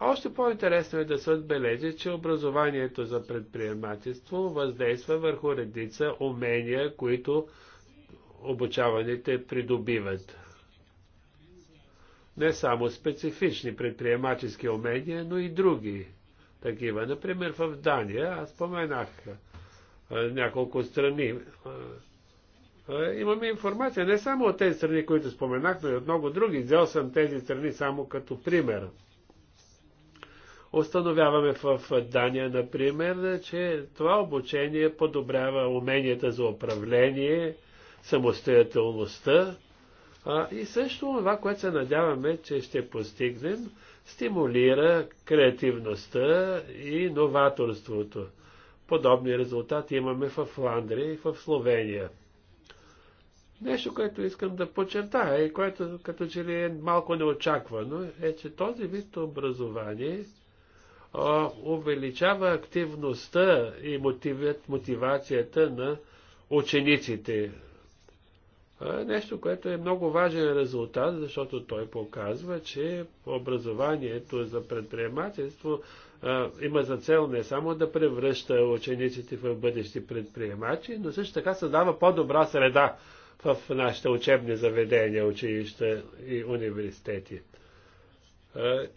Още по-интересно е да се отбележи, че образованието за предприемателство въздейства върху редица умения, които обучаваните придобиват. Не само специфични предприемачески умения, но и други такива. Например, в Дания, аз споменах няколко страни, имаме информация не само от тези страни, които споменах, но и от много други. Взел съм тези страни само като пример. Установяваме в Дания, например, че това обучение подобрява уменията за управление, самостоятелността а, и също това, което се надяваме, че ще постигнем, стимулира креативността и новаторството. Подобни резултати имаме в Фландрия и в Словения. Нещо, което искам да подчертая и което като че ли е малко неочаквано, е, че този вид образование – увеличава активността и мотивацията на учениците. Нещо, което е много важен резултат, защото той показва, че образованието за предприемачество има за цел не само да превръща учениците в бъдещи предприемачи, но също така създава по-добра среда в нашите учебни заведения, училища и университети.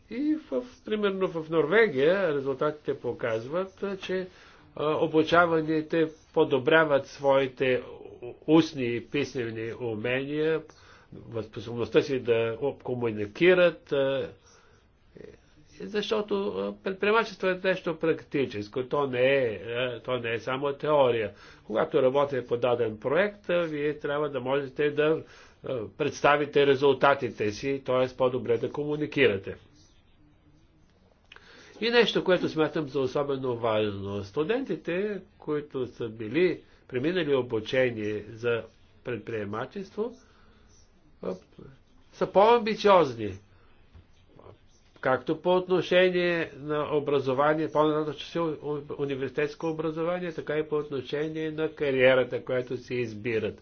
И в, примерно в Норвегия резултатите показват, че обучаваните подобряват своите устни и писмени умения, възпособността си да комуникират, защото предприемачество е нещо практическо, то не е, то не е само теория. Когато работите по даден проект, вие трябва да можете да е, представите резултатите си, т.е. по-добре да комуникирате. И нещо, което смятам за особено важно. Студентите, които са били, преминали обучение за предприемачество, е, са по-амбициозни. Както по отношение на образование, по-нататъчно университетско образование, така и по отношение на кариерата, която се избират.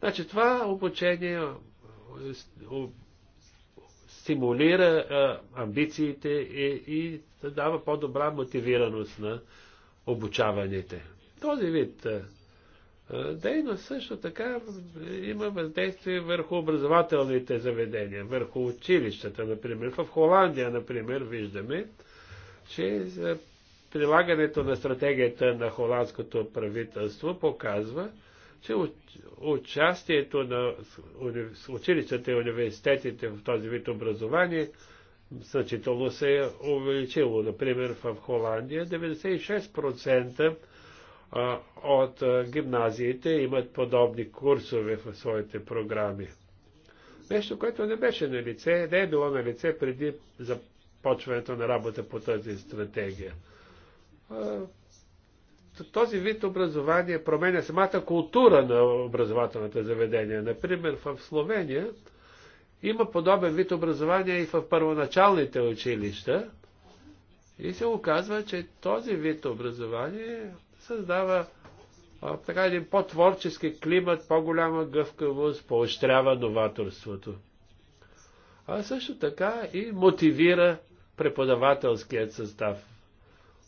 Значи това обучение стимулира амбициите и, и дава по-добра мотивираност на обучаваните. Този вид дейност също така има въздействие върху образователните заведения, върху училищата, например. В Холандия, например, виждаме, че прилагането на стратегията на холандското правителство показва, че участието на училищата и университетите в този вид образование значително се е увеличило. Например, в Холандия 96% от гимназиите имат подобни курсове в своите програми. Нещо, което не беше на лице, не е било на лице преди започването на работа по тази стратегия този вид образование променя самата култура на образователните заведения. Например, в Словения има подобен вид образование и в първоначалните училища. И се оказва, че този вид образование създава така един по-творчески климат, по-голяма гъвкавост, поощрява новаторството. А също така и мотивира преподавателският състав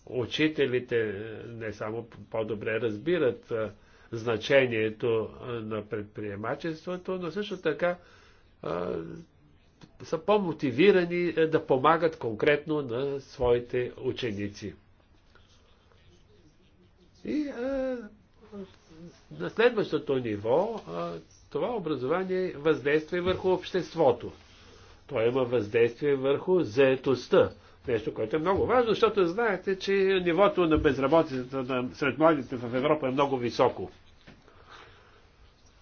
учителите е, не само по-добре разбират е, значението е, на предприемачеството, но също така са по-мотивирани да помагат конкретно на своите ученици. И на следващото ниво това образование въздейства и върху обществото. То има въздействие върху заетостта. Нещо, което е много важно, защото знаете, че нивото на безработицата на, сред младите в Европа е много високо.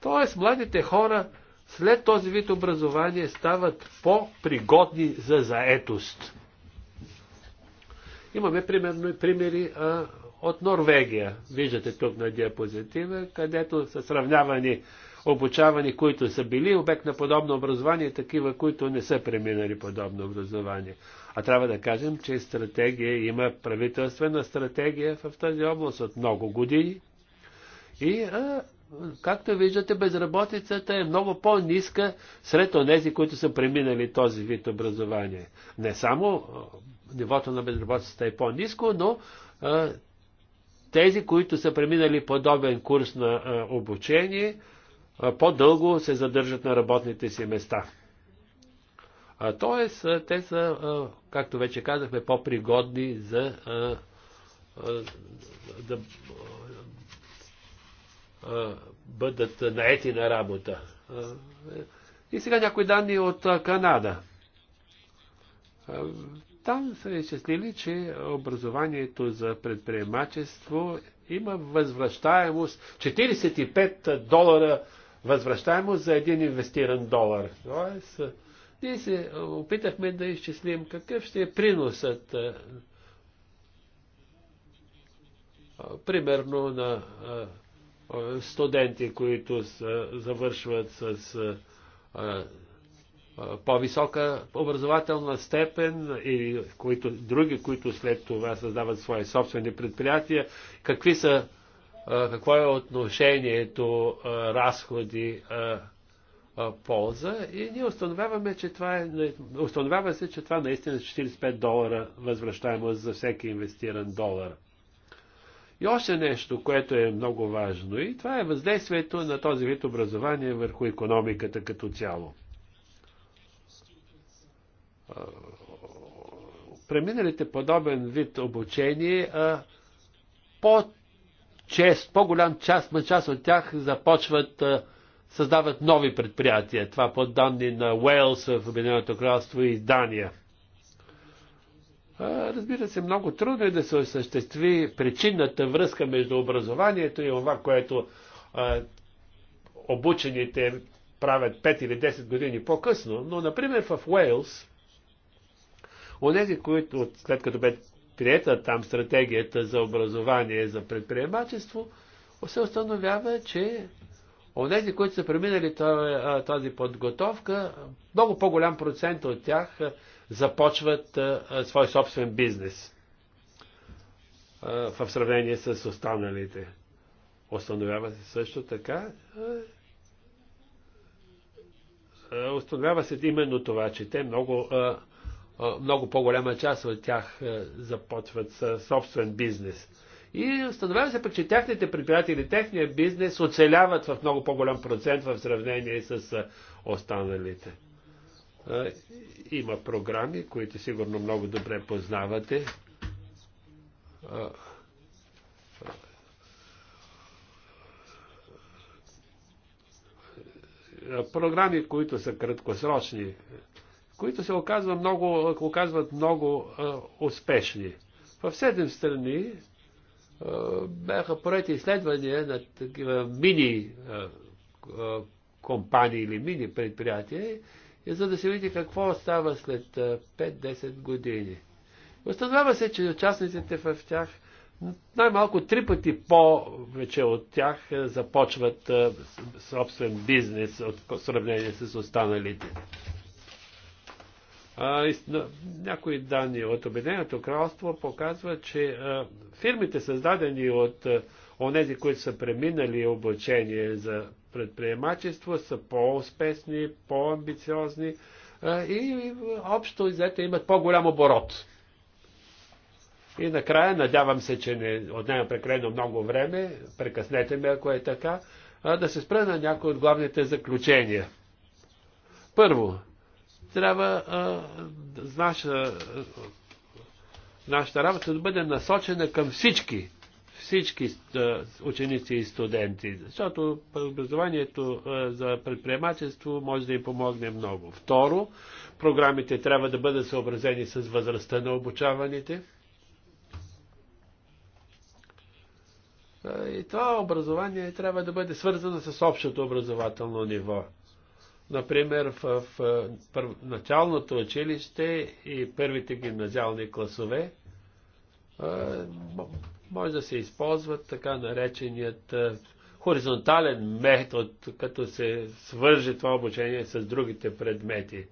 Тоест, младите хора след този вид образование стават по-пригодни за заетост. Имаме примерно и примери а, от Норвегия. Виждате тук на диапозитива, където са сравнявани обучавани, които са били обект на подобно образование, такива, които не са преминали подобно образование. А трябва да кажем, че стратегия има правителствена стратегия в тази област от много години. И, а, както виждате, безработицата е много по-ниска сред онези, които са преминали този вид образование. Не само нивото на безработицата е по-ниско, но а, тези, които са преминали подобен курс на а, обучение, по-дълго се задържат на работните си места. Тоест, те са, както вече казахме, по-пригодни за да бъдат наети на работа. И сега някои данни от Канада. Там са изчислили, че образованието за предприемачество има възвръщаемост 45 долара възвръщаемост за един инвестиран долар. Тоест, ние се е, опитахме да изчислим какъв ще е приносът е, примерно на е, студенти, които завършват с по-висока образователна степен или които, други, които след това създават свои собствени предприятия, какви са, какво е отношението, разходи, полза и ние установяваме, че това е, установява се, че това наистина е 45 долара възвръщаемост за всеки инвестиран долар. И още нещо, което е много важно, и това е въздействието на този вид образование върху економиката като цяло. Преминалите подобен вид обучение, по-чест, по-голям част, част от тях започват създават нови предприятия. Това по данни на Уелс в Обединеното кралство и Дания. Разбира се, много трудно е да се осъществи причинната връзка между образованието и това, което а, обучените правят 5 или 10 години по-късно. Но, например, в Уейлс, нези, които след като бе приета там стратегията за образование за предприемачество, се установява, че Онези, които са преминали тази подготовка, много по-голям процент от тях започват свой собствен бизнес в сравнение с останалите. Остановява се също така. Установява се именно това, че те много, много по-голяма част от тях започват собствен бизнес. И установява се пък, че техните предприятия или техния бизнес оцеляват в много по-голям процент в сравнение с останалите. Има програми, които сигурно много добре познавате. Програми, които са краткосрочни, които се оказват много, оказват много успешни. В седем страни бяха порети изследвания на такива мини е, е, компании или мини предприятия, за да се види какво става след 5-10 е, години. Установява се, че участниците в тях най-малко три пъти повече от тях започват собствен бизнес в сравнение с останалите. Някои данни от Обединеното кралство показват, че фирмите създадени от онези, които са преминали обучение за предприемачество, са по-успешни, по-амбициозни и общо взето имат по-голям оборот. И накрая, надявам се, че не отнема прекалено много време, прекъснете ме, ако е така, да се спра на някои от главните заключения. Първо, трябва а, наша, нашата работа да бъде насочена към всички, всички а, ученици и студенти, защото образованието а, за предприемачество може да им помогне много. Второ, програмите трябва да бъдат съобразени с възрастта на обучаваните. И това образование трябва да бъде свързано с общото образователно ниво. Например, в, в началното училище и първите гимназиални класове може да се използват така нареченият хоризонтален метод, като се свърже това обучение с другите предмети.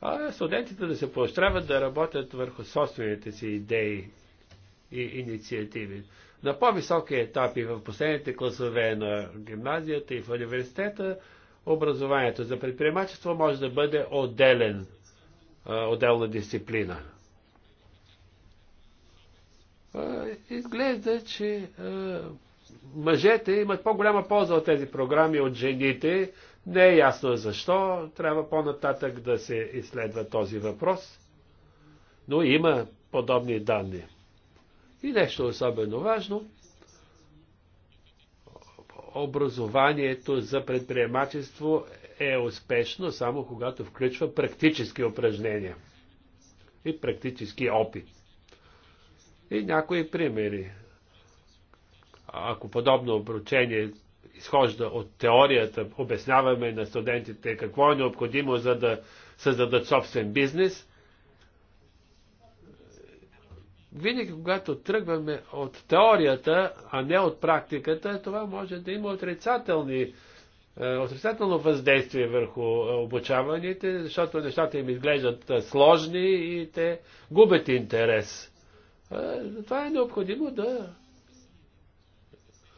А студентите да се поощряват да работят върху собствените си идеи и инициативи. На по-високи етапи в последните класове на гимназията и в университета образованието за предприемачество може да бъде отделен, отделна дисциплина. Изглежда, че мъжете имат по-голяма полза от тези програми от жените. Не е ясно защо. Трябва по-нататък да се изследва този въпрос. Но има подобни данни. И нещо особено важно – образованието за предприемачество е успешно само когато включва практически упражнения и практически опит. И някои примери. Ако подобно обучение изхожда от теорията, обясняваме на студентите какво е необходимо за да създадат собствен бизнес, винаги когато тръгваме от теорията, а не от практиката, това може да има отрицателни, е, отрицателно въздействие върху е, обучаваните, защото нещата им изглеждат е, сложни и те губят интерес. Това е необходимо да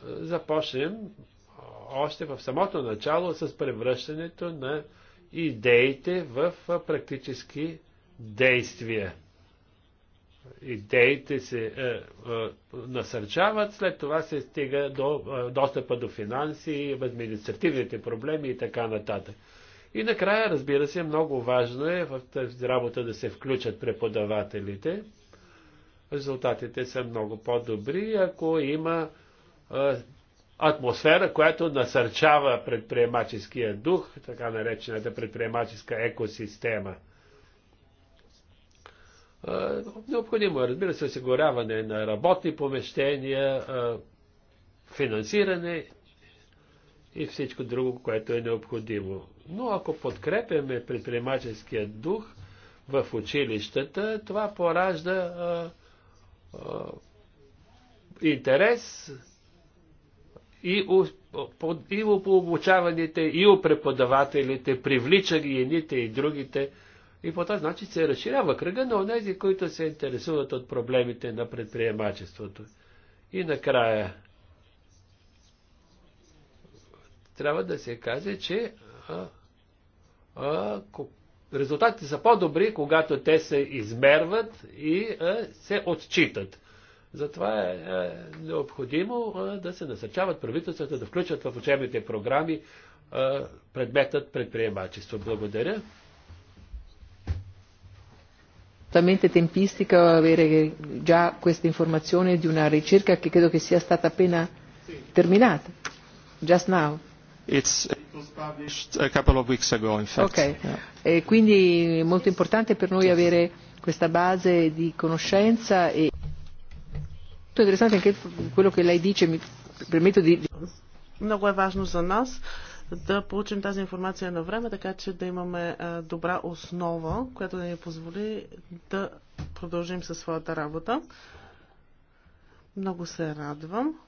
започнем още в самото начало с превръщането на идеите в практически действия идеите се е, е, насърчават, след това се стига до е, достъпа до финанси, административните проблеми и така нататък. И накрая, разбира се, много важно е в тази работа да се включат преподавателите. Резултатите са много по-добри, ако има атмосфера, която насърчава предприемаческия дух, така наречената предприемаческа екосистема – Необходимо е, разбира се, осигуряване на работни помещения, финансиране и всичко друго, което е необходимо. Но ако подкрепяме предприемаческия дух в училищата, това поражда а, а, интерес и у, и у обучаваните, и у преподавателите, привлича ги едните и другите и по този начин се разширява кръга на онези, които се интересуват от проблемите на предприемачеството. И накрая, трябва да се каже, че а, а, резултатите са по-добри, когато те се измерват и а, се отчитат. Затова е, е необходимо да се насърчават правителствата да включат в учебните програми предметът предприемачество. Благодаря assolutamente tempistica avere già questa informazione di una ricerca che credo che sia stata appena terminata. Just now. It's, it was published a couple of weeks ago, in fact. Okay. Yeah. E quindi è molto importante per noi avere questa base di conoscenza e molto interessante anche quello che lei dice, mi permetto di... Molto е важно за нас да получим тази информация на време, така че да имаме добра основа, която да ни позволи да продължим със своята работа. Много се радвам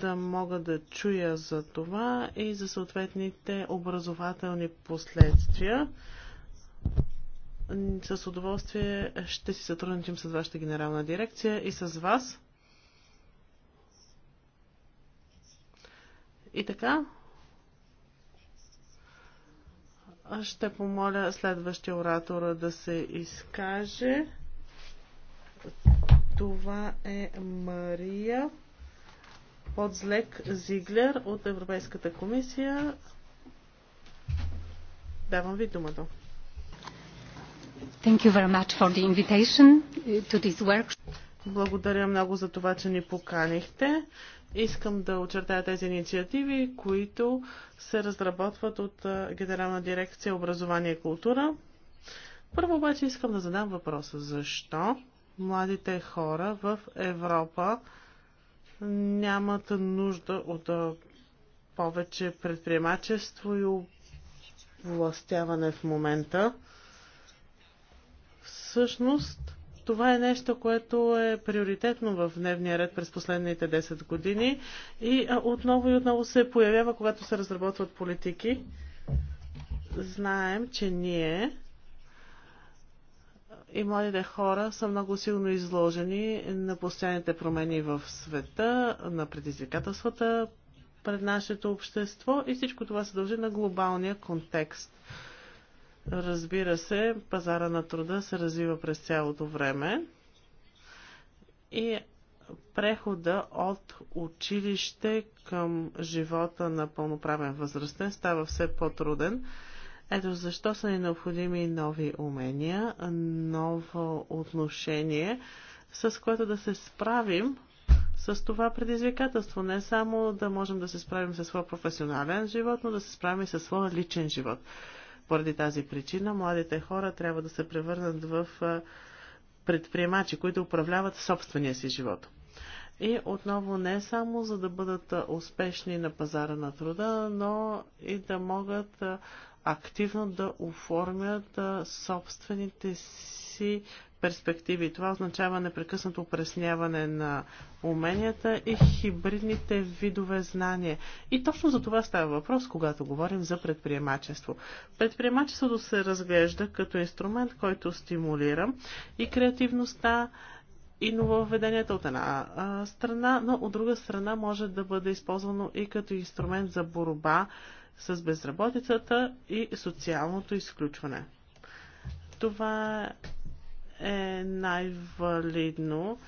да мога да чуя за това и за съответните образователни последствия. С удоволствие ще си сътрудничим с вашата генерална дирекция и с вас. И така, Ще помоля следващия оратора да се изкаже. Това е Мария Подзлек Зиглер от Европейската комисия. Давам ви думата. Thank you very much for the invitation to this workshop. Благодаря много за това, че ни поканихте. Искам да очертая тези инициативи, които се разработват от Генерална дирекция образование и култура. Първо обаче искам да задам въпроса. Защо младите хора в Европа нямат нужда от повече предприемачество и властяване в момента? Всъщност, това е нещо, което е приоритетно в дневния ред през последните 10 години и отново и отново се появява, когато се разработват политики. Знаем, че ние и младите хора са много силно изложени на постоянните промени в света, на предизвикателствата пред нашето общество и всичко това се дължи на глобалния контекст. Разбира се, пазара на труда се развива през цялото време и прехода от училище към живота на пълноправен възрастен става все по-труден. Ето защо са ни необходими нови умения, ново отношение, с което да се справим с това предизвикателство. Не само да можем да се справим със своя професионален живот, но да се справим и със своя личен живот. Поради тази причина младите хора трябва да се превърнат в предприемачи, които управляват собствения си живот. И отново не само за да бъдат успешни на пазара на труда, но и да могат активно да оформят собствените си перспективи. Това означава непрекъснато упресняване на уменията и хибридните видове знания. И точно за това става въпрос, когато говорим за предприемачество. Предприемачеството се разглежда като инструмент, който стимулира и креативността, и нововведенията от една а, страна, но от друга страна може да бъде използвано и като инструмент за борба с безработицата и социалното изключване. Това е е най-валидно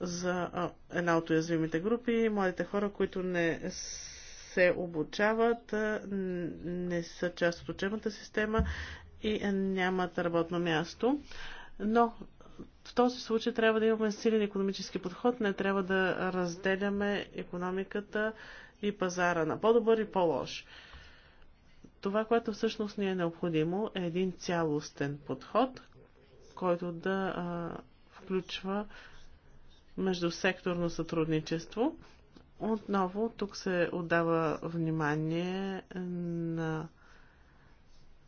за една от уязвимите групи. Младите хора, които не се обучават, не са част от учебната система и нямат работно място. Но в този случай трябва да имаме силен економически подход, не трябва да разделяме економиката и пазара на по-добър и по-лош. Това, което всъщност ни е необходимо, е един цялостен подход, който да а, включва междусекторно сътрудничество. Отново тук се отдава внимание на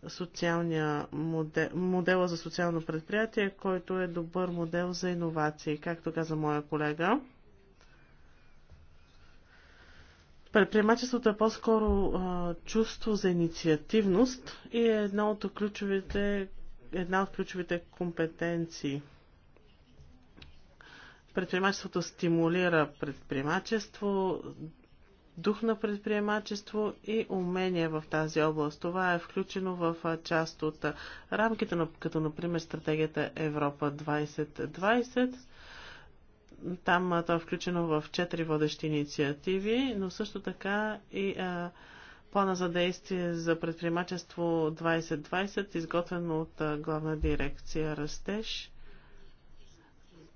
социалния модел, модела за социално предприятие, който е добър модел за иновации, както каза моя колега. Предприемачеството е по-скоро чувство за инициативност и е едно от ключовите една от ключовите компетенции. Предприемачеството стимулира предприемачество, дух на предприемачество и умения в тази област. Това е включено в част от рамките, като например стратегията Европа 2020. Там това е включено в четири водещи инициативи, но също така и а, плана за действие за предприемачество 2020, изготвен от главна дирекция Растеж.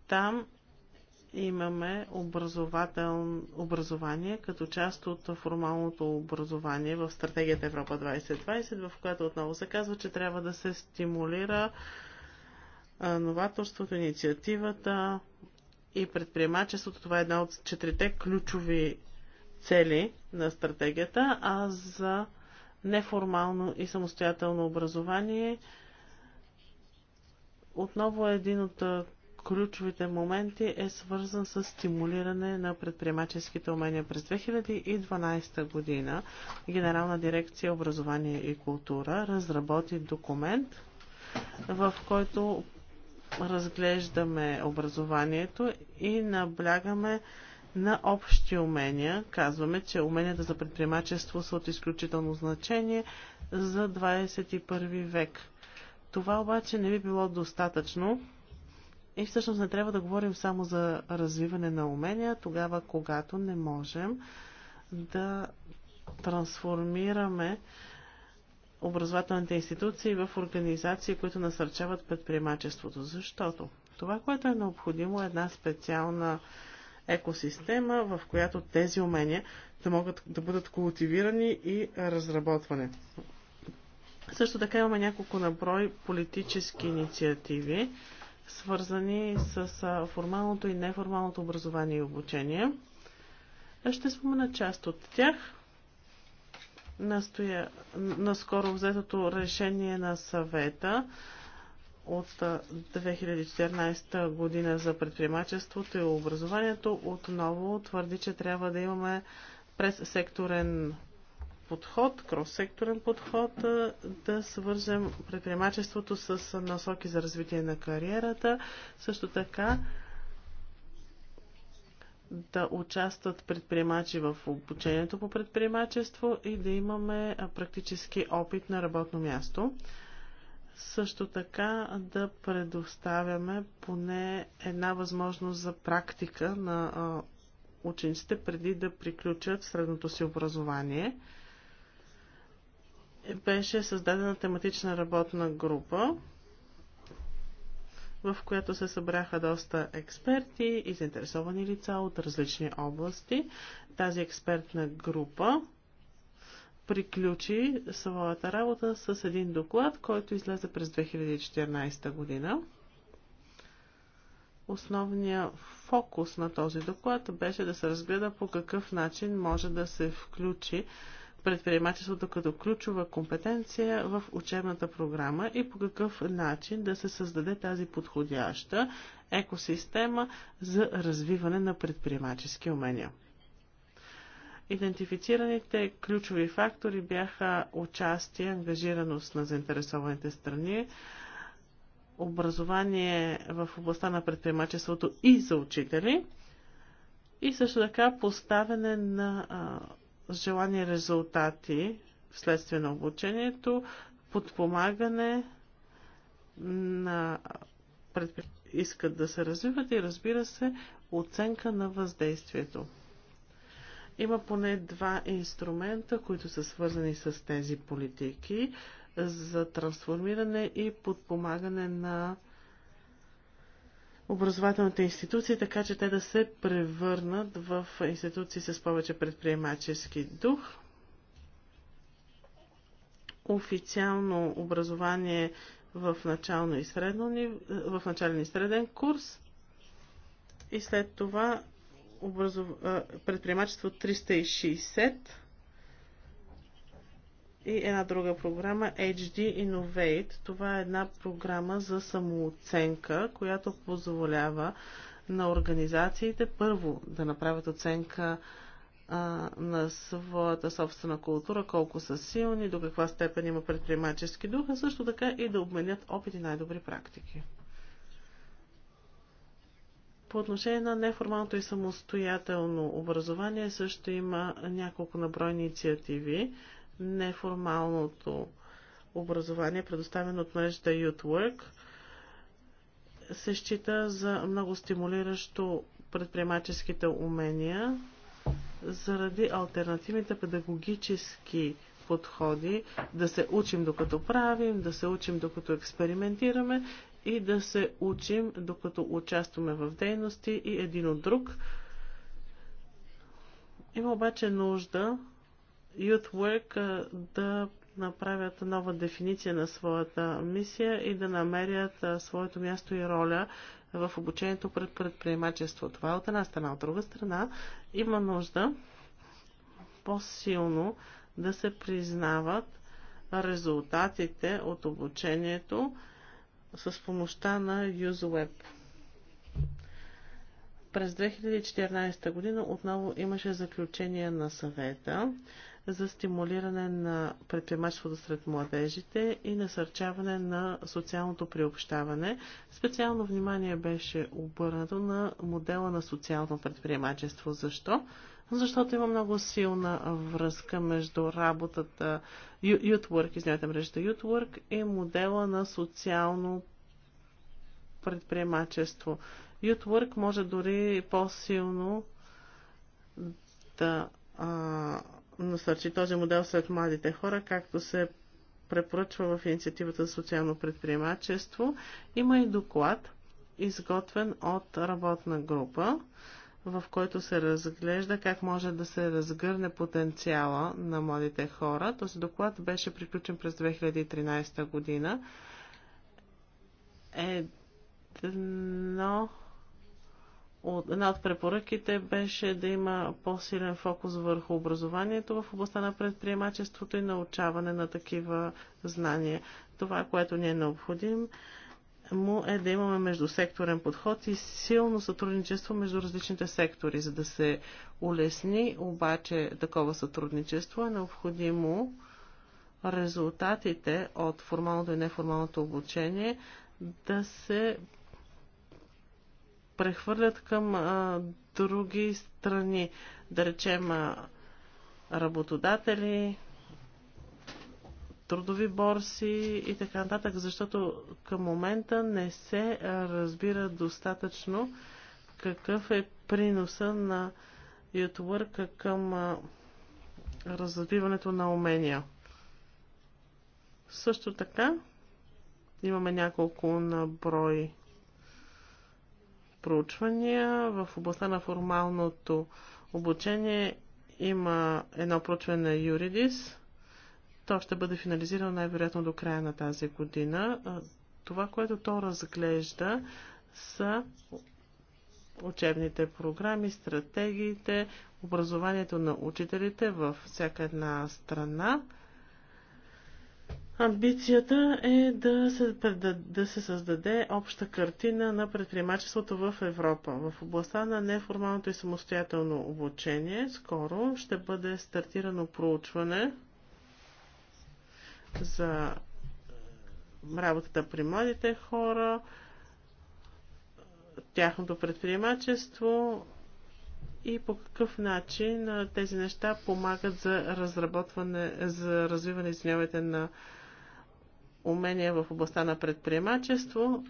Там имаме образовател... образование като част от формалното образование в стратегията Европа 2020, в която отново се казва, че трябва да се стимулира новаторството, инициативата и предприемачеството. Това е една от четирите ключови цели на стратегията, а за неформално и самостоятелно образование. Отново един от ключовите моменти е свързан с стимулиране на предприемаческите умения. През 2012 година Генерална дирекция образование и култура разработи документ, в който разглеждаме образованието и наблягаме на общи умения. Казваме, че уменията за предприемачество са от изключително значение за 21 век. Това обаче не би било достатъчно и всъщност не трябва да говорим само за развиване на умения, тогава когато не можем да трансформираме образователните институции в организации, които насърчават предприемачеството. Защото това, което е необходимо е една специална екосистема, в която тези умения да могат да бъдат култивирани и разработване. Също така имаме няколко наброй политически инициативи, свързани с формалното и неформалното образование и обучение. Ще спомена част от тях. Настоя... Наскоро взетото решение на съвета от 2014 година за предприемачеството и образованието отново твърди, че трябва да имаме през секторен подход, кроссекторен подход, да свържем предприемачеството с насоки за развитие на кариерата. Също така да участват предприемачи в обучението по предприемачество и да имаме практически опит на работно място също така да предоставяме поне една възможност за практика на учениците преди да приключат средното си образование. Беше създадена тематична работна група, в която се събраха доста експерти и заинтересовани лица от различни области. Тази експертна група приключи своята работа с един доклад, който излезе през 2014 година. Основният фокус на този доклад беше да се разгледа по какъв начин може да се включи предприемачеството като ключова компетенция в учебната програма и по какъв начин да се създаде тази подходяща екосистема за развиване на предприемачески умения. Идентифицираните ключови фактори бяха участие, ангажираност на заинтересованите страни, образование в областта на предприемачеството и за учители и също така поставяне на а, желани резултати вследствие на обучението, подпомагане на предприятия искат да се развиват и разбира се оценка на въздействието. Има поне два инструмента, които са свързани с тези политики за трансформиране и подпомагане на образователните институции, така че те да се превърнат в институции с повече предприемачески дух. Официално образование в, начално и средно, в начален и среден курс и след това образов... предприемачество 360 и една друга програма HD Innovate. Това е една програма за самооценка, която позволява на организациите първо да направят оценка а, на своята собствена култура, колко са силни, до каква степен има предприемачески дух, а също така и да обменят опити най-добри практики. По отношение на неформалното и самостоятелно образование също има няколко наброй инициативи. Неформалното образование, предоставено от мрежата Youth Work, се счита за много стимулиращо предприемаческите умения заради альтернативните педагогически подходи, да се учим докато правим, да се учим докато експериментираме и да се учим, докато участваме в дейности и един от друг. Има обаче нужда Youth Work да направят нова дефиниция на своята мисия и да намерят своето място и роля в обучението пред предприемачество. Това е от една страна. От друга страна има нужда по-силно да се признават резултатите от обучението с помощта на UseWeb. През 2014 година отново имаше заключение на съвета за стимулиране на предприемачеството сред младежите и насърчаване на социалното приобщаване. Специално внимание беше обърнато на модела на социално предприемачество. Защо? защото има много силна връзка между работата Youth Work, извинявайте, мрежата Youth Work и модела на социално предприемачество. Youth Work може дори по-силно да а, насърчи този модел сред младите хора, както се препоръчва в инициативата за социално предприемачество. Има и доклад, изготвен от работна група в който се разглежда как може да се разгърне потенциала на младите хора. Този доклад беше приключен през 2013 година. Едно от, една от препоръките беше да има по-силен фокус върху образованието в областта на предприемачеството и научаване на такива знания. Това, което ни е необходимо му е да имаме междусекторен подход и силно сътрудничество между различните сектори. За да се улесни обаче такова сътрудничество е необходимо резултатите от формалното и неформалното обучение да се прехвърлят към а, други страни, да речем а, работодатели, трудови борси и така нататък, защото към момента не се разбира достатъчно какъв е приноса на ютворка към развиването на умения. Също така имаме няколко на брой проучвания в областта на формалното обучение. Има едно проучване на Юридис – то ще бъде финализирано най-вероятно до края на тази година. Това, което то разглежда, са учебните програми, стратегиите, образованието на учителите във всяка една страна. Амбицията е да се, да, да се създаде обща картина на предприемачеството в Европа. В областта на неформалното и самостоятелно обучение скоро ще бъде стартирано проучване за работата при младите хора, тяхното предприемачество и по какъв начин тези неща помагат за разработване, за развиване, извинявайте, на умения в областта на предприемачество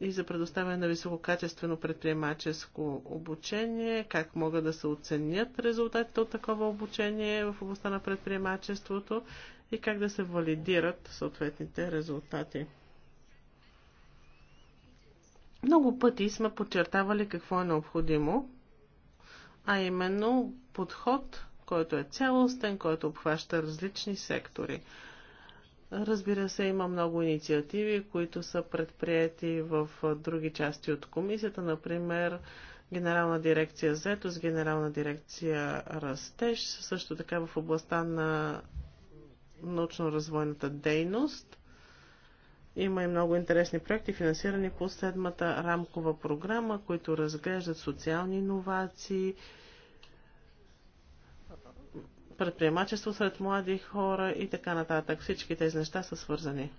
и за предоставяне на висококачествено предприемаческо обучение, как могат да се оценят резултатите от такова обучение в областта на предприемачеството и как да се валидират съответните резултати. Много пъти сме подчертавали какво е необходимо, а именно подход, който е цялостен, който обхваща различни сектори. Разбира се, има много инициативи, които са предприяти в други части от комисията, например Генерална дирекция Зетос, с Генерална дирекция Растеж, също така в областта на научно-развойната дейност. Има и много интересни проекти, финансирани по седмата рамкова програма, които разглеждат социални иновации, предприемачество сред млади хора и така нататък. Всички тези неща са свързани.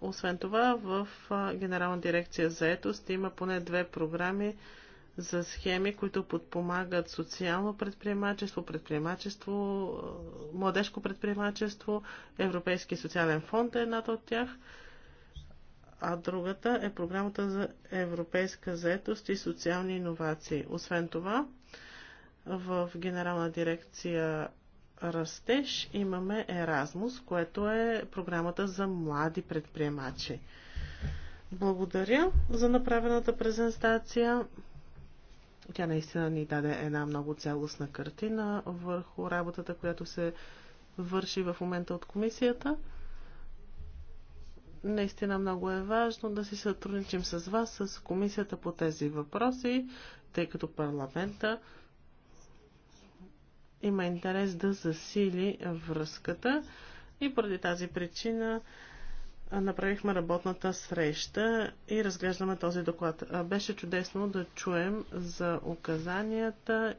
Освен това, в Генерална дирекция за етост има поне две програми за схеми, които подпомагат социално предприемачество, предприемачество, е, младежко предприемачество. Европейски социален фонд е едната от тях, а другата е програмата за европейска заетост и социални иновации. Освен това, в Генерална дирекция Растеж имаме Еразмус, което е програмата за млади предприемачи. Благодаря за направената презентация. Тя наистина ни даде една много цялостна картина върху работата, която се върши в момента от комисията. Наистина много е важно да си сътрудничим с вас, с комисията по тези въпроси, тъй като парламента има интерес да засили връзката и поради тази причина направихме работната среща и разглеждаме този доклад. Беше чудесно да чуем за указанията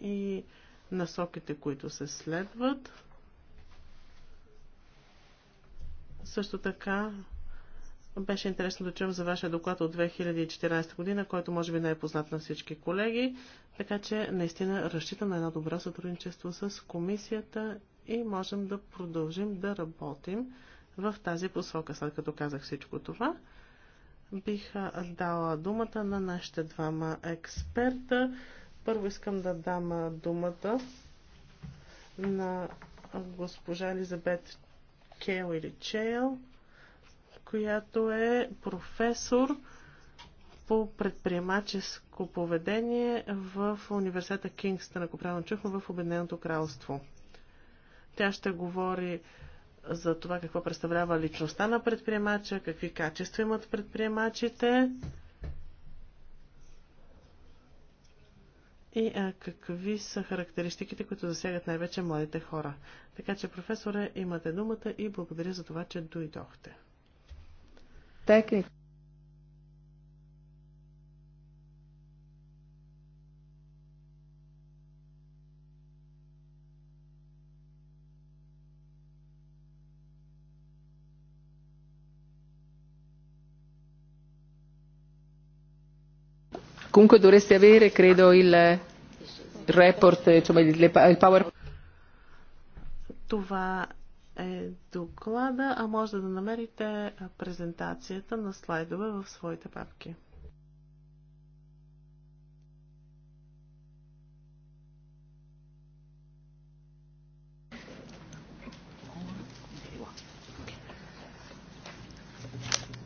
и насоките, които се следват. Също така беше интересно да чуем за вашия доклад от 2014 година, който може би не е познат на всички колеги, така че наистина разчитам на едно добро сътрудничество с комисията и можем да продължим да работим в тази посока. След като казах всичко това, бих дала думата на нашите двама експерта. Първо искам да дам думата на госпожа Елизабет Кейл или Чейл, която е професор по предприемаческо поведение в университета Кингстън, ако правилно чухме, в Обединеното кралство. Тя ще говори за това какво представлява личността на предприемача, какви качества имат предприемачите и а, какви са характеристиките, които засягат най-вече младите хора. Така че, професоре, имате думата и благодаря за това, че дойдохте. Техник. Comunque dovreste avere, credo, il report, insomma, il power Това е доклада, а може да намерите презентацията на слайдове в своите папки.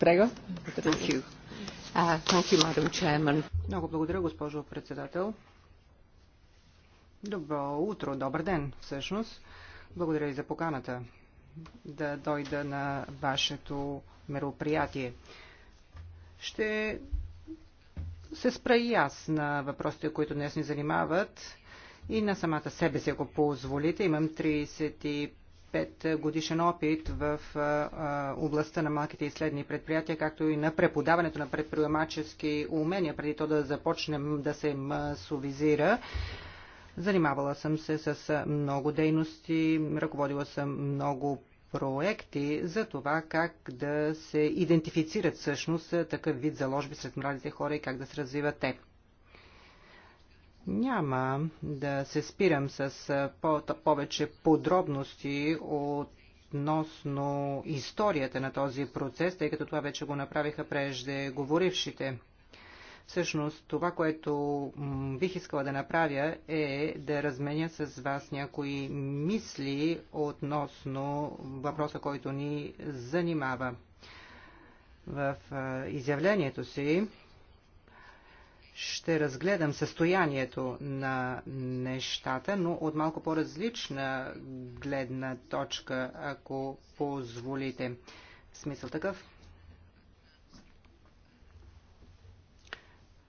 Prego. Thank you. Много благодаря, госпожо председател. Добро утро, добър ден всъщност. Благодаря и за поканата да дойда на вашето мероприятие. Ще се спра и аз на въпросите, които днес ни занимават и на самата себе си, ако позволите. Имам 35 25 годишен опит в областта на малките и следни предприятия, както и на преподаването на предприемачески умения, преди то да започнем да се масовизира. Занимавала съм се с много дейности, ръководила съм много проекти за това как да се идентифицират всъщност такъв вид заложби сред младите хора и как да се развиват те. Няма да се спирам с повече подробности от относно историята на този процес, тъй като това вече го направиха говорившите. Всъщност, това, което бих искала да направя е да разменя с вас някои мисли относно въпроса, който ни занимава. В изявлението си ще разгледам състоянието на нещата, но от малко по-различна гледна точка, ако позволите. В смисъл такъв?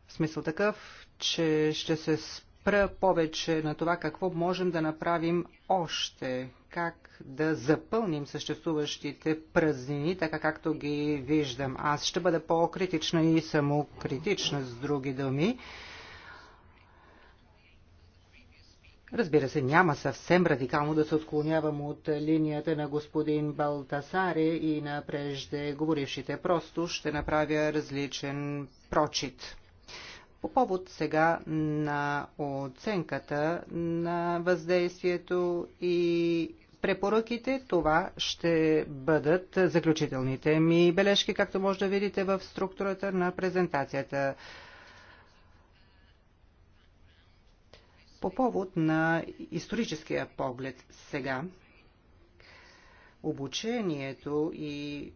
В смисъл такъв, че ще се спра повече на това какво можем да направим още как да запълним съществуващите празнини, така както ги виждам. Аз ще бъда по-критична и самокритична, с други думи. Разбира се, няма съвсем радикално да се отклонявам от линията на господин Балтасаре и на преждеговорившите. Просто ще направя различен прочит. По повод сега на оценката на въздействието и препоръките. Това ще бъдат заключителните ми бележки, както може да видите в структурата на презентацията. По повод на историческия поглед сега, обучението и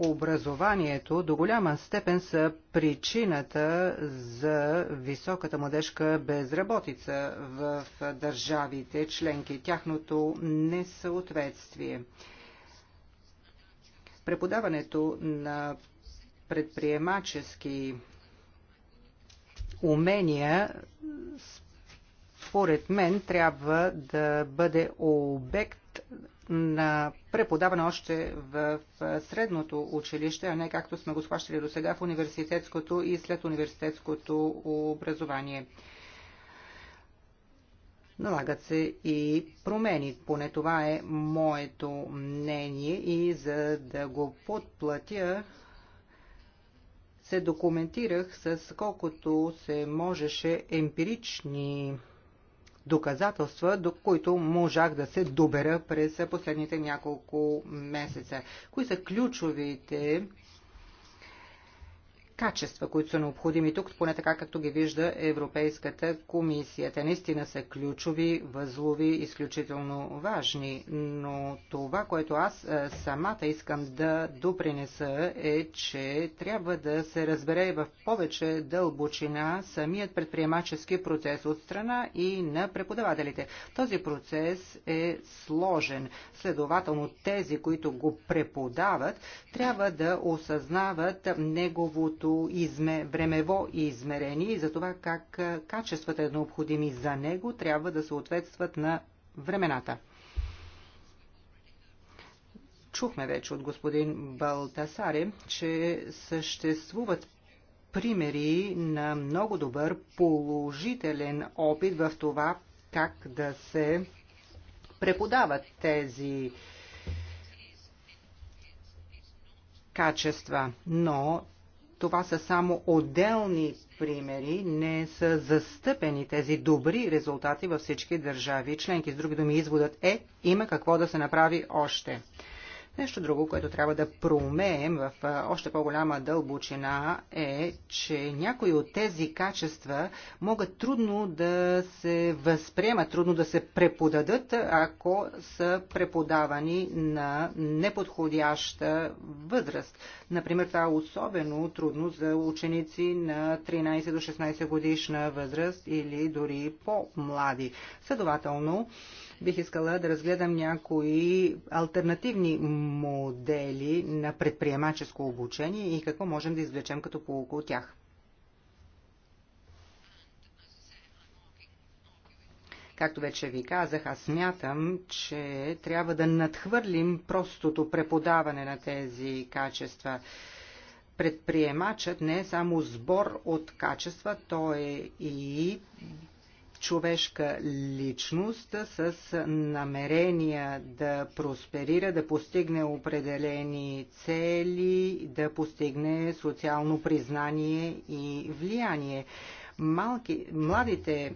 образованието до голяма степен са причината за високата младежка безработица в държавите членки, тяхното несъответствие. Преподаването на предприемачески умения според мен трябва да бъде обект на преподаване още в средното училище, а не както сме го схващали до сега в университетското и след университетското образование. Налагат се и промени, поне това е моето мнение и за да го подплатя се документирах с колкото се можеше емпирични доказателства, до които можах да се добера през последните няколко месеца. Кои са ключовите качества, които са необходими тук, поне така както ги вижда Европейската комисия. Те наистина са ключови, възлови, изключително важни, но това, което аз е, самата искам да допринеса е, че трябва да се разбере в повече дълбочина самият предприемачески процес от страна и на преподавателите. Този процес е сложен. Следователно, тези, които го преподават, трябва да осъзнават неговото като изме, времево измерение и за това как качествата е необходими за него трябва да съответстват на времената. Чухме вече от господин Балтасаре, че съществуват примери на много добър положителен опит в това как да се преподават тези качества, но това са само отделни примери, не са застъпени тези добри резултати във всички държави членки. С други думи, изводът е, има какво да се направи още. Нещо друго, което трябва да проумеем в още по-голяма дълбочина е, че някои от тези качества могат трудно да се възприемат, трудно да се преподадат, ако са преподавани на неподходяща възраст. Например, това е особено трудно за ученици на 13 до 16 годишна възраст или дори по-млади. Следователно, бих искала да разгледам някои альтернативни модели на предприемаческо обучение и какво можем да извлечем като полука от тях. Както вече ви казах, аз смятам, че трябва да надхвърлим простото преподаване на тези качества. Предприемачът не е само сбор от качества, той е и човешка личност с намерения да просперира, да постигне определени цели, да постигне социално признание и влияние. Малки, младите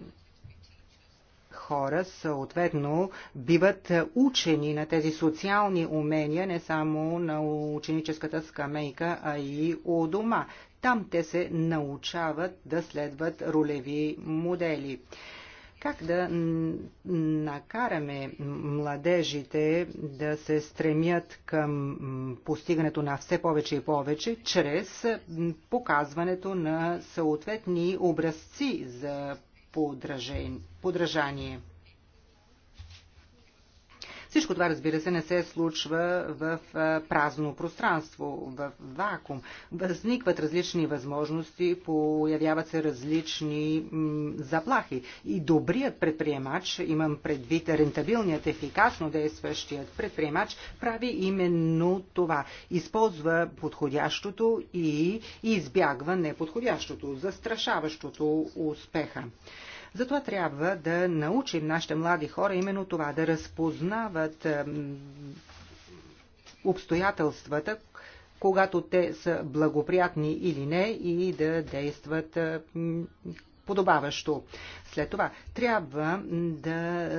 хора съответно биват учени на тези социални умения не само на ученическата скамейка, а и у дома. Там те се научават да следват ролеви модели. Как да накараме младежите да се стремят към постигането на все повече и повече, чрез показването на съответни образци за подражание? Всичко това, разбира се, не се случва в празно пространство, в вакуум. Възникват различни възможности, появяват се различни заплахи. И добрият предприемач, имам предвид рентабилният, ефикасно действащият предприемач, прави именно това. Използва подходящото и избягва неподходящото, застрашаващото успеха. Затова трябва да научим нашите млади хора именно това, да разпознават обстоятелствата, когато те са благоприятни или не и да действат подобаващо. След това трябва да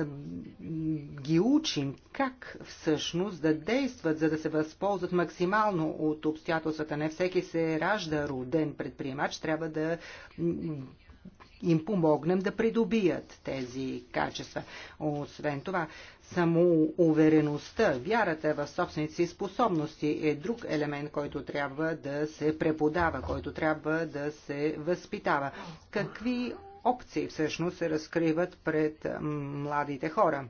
ги учим как всъщност да действат, за да се възползват максимално от обстоятелствата. Не всеки се ражда роден предприемач, трябва да им помогнем да придобият тези качества. Освен това, само увереността, вярата в собствените си способности е друг елемент, който трябва да се преподава, който трябва да се възпитава. Какви опции всъщност се разкриват пред младите хора?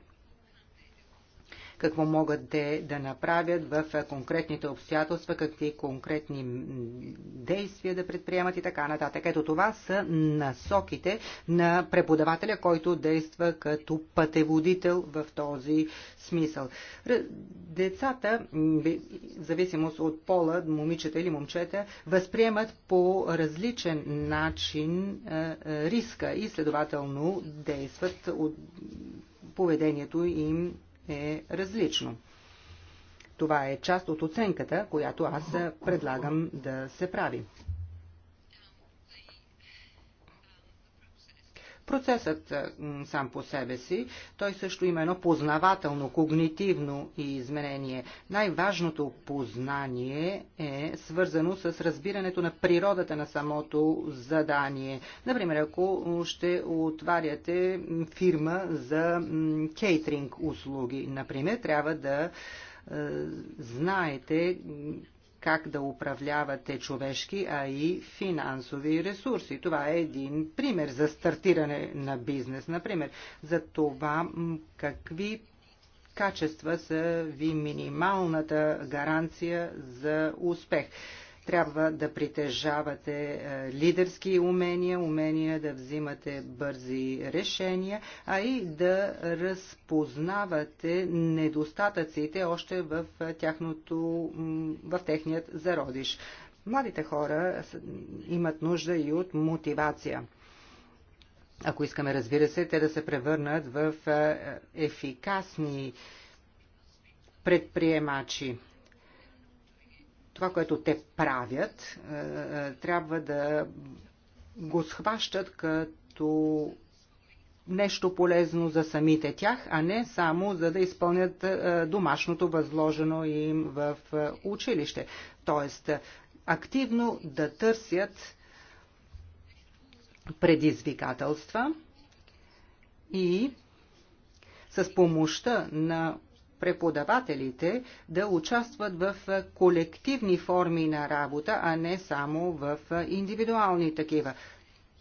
какво могат те да направят в конкретните обстоятелства, какви конкретни действия да предприемат и така нататък. Ето това са насоките на преподавателя, който действа като пътеводител в този смисъл. Децата, в зависимост от пола, момичета или момчета, възприемат по различен начин риска и следователно действат от поведението им е различно. Това е част от оценката, която аз предлагам да се прави. процесът сам по себе си. Той също има едно познавателно, когнитивно изменение. Най-важното познание е свързано с разбирането на природата на самото задание. Например, ако ще отваряте фирма за кейтринг услуги, например, трябва да знаете как да управлявате човешки, а и финансови ресурси. Това е един пример за стартиране на бизнес, например. За това какви качества са ви минималната гаранция за успех. Трябва да притежавате е, лидерски умения, умения да взимате бързи решения, а и да разпознавате недостатъците още в, е, тяхното, в техният зародиш. Младите хора имат нужда и от мотивация. Ако искаме, разбира се, те да се превърнат в е, ефикасни предприемачи това, което те правят, е, трябва да го схващат като нещо полезно за самите тях, а не само за да изпълнят е, домашното възложено им в е, училище. Тоест, активно да търсят предизвикателства и с помощта на преподавателите да участват в колективни форми на работа, а не само в индивидуални такива.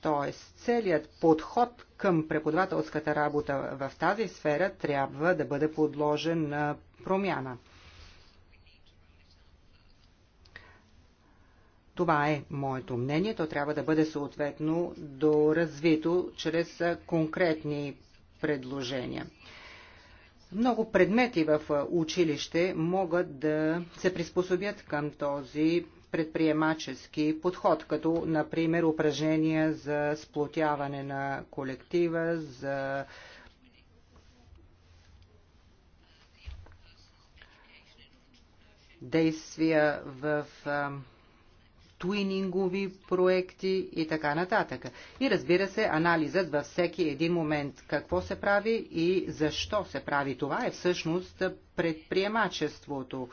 Тоест, целият подход към преподавателската работа в тази сфера трябва да бъде подложен на промяна. Това е моето мнение. То трябва да бъде съответно доразвито чрез конкретни предложения. Много предмети в училище могат да се приспособят към този предприемачески подход, като например упражнения за сплотяване на колектива, за действия в твинингови проекти и така нататък. И разбира се, анализът във всеки един момент какво се прави и защо се прави. Това е всъщност предприемачеството.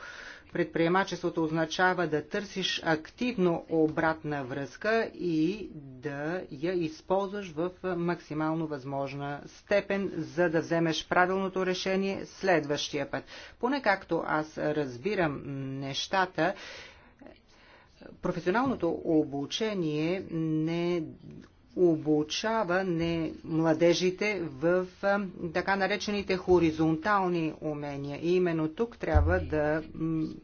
Предприемачеството означава да търсиш активно обратна връзка и да я използваш в максимално възможна степен, за да вземеш правилното решение следващия път. Поне както аз разбирам нещата, професионалното обучение не обучава не младежите в така наречените хоризонтални умения. И именно тук трябва да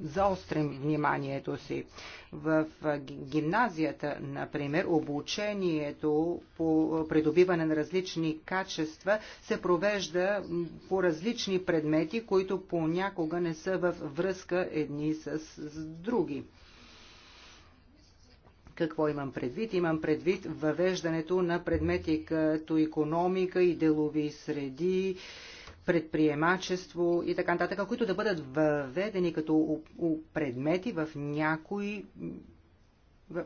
заострим вниманието си. В гимназията, например, обучението по придобиване на различни качества се провежда по различни предмети, които понякога не са във връзка едни с други. Какво имам предвид? Имам предвид въвеждането на предмети като економика и делови среди, предприемачество и така нататък, които да бъдат въведени като предмети в някои в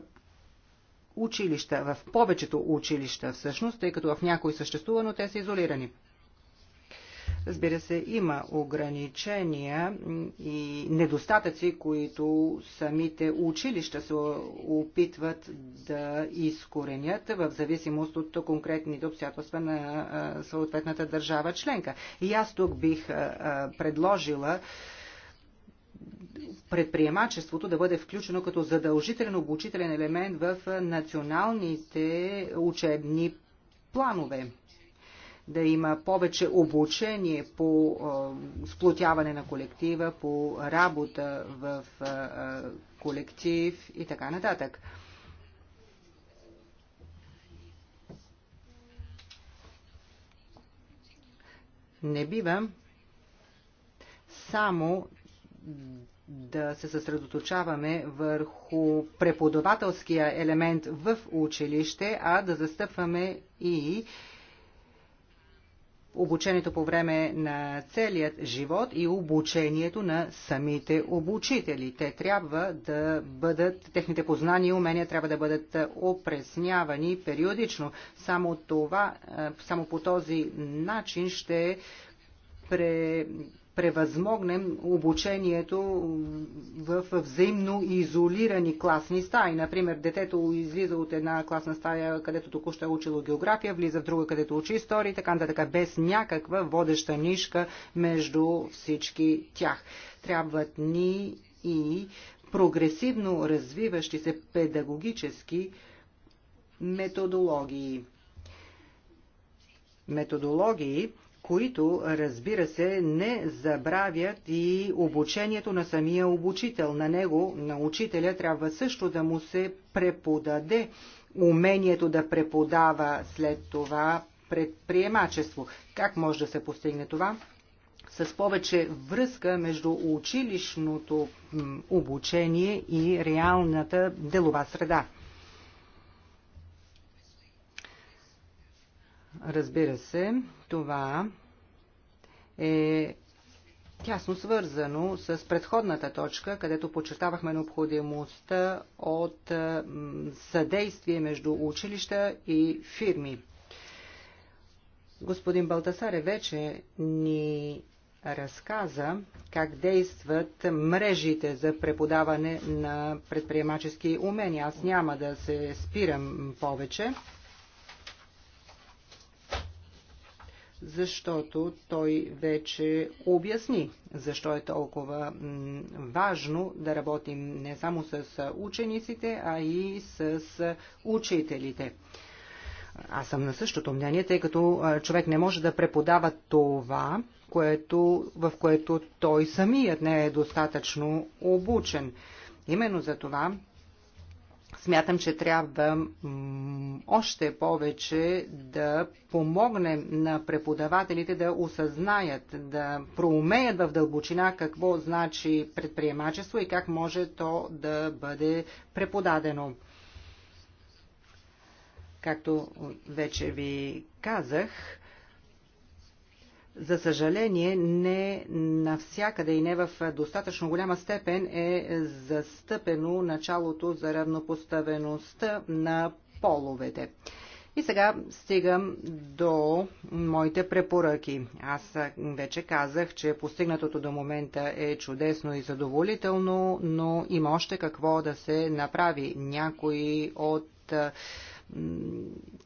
училища, в повечето училища всъщност, тъй като в някои съществува, но те са изолирани. Разбира се, има ограничения и недостатъци, които самите училища се опитват да изкоренят в зависимост от конкретните обстоятелства на съответната държава членка. И аз тук бих предложила предприемачеството да бъде включено като задължителен обучителен елемент в националните учебни планове да има повече обучение по сплотяване на колектива, по работа в колектив и така нататък. Не бива само да се съсредоточаваме върху преподавателския елемент в училище, а да застъпваме и обучението по време на целият живот и обучението на самите обучители. Те трябва да бъдат, техните познания и умения трябва да бъдат опреснявани периодично. Само, това, е, само по този начин ще пре, превъзмогнем обучението в взаимно изолирани класни стаи. Например, детето излиза от една класна стая, където току-що е учило география, влиза в друга, където учи история и така нататък, без някаква водеща нишка между всички тях. Трябват ни и прогресивно развиващи се педагогически методологии. Методологии, които, разбира се, не забравят и обучението на самия обучител. На него, на учителя, трябва също да му се преподаде умението да преподава след това предприемачество. Как може да се постигне това? С повече връзка между училищното обучение и реалната делова среда. Разбира се, това е тясно свързано с предходната точка, където подчертавахме необходимостта от съдействие между училища и фирми. Господин Балтасаре вече ни разказа как действат мрежите за преподаване на предприемачески умения. Аз няма да се спирам повече. защото той вече обясни защо е толкова важно да работим не само с учениците, а и с учителите. Аз съм на същото мнение, тъй като човек не може да преподава това, което, в което той самият не е достатъчно обучен. Именно за това Смятам, че трябва още повече да помогнем на преподавателите да осъзнаят, да проумеят в дълбочина какво значи предприемачество и как може то да бъде преподадено. Както вече ви казах, за съжаление, не навсякъде и не в достатъчно голяма степен е застъпено началото за равнопоставеността на половете. И сега стигам до моите препоръки. Аз вече казах, че постигнатото до момента е чудесно и задоволително, но има още какво да се направи. Някои от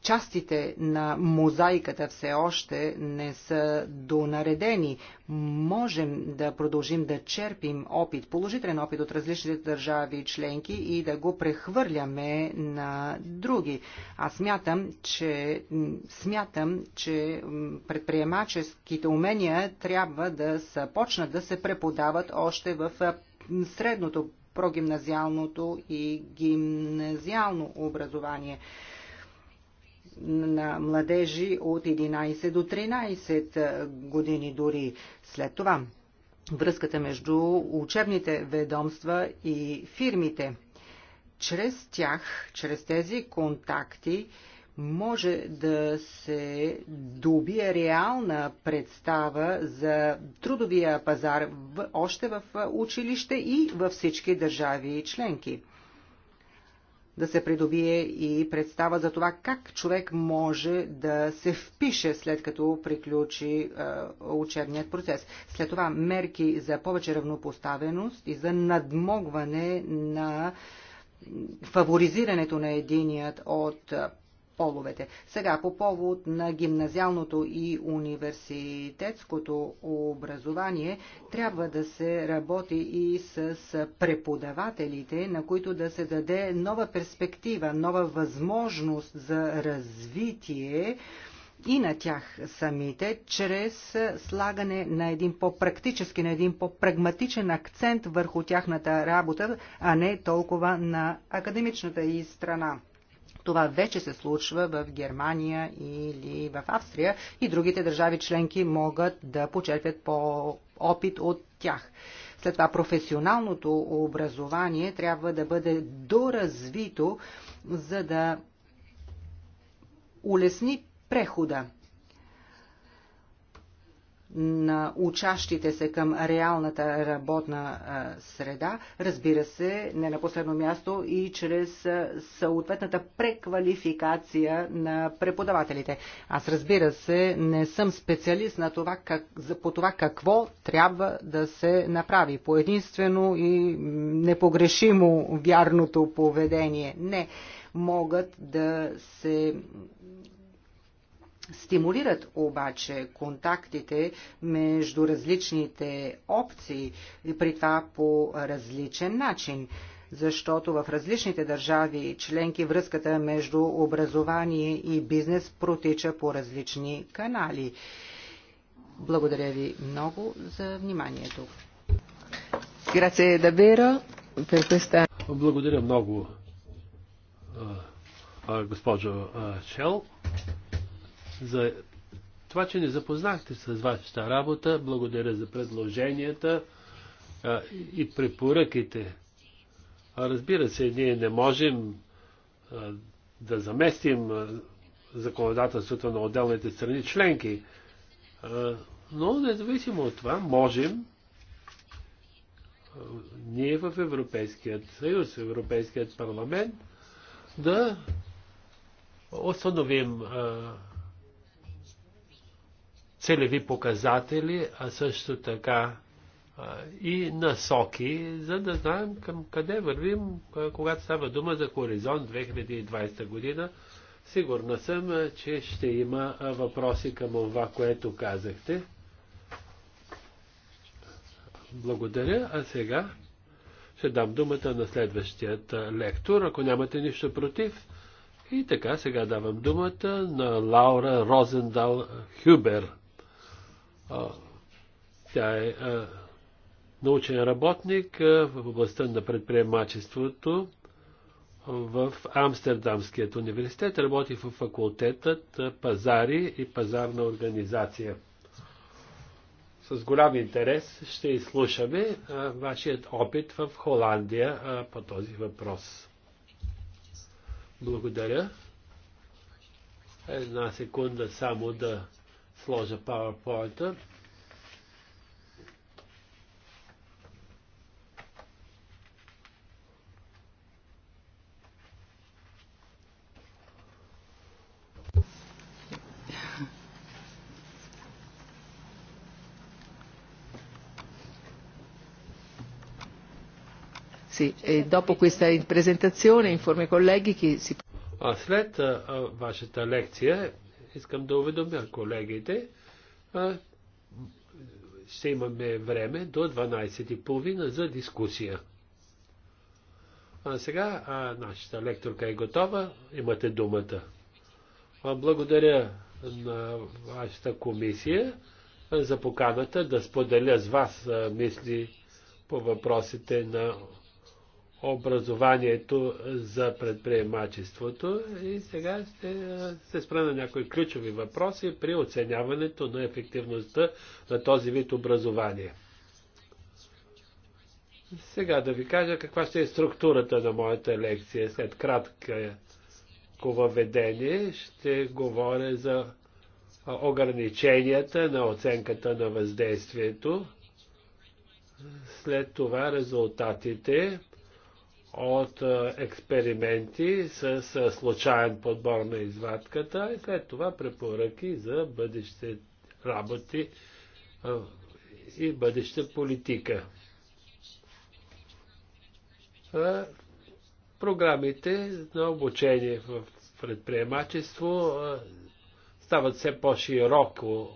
частите на мозайката все още не са донаредени. Можем да продължим да черпим опит, положителен опит от различните държави и членки и да го прехвърляме на други. Аз смятам, че, смятам, че предприемаческите умения трябва да са, почнат да се преподават още в средното прогимназиалното и гимназиално образование на младежи от 11 до 13 години дори след това. Връзката между учебните ведомства и фирмите. Чрез тях, чрез тези контакти, може да се добие реална представа за трудовия пазар още в училище и във всички държави и членки да се придобие и представа за това как човек може да се впише след като приключи е, учебният процес. След това мерки за повече равнопоставеност и за надмогване на фаворизирането на единият от е, половете. Сега по повод на гимназиалното и университетското образование трябва да се работи и с преподавателите, на които да се даде нова перспектива, нова възможност за развитие и на тях самите, чрез слагане на един по-практически, на един по-прагматичен акцент върху тяхната работа, а не толкова на академичната и страна. Това вече се случва в Германия или в Австрия и другите държави членки могат да почерпят по опит от тях. След това професионалното образование трябва да бъде доразвито, за да улесни прехода на учащите се към реалната работна среда, разбира се, не на последно място и чрез съответната преквалификация на преподавателите. Аз разбира се, не съм специалист на това, как, по това какво трябва да се направи по единствено и непогрешимо вярното поведение. Не, могат да се стимулират обаче контактите между различните опции и при това по различен начин защото в различните държави членки връзката между образование и бизнес протича по различни канали. Благодаря ви много за вниманието. Благодаря много, госпожо Чел за това, че не запознахте с вашата работа. Благодаря за предложенията а, и препоръките. А разбира се, ние не можем а, да заместим а, законодателството на отделните страни членки. А, но независимо от това, можем а, ние в Европейският съюз, в Европейският парламент да установим а, целеви показатели, а също така и насоки, за да знаем към къде вървим, когато става дума за Хоризонт 2020 година. Сигурна съм, че ще има въпроси към това, което казахте. Благодаря, а сега ще дам думата на следващият лектор, ако нямате нищо против. И така, сега давам думата на Лаура Розендал Хюбер. Тя е научен работник в областта на предприемачеството в Амстердамският университет. Работи в факултетът пазари и пазарна организация. С голям интерес ще изслушаме вашият опит в Холандия по този въпрос. Благодаря. Една секунда само да сложа PowerPoint-а. Sì, e dopo questa presentazione informo i colleghi che si... А след а, вашата лекция искам да уведомя колегите. А, ще имаме време до 12.30 за дискусия. А сега а, нашата лекторка е готова. Имате думата. А, благодаря на вашата комисия за поканата да споделя с вас мисли по въпросите на образованието за предприемачеството. И сега ще се спра на някои ключови въпроси при оценяването на ефективността на този вид образование. Сега да ви кажа каква ще е структурата на моята лекция. След кратко въведение ще говоря за ограниченията на оценката на въздействието. След това резултатите от е, експерименти с случайен подбор на извадката и след това препоръки за бъдеще работи е, и бъдеща политика. Е, програмите на обучение в предприемачество стават все по-широко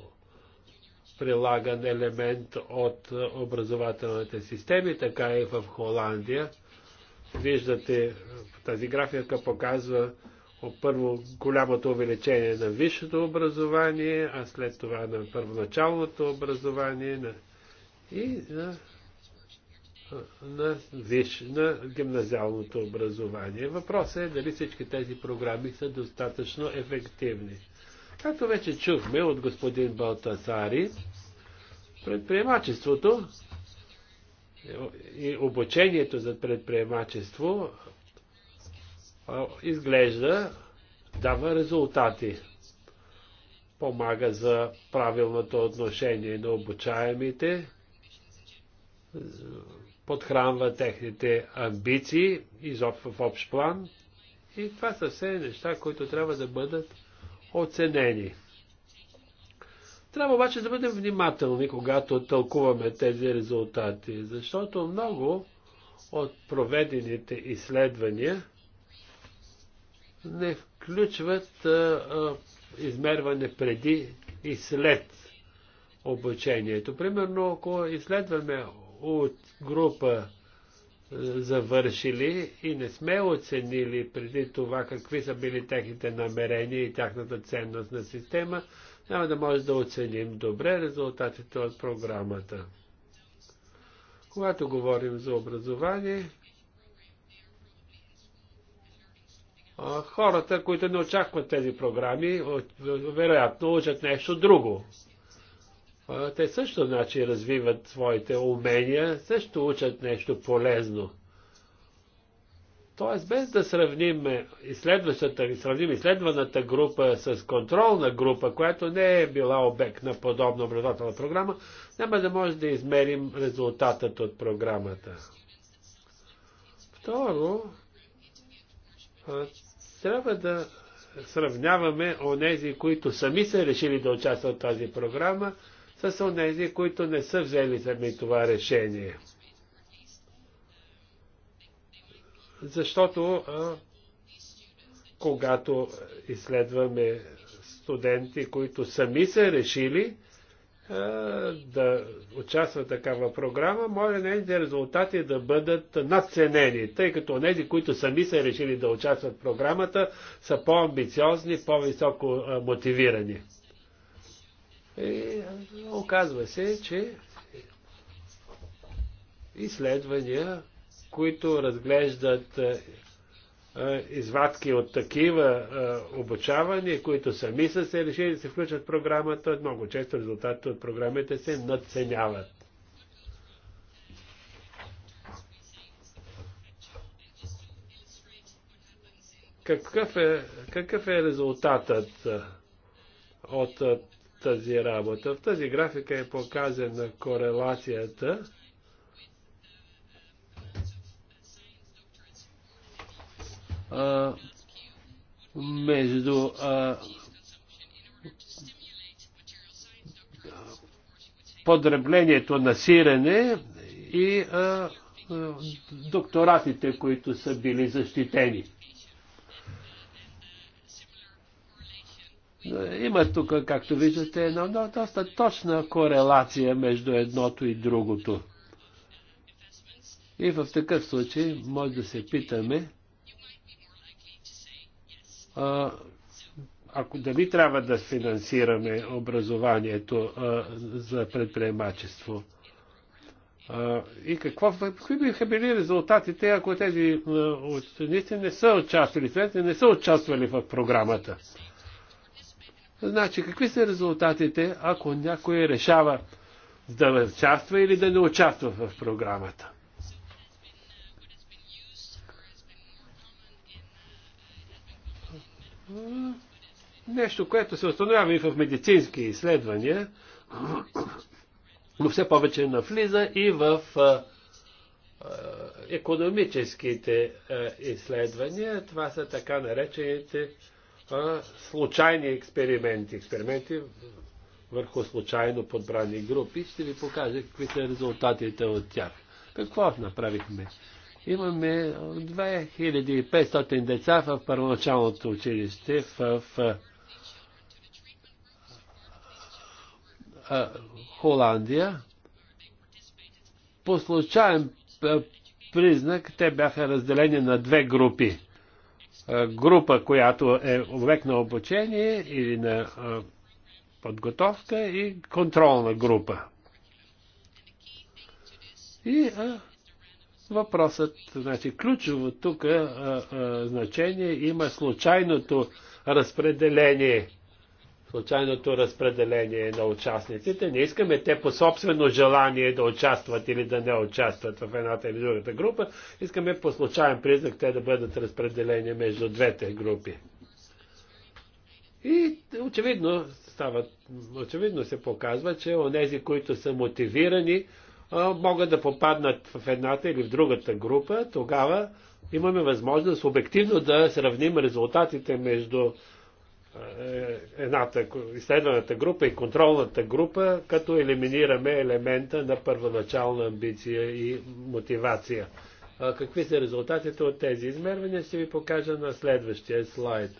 прилаган елемент от образователните системи, така и в Холандия – Виждате, тази графика показва първо голямото увеличение на висшето образование, а след това на първоначалното образование на, и на, на, виш, на гимназиалното образование. Въпросът е дали всички тези програми са достатъчно ефективни. Както вече чухме от господин Балтасари, предприемачеството и обучението за предприемачество изглежда дава резултати. Помага за правилното отношение на обучаемите, подхранва техните амбиции изобщо в общ план. И това са все неща, които трябва да бъдат оценени. Трябва обаче да бъдем внимателни, когато тълкуваме тези резултати, защото много от проведените изследвания не включват а, а, измерване преди и след обучението. Примерно, ако изследваме от група завършили и не сме оценили преди това какви са били техните намерения и тяхната ценност на система, няма да може да оценим добре резултатите от програмата. Когато говорим за образование, хората, които не очакват тези програми, вероятно учат нещо друго. Те също, значи, развиват своите умения, също учат нещо полезно. Тоест, без да сравним изследващата, сравним изследваната група с контролна група, която не е била обект на подобна образователна програма, няма да може да измерим резултатът от програмата. Второ, трябва да сравняваме онези, които сами са решили да участват в тази програма, с онези, които не са взели сами това решение. Защото а, когато изследваме студенти, които сами са решили а, да участват в такава програма, може нейните резултати да бъдат надценени, тъй като тези, които сами са решили да участват в програмата, са по-амбициозни, по-високо мотивирани. И оказва се, че изследвания които разглеждат е, е, извадки от такива е, обучавания, които сами са се решили да се включат в програмата, много често резултатите от програмите се надценяват. Какъв е, какъв е резултатът от тази работа? В тази графика е показана корелацията а, между а, подреблението на сирене и а, докторатите, които са били защитени. Има тук, както виждате, една доста точна корелация между едното и другото. И в такъв случай може да се питаме ако дали трябва да финансираме образованието а, за предприемачество? А, и какво, какви биха били резултатите, ако тези ученици не са участвали, студентите не са участвали в програмата? Значи, какви са резултатите, ако някой решава да участва или да не участва в програмата? нещо, което се установява и в медицински изследвания, но все повече навлиза и в економическите изследвания. Това са така наречените случайни експерименти. Експерименти върху случайно подбрани групи. Ще ви покажа какви са резултатите от тях. Какво направихме? Имаме 2500 деца в първоначалното училище, в, Холандия. По случайен признак те бяха разделени на две групи. група, която е обект на обучение или на подготовка и контролна група. И а, Въпросът, значи ключово тук а, а, значение има случайното разпределение. Случайното разпределение на участниците. Не искаме те по собствено желание да участват или да не участват в едната или другата група. Искаме по случайен признак те да бъдат разпределени между двете групи. И очевидно, стават, очевидно се показва, че онези, които са мотивирани, могат да попаднат в едната или в другата група, тогава имаме възможност обективно да сравним резултатите между е, едната изследваната група и контролната група, като елиминираме елемента на първоначална амбиция и мотивация. Какви са резултатите от тези измервания, ще ви покажа на следващия слайд.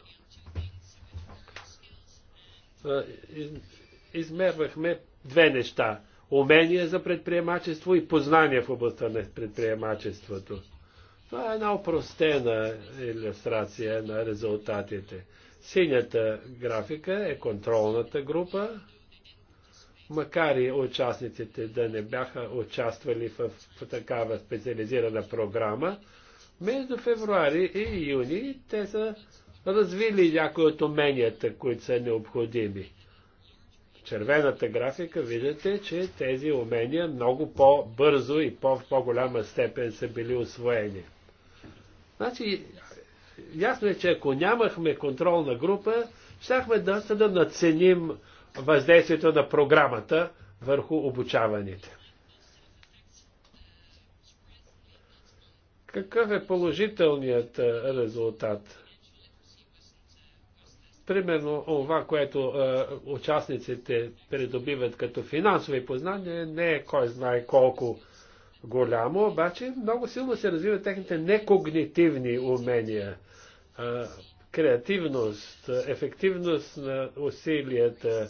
Измервахме две неща умения за предприемачество и познания в областта на предприемачеството. Това е една опростена иллюстрация на резултатите. Синята графика е контролната група, макар и участниците да не бяха участвали в, в такава специализирана програма, между февруари и юни те са развили някои от уменията, които са необходими червената графика виждате, че тези умения много по-бързо и по- по-голяма степен са били освоени. Значи, ясно е, че ако нямахме контролна група, щяхме доста да наценим въздействието на програмата върху обучаваните. Какъв е положителният резултат? Примерно, това, което е, участниците придобиват като финансови познания, не е кой знае колко голямо, обаче много силно се развиват техните некогнитивни умения. Е, креативност, ефективност на усилията,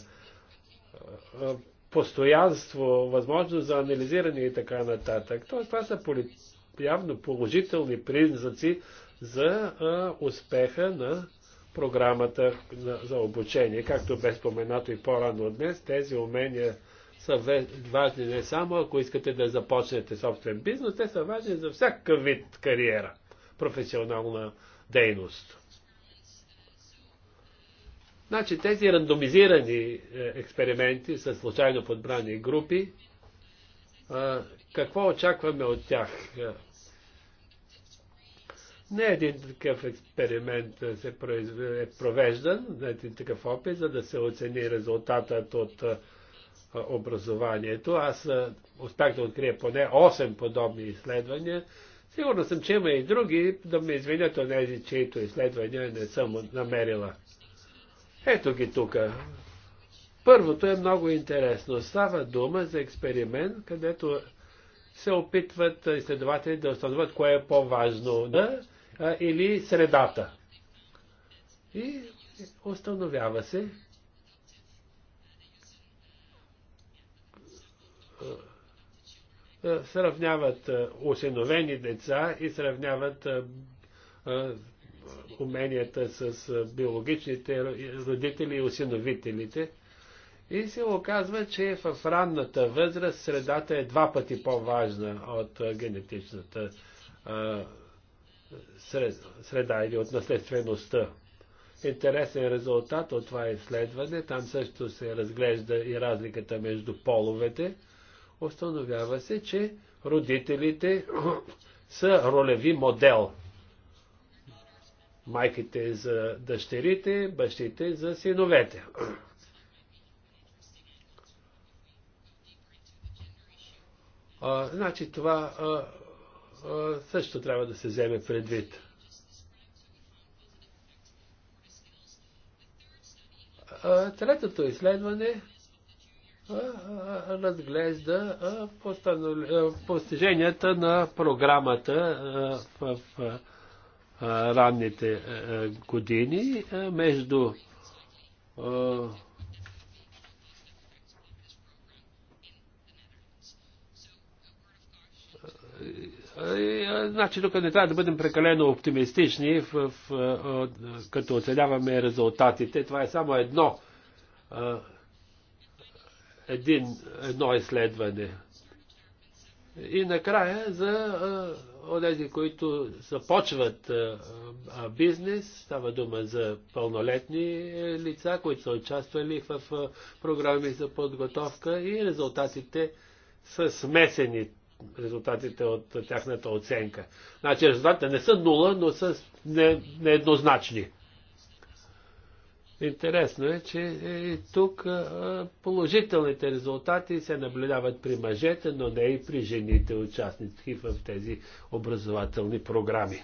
е, постоянство, възможност за анализиране и така нататък. Тоест, това са поли... явно положителни признаци за е, успеха на програмата за обучение. Както бе споменато и по-рано днес, тези умения са важни не само ако искате да започнете собствен бизнес, те са важни за всякакъв вид кариера, професионална дейност. Значи тези рандомизирани е, експерименти с случайно подбрани групи, какво очакваме от тях? Е, не един такъв експеримент се е провеждан, не един такъв опит, за да се оцени резултатът от образованието. Аз успях да открия поне 8 подобни изследвания. Сигурно съм, че има и други, да ме извинят от тези, чието изследвания не съм намерила. Ето ги тук. Първото е много интересно. Става дума за експеримент, където се опитват изследователи да установят кое е по-важно. Да? а, или средата. И установява се, сравняват осиновени деца и сравняват уменията с биологичните родители и осиновителите. И се оказва, че в ранната възраст средата е два пъти по-важна от генетичната среда или от наследствеността. Интересен резултат от това изследване, там също се разглежда и разликата между половете, установява се, че родителите са ролеви модел. Майките за дъщерите, бащите за синовете. А, значи това а, също трябва да се вземе предвид. Третото изследване разглежда постиженията на програмата в ранните години между Значи тук не трябва да бъдем прекалено оптимистични, в, в, в, като оцеляваме резултатите. Това е само едно, един, едно изследване. И накрая за тези, които започват бизнес, става дума за пълнолетни е, лица, които са участвали в програми за подготовка и резултатите са смесени резултатите от тяхната оценка. Значи резултатите не са нула, но са не, нееднозначни. Интересно е, че е, и тук е, положителните резултати се наблюдават при мъжете, но не и при жените участници в тези образователни програми.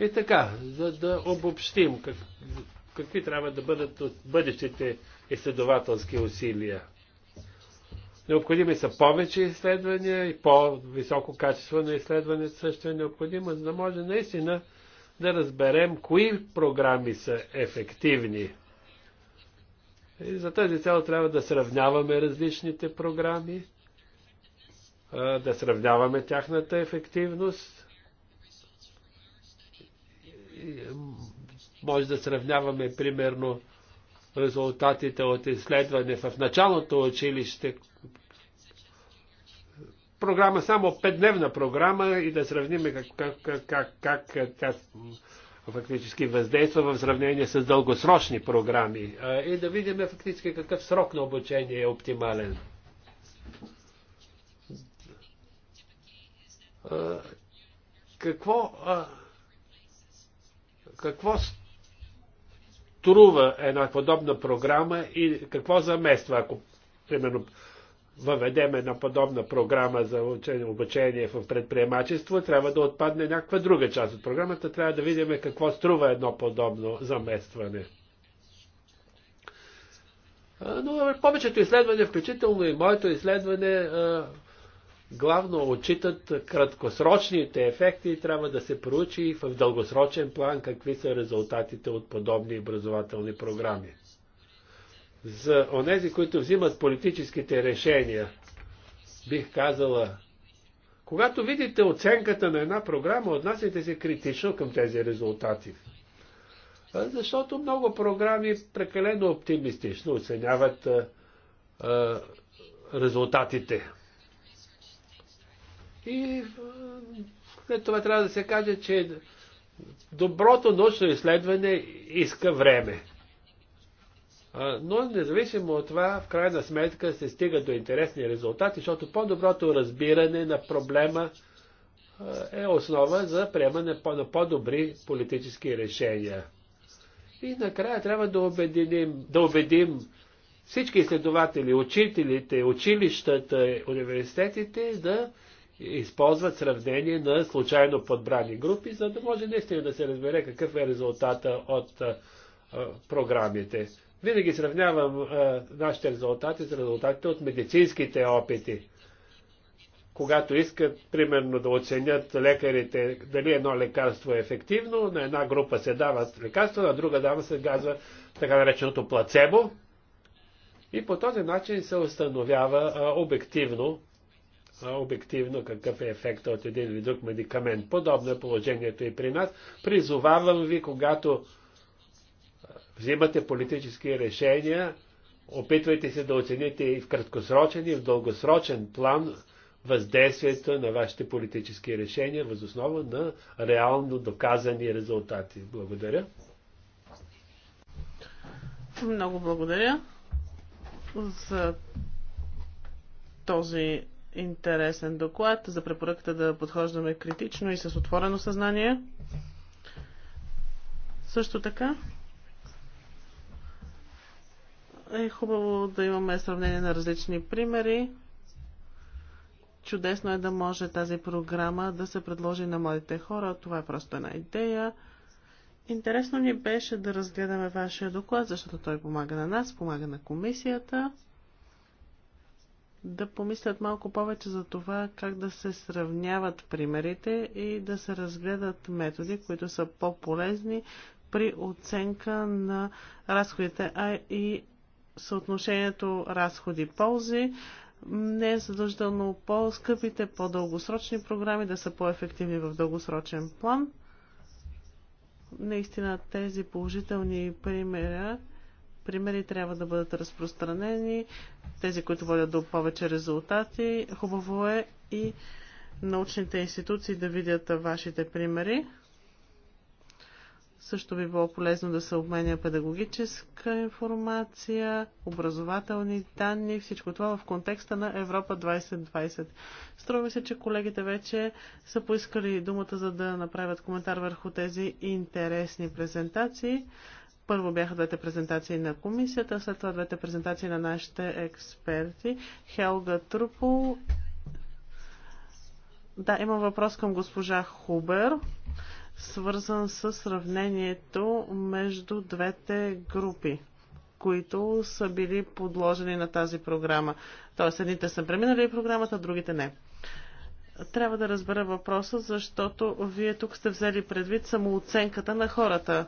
И така, за да обобщим как, какви трябва да бъдат бъдещите изследователски усилия. Необходими са повече изследвания и по-високо качество на изследване също е необходимо, за да може наистина да разберем кои програми са ефективни. И за тази цел трябва да сравняваме различните програми, да сравняваме тяхната ефективност. Може да сравняваме примерно резултатите от изследване в началното училище програма, само петдневна програма и да сравним как, как, как, как тя фактически въздейства в сравнение с дългосрочни програми и да видим фактически какъв срок на обучение е оптимален. Какво, какво струва една подобна програма и какво замества, ако примерно въведем една подобна програма за обучение в предприемачество, трябва да отпадне някаква друга част от програмата. Трябва да видим какво струва едно подобно заместване. Но повечето изследване, включително и моето изследване, главно отчитат краткосрочните ефекти и трябва да се проучи в дългосрочен план какви са резултатите от подобни образователни програми за онези, които взимат политическите решения. Бих казала, когато видите оценката на една програма, отнасяйте се критично към тези резултати. Защото много програми прекалено оптимистично оценяват а, а, резултатите. И след това трябва да се каже, че доброто научно изследване иска време. Но независимо от това, в крайна сметка се стига до интересни резултати, защото по-доброто разбиране на проблема е основа за приемане на по-добри политически решения. И накрая трябва да убедим, да убедим всички изследователи, учителите, училищата, университетите да използват сравнение на случайно подбрани групи, за да може наистина да се разбере какъв е резултата от а, програмите. Винаги сравнявам а, е, нашите резултати с резултатите от медицинските опити. Когато искат, примерно, да оценят лекарите дали едно лекарство е ефективно, на една група се дава лекарство, на друга дава се газва така нареченото плацебо. И по този начин се установява а, е, обективно, а, е, обективно какъв е ефектът от един или друг медикамент. Подобно е положението и при нас. Призовавам ви, когато взимате политически решения, опитвайте се да оцените и в краткосрочен, и в дългосрочен план въздействието на вашите политически решения въз основа на реално доказани резултати. Благодаря. Много благодаря за този интересен доклад, за препоръката да подхождаме критично и с отворено съзнание. Също така, е хубаво да имаме сравнение на различни примери. Чудесно е да може тази програма да се предложи на младите хора. Това е просто една идея. Интересно ни беше да разгледаме вашия доклад, защото той помага на нас, помага на комисията. Да помислят малко повече за това как да се сравняват примерите и да се разгледат методи, които са по-полезни при оценка на разходите а и съотношението разходи-ползи, не е задължително по-скъпите, по-дългосрочни програми да са по-ефективни в дългосрочен план. Наистина тези положителни примера, примери трябва да бъдат разпространени, тези, които водят до повече резултати. Хубаво е и научните институции да видят вашите примери. Също би било полезно да се обменя педагогическа информация, образователни данни, всичко това в контекста на Европа 2020. Струва се, че колегите вече са поискали думата, за да направят коментар върху тези интересни презентации. Първо бяха двете презентации на комисията, след това двете презентации на нашите експерти. Хелга Трупол. Да, имам въпрос към госпожа Хубер свързан с сравнението между двете групи които са били подложени на тази програма. Тоест, едните са преминали програмата, другите не. Трябва да разбера въпроса, защото вие тук сте взели предвид самооценката на хората.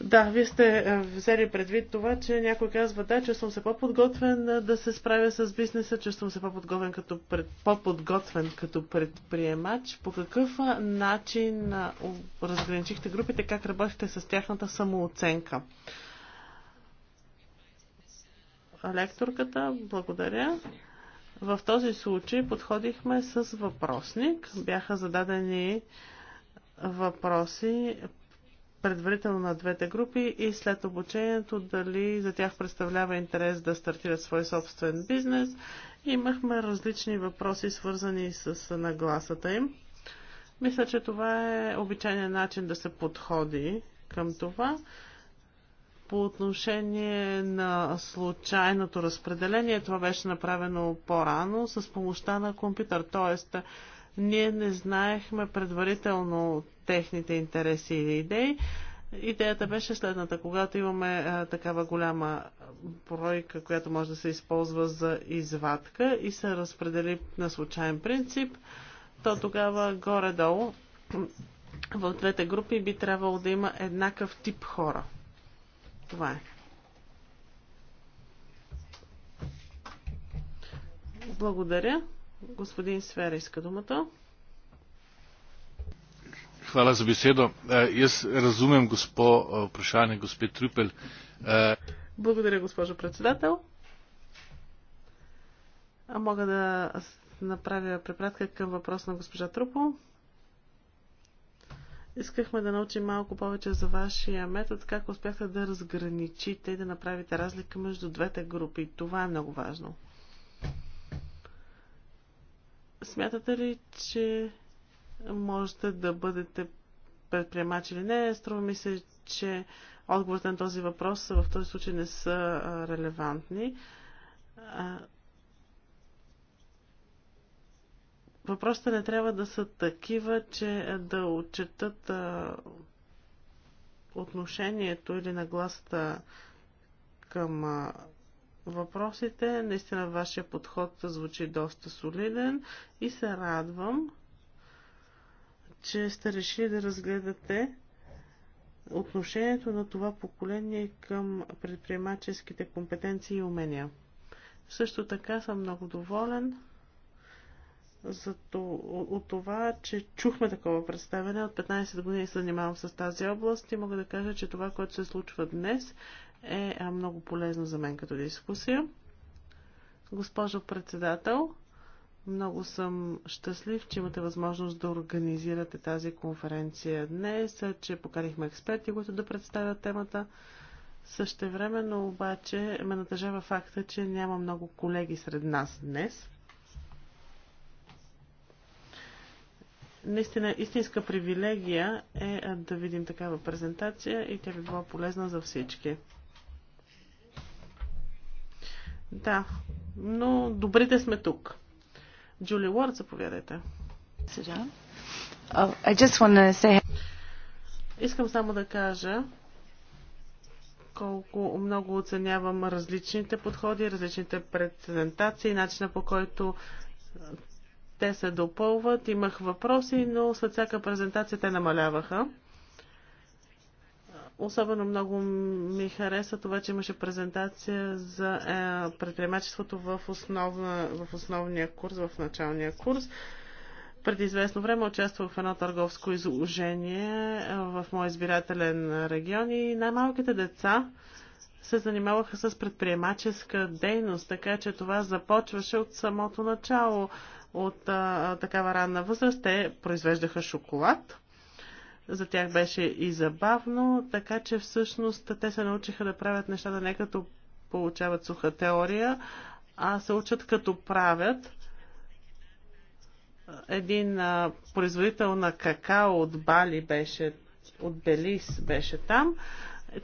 Да, вие сте е, взели предвид това, че някой казва, да, че съм се по-подготвен е, да се справя с бизнеса, че съм се по-подготвен като, пред, по-подготвен като предприемач. По какъв е, начин разграничихте групите, как работихте с тяхната самооценка? Лекторката, благодаря. В този случай подходихме с въпросник. Бяха зададени въпроси предварително на двете групи и след обучението дали за тях представлява интерес да стартират свой собствен бизнес. Имахме различни въпроси, свързани с нагласата им. Мисля, че това е обичайният начин да се подходи към това. По отношение на случайното разпределение, това беше направено по-рано с помощта на компютър, т.е. Ние не знаехме предварително техните интереси или идеи. Идеята беше следната. Когато имаме а, такава голяма бройка, която може да се използва за извадка и се разпредели на случайен принцип, то тогава горе-долу в двете групи би трябвало да има еднакъв тип хора. Това е. Благодаря. Господин Сфера иска думата. Hvala za besedo. E, jaz razumem gospo, e, vprašanje gospe Trupel. E, Благодаря, госпожо председател. А мога да направя препратка към въпрос на госпожа Трупо. Искахме да научим малко повече за вашия метод, как успяхте да разграничите и да направите разлика между двете групи. Това е много важно. Смятате ли, че можете да бъдете предприемач или не? Струва ми се, че отговорите на този въпрос в този случай не са релевантни. Въпросите не трябва да са такива, че да отчетат отношението или нагласата към въпросите. Наистина вашия подход звучи доста солиден и се радвам, че сте решили да разгледате отношението на това поколение към предприемаческите компетенции и умения. Също така съм много доволен за то, от това, че чухме такова представяне. От 15 години се занимавам с тази област и мога да кажа, че това, което се случва днес, е много полезно за мен като дискусия. Госпожо председател, много съм щастлив, че имате възможност да организирате тази конференция днес, че покарихме експерти, които да представят темата. също време, но обаче ме натъжава факта, че няма много колеги сред нас днес. Наистина, истинска привилегия е да видим такава презентация и тя би била полезна за всички. Да, но добрите сме тук. Джули Уорд, заповядайте. Uh, say... Искам само да кажа колко много оценявам различните подходи, различните презентации, начина по който те се допълват. Имах въпроси, но след всяка презентация те намаляваха. Особено много ми хареса това, че имаше презентация за е, предприемачеството в, основна, в основния курс, в началния курс. Преди известно време участвах в едно търговско изложение е, в мой избирателен регион и най-малките деца се занимаваха с предприемаческа дейност, така че това започваше от самото начало, от а, такава ранна възраст. Те произвеждаха шоколад, за тях беше и забавно, така че всъщност те се научиха да правят нещата не като получават суха теория, а се учат като правят. Един а, производител на какао от Бали беше, от Белис беше там.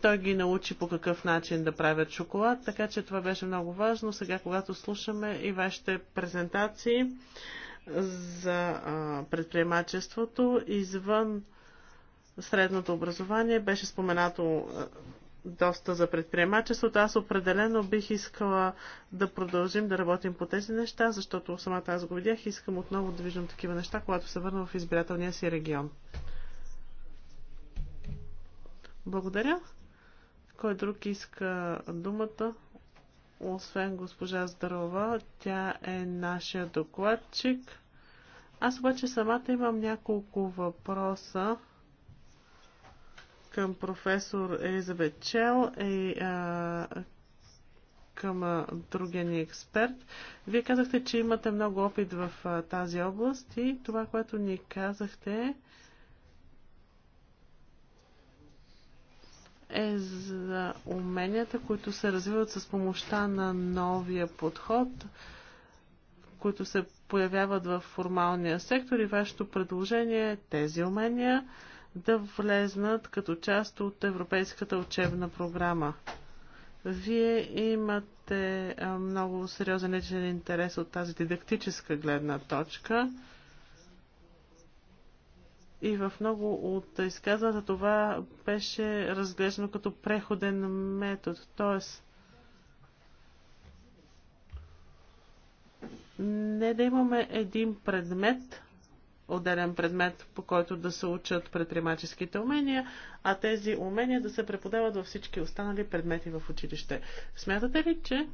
Той ги научи по какъв начин да правят шоколад, така че това беше много важно. Сега, когато слушаме и вашите презентации за а, предприемачеството, извън средното образование. Беше споменато е, доста за предприемачеството. Аз определено бих искала да продължим да работим по тези неща, защото самата аз го видях и искам отново да виждам такива неща, когато се върна в избирателния си регион. Благодаря. Кой друг иска думата? Освен госпожа Здарова, тя е нашия докладчик. Аз обаче самата имам няколко въпроса към професор Елизабет Чел и а, към а, другия ни експерт. Вие казахте, че имате много опит в а, тази област и това, което ни казахте е за уменията, които се развиват с помощта на новия подход, които се появяват в формалния сектор и вашето предложение е тези умения да влезнат като част от Европейската учебна програма. Вие имате много сериозен личен интерес от тази дидактическа гледна точка. И в много от изказването това беше разглеждано като преходен метод. Тоест, не да имаме един предмет, отделен предмет, по който да се учат предприемаческите умения, а тези умения да се преподават във всички останали предмети в училище. Смятате ли, че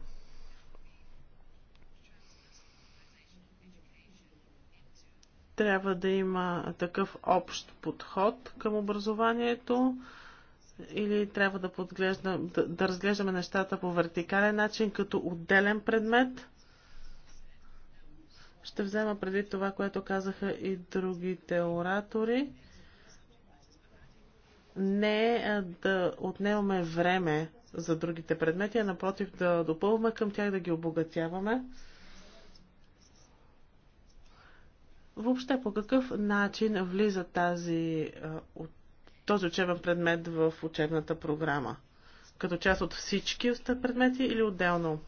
трябва да има такъв общ подход към образованието или трябва да, да, да разглеждаме нещата по вертикален начин като отделен предмет? Ще взема преди това, което казаха и другите оратори. Не е да отнемаме време за другите предмети, а напротив да допълваме към тях, да ги обогатяваме. Въобще по какъв начин влиза тази, този учебен предмет в учебната програма? Като част от всички предмети или отделно?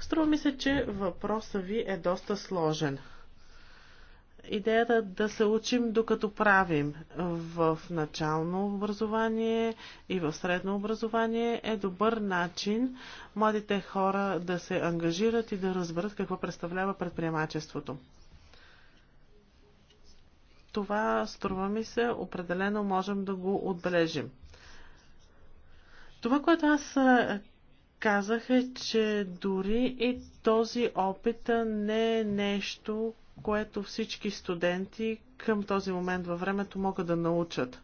Струва ми се, че въпросът ви е доста сложен. Идеята да се учим докато правим в начално образование и в средно образование е добър начин младите хора да се ангажират и да разберат какво представлява предприемачеството. Това, струва ми се, определено можем да го отбележим. Това, което аз казаха, че дори и този опит не е нещо, което всички студенти към този момент във времето могат да научат.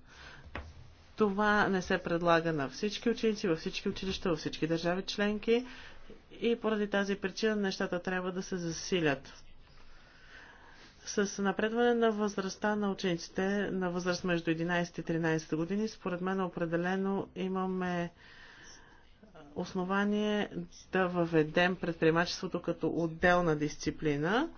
Това не се предлага на всички ученици, във всички училища, във всички държави членки и поради тази причина нещата трябва да се засилят. С напредване на възрастта на учениците на възраст между 11 и 13 години, според мен определено имаме основание да въведем предприемачеството като отделна дисциплина.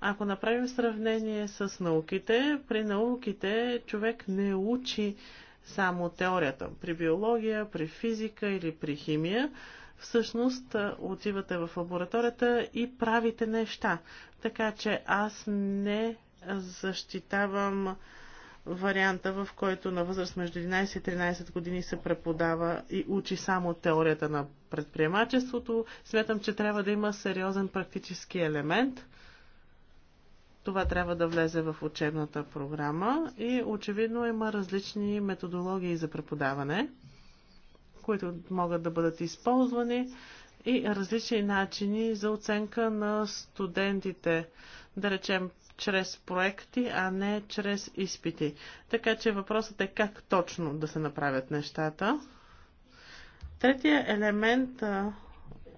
Ако направим сравнение с науките, при науките човек не учи само теорията. При биология, при физика или при химия, всъщност отивате в лабораторията и правите неща. Така че аз не защитавам варианта, в който на възраст между 11 и 13 години се преподава и учи само теорията на предприемачеството. Смятам, че трябва да има сериозен практически елемент. Това трябва да влезе в учебната програма и очевидно има различни методологии за преподаване, които могат да бъдат използвани и различни начини за оценка на студентите. Да речем, чрез проекти, а не чрез изпити. Така че въпросът е как точно да се направят нещата. Третия елемент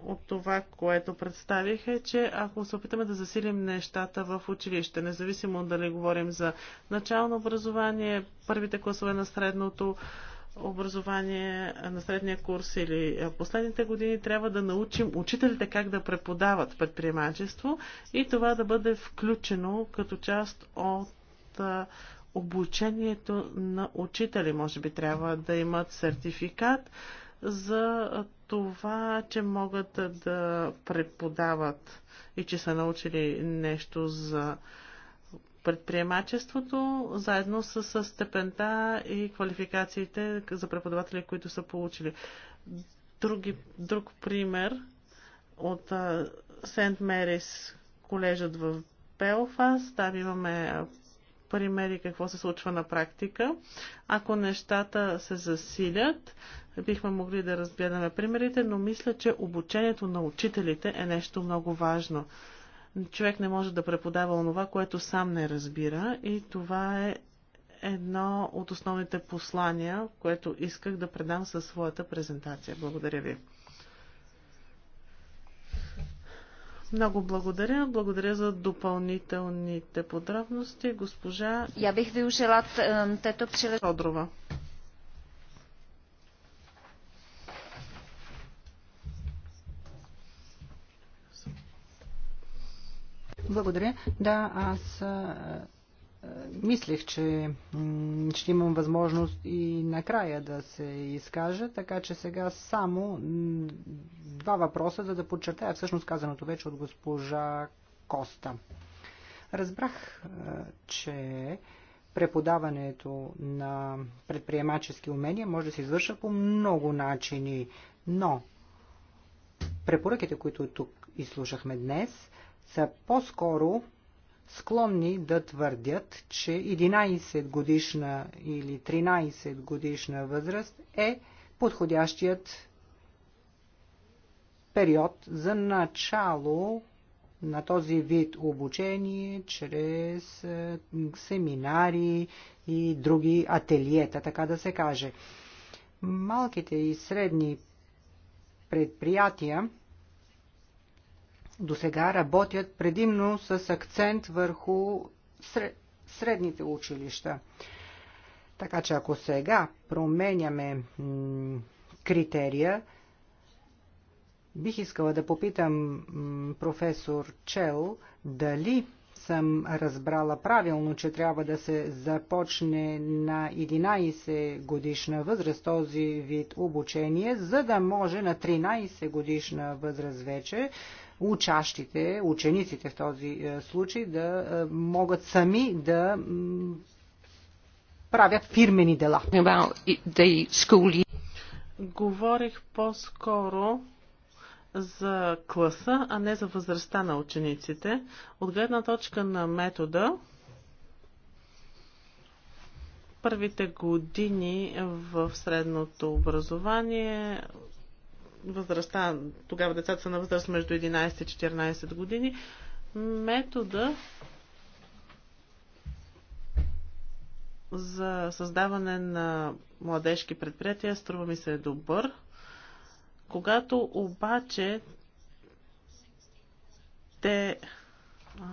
от това, което представих е, че ако се опитаме да засилим нещата в училище, независимо дали говорим за начално образование, първите класове на средното, образование на средния курс или последните години, трябва да научим учителите как да преподават предприемачество и това да бъде включено като част от обучението на учители. Може би трябва да имат сертификат за това, че могат да преподават и че са научили нещо за предприемачеството, заедно с, с степента и квалификациите за преподаватели, които са получили. Други, друг пример от Сент Мерис колежът в Белфас, Там имаме примери какво се случва на практика. Ако нещата се засилят, бихме могли да разгледаме примерите, но мисля, че обучението на учителите е нещо много важно. Човек не може да преподава онова, което сам не разбира и това е едно от основните послания, което исках да предам със своята презентация. Благодаря ви. Много благодаря. Благодаря за допълнителните подробности. Госпожа... Я бих тето této příležitosti. Благодаря. Да, аз мислех, че ще имам възможност и накрая да се изкажа, така че сега само два въпроса, за да подчертая всъщност казаното вече от госпожа Коста. Разбрах, че преподаването на предприемачески умения може да се извършва по много начини, но препоръките, които тук изслушахме днес, са по-скоро склонни да твърдят, че 11 годишна или 13 годишна възраст е подходящият период за начало на този вид обучение чрез е, семинари и други ателиета, така да се каже. Малките и средни предприятия до сега работят предимно с акцент върху средните училища. Така че ако сега променяме критерия, бих искала да попитам професор Чел дали съм разбрала правилно, че трябва да се започне на 11 годишна възраст този вид обучение, за да може на 13 годишна възраст вече учащите, учениците в този е, случай, да е, могат сами да правят фирмени дела. Говорих по-скоро за класа, а не за възрастта на учениците. От гледна точка на метода, първите години в средното образование възрастта, тогава децата са на възраст между 11 и 14 години, метода за създаване на младежки предприятия струва ми се е добър. Когато обаче те а,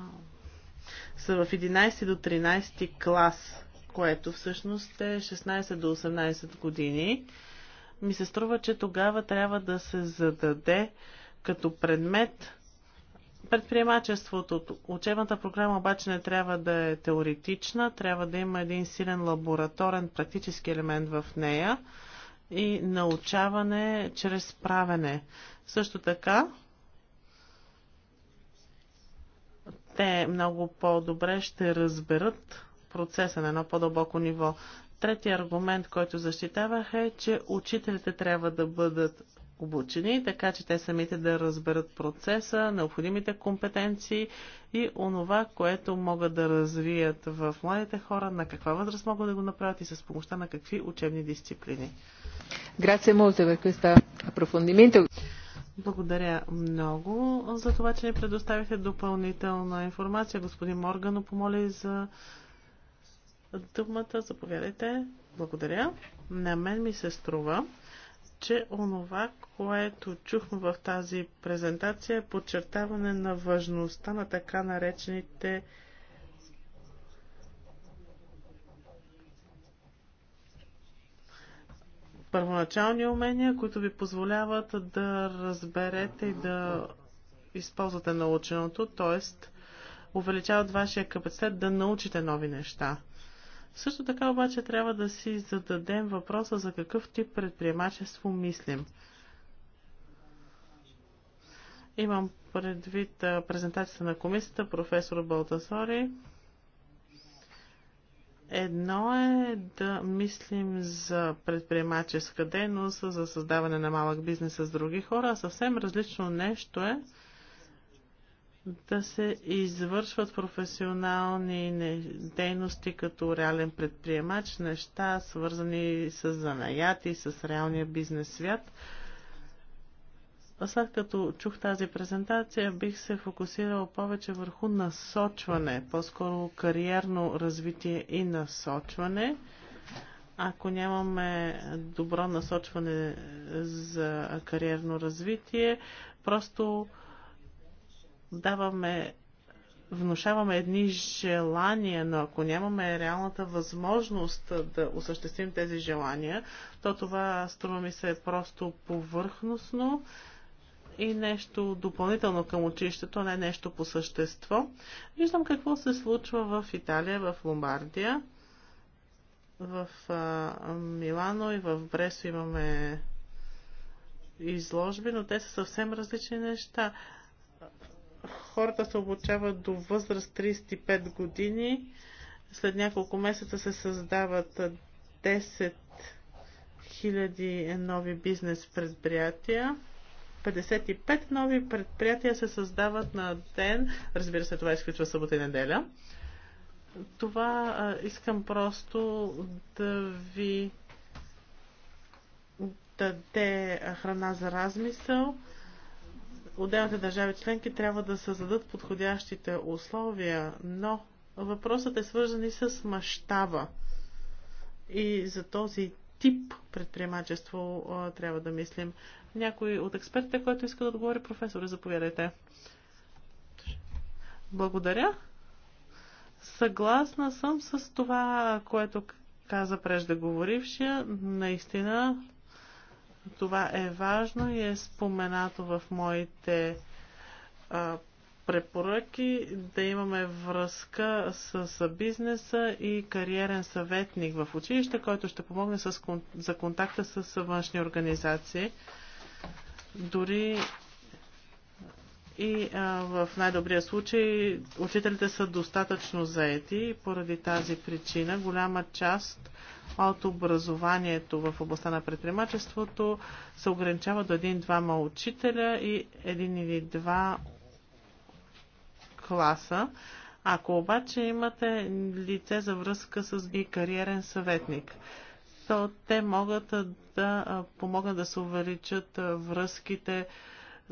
са в 11 до 13 клас, което всъщност е 16 до 18 години, ми се струва, че тогава трябва да се зададе като предмет предприемачеството. Учебната програма обаче не трябва да е теоретична, трябва да има един силен лабораторен практически елемент в нея и научаване чрез правене. Също така, те много по-добре ще разберат процеса на едно по-дълбоко ниво. Третия аргумент, който защитавах е, че учителите трябва да бъдат обучени, така че те самите да разберат процеса, необходимите компетенции и онова, което могат да развият в младите хора, на каква възраст могат да го направят и с помощта на какви учебни дисциплини. Grazie molto per questo approfondimento. Благодаря много за това, че ни предоставихте допълнителна информация. Господин Моргано помоли за думата, заповядайте. Благодаря. На мен ми се струва, че онова, което чухме в тази презентация е подчертаване на важността на така наречените първоначални умения, които ви позволяват да разберете и да използвате наученото, т.е. увеличават вашия капацитет да научите нови неща. Също така обаче трябва да си зададем въпроса за какъв тип предприемачество мислим. Имам предвид презентацията на комисията, професор Балтасори. Едно е да мислим за предприемаческа дейност, за създаване на малък бизнес с други хора, а съвсем различно нещо е да се извършват професионални дейности като реален предприемач, неща свързани с занаяти, с реалния бизнес свят. След като чух тази презентация, бих се фокусирал повече върху насочване, по-скоро кариерно развитие и насочване. Ако нямаме добро насочване за кариерно развитие, просто даваме, внушаваме едни желания, но ако нямаме реалната възможност да осъществим тези желания, то това струва ми се е просто повърхностно и нещо допълнително към училището, не нещо по същество. Виждам какво се случва в Италия, в Ломбардия. В а, Милано и в Бресо имаме изложби, но те са съвсем различни неща хората се обучават до възраст 35 години. След няколко месеца се създават 10 000 нови бизнес предприятия. 55 нови предприятия се създават на ден. Разбира се, това изключва събота и неделя. Това искам просто да ви даде храна за размисъл отделните държави членки трябва да създадат подходящите условия, но въпросът е свързан и с мащаба. И за този тип предприемачество трябва да мислим. Някой от експертите, който иска да отговори, професора, заповядайте. Благодаря. Съгласна съм с това, което каза преждеговорившия. Наистина това е важно и е споменато в моите а, препоръки да имаме връзка с, с бизнеса и кариерен съветник в училище, който ще помогне с, за контакта с външни организации. Дори и а, в най-добрия случай учителите са достатъчно заети и поради тази причина голяма част от образованието в областта на предприемачеството се ограничава до един-двама учителя и един или два класа. Ако обаче имате лице за връзка с и кариерен съветник, то те могат да помогнат да се увеличат връзките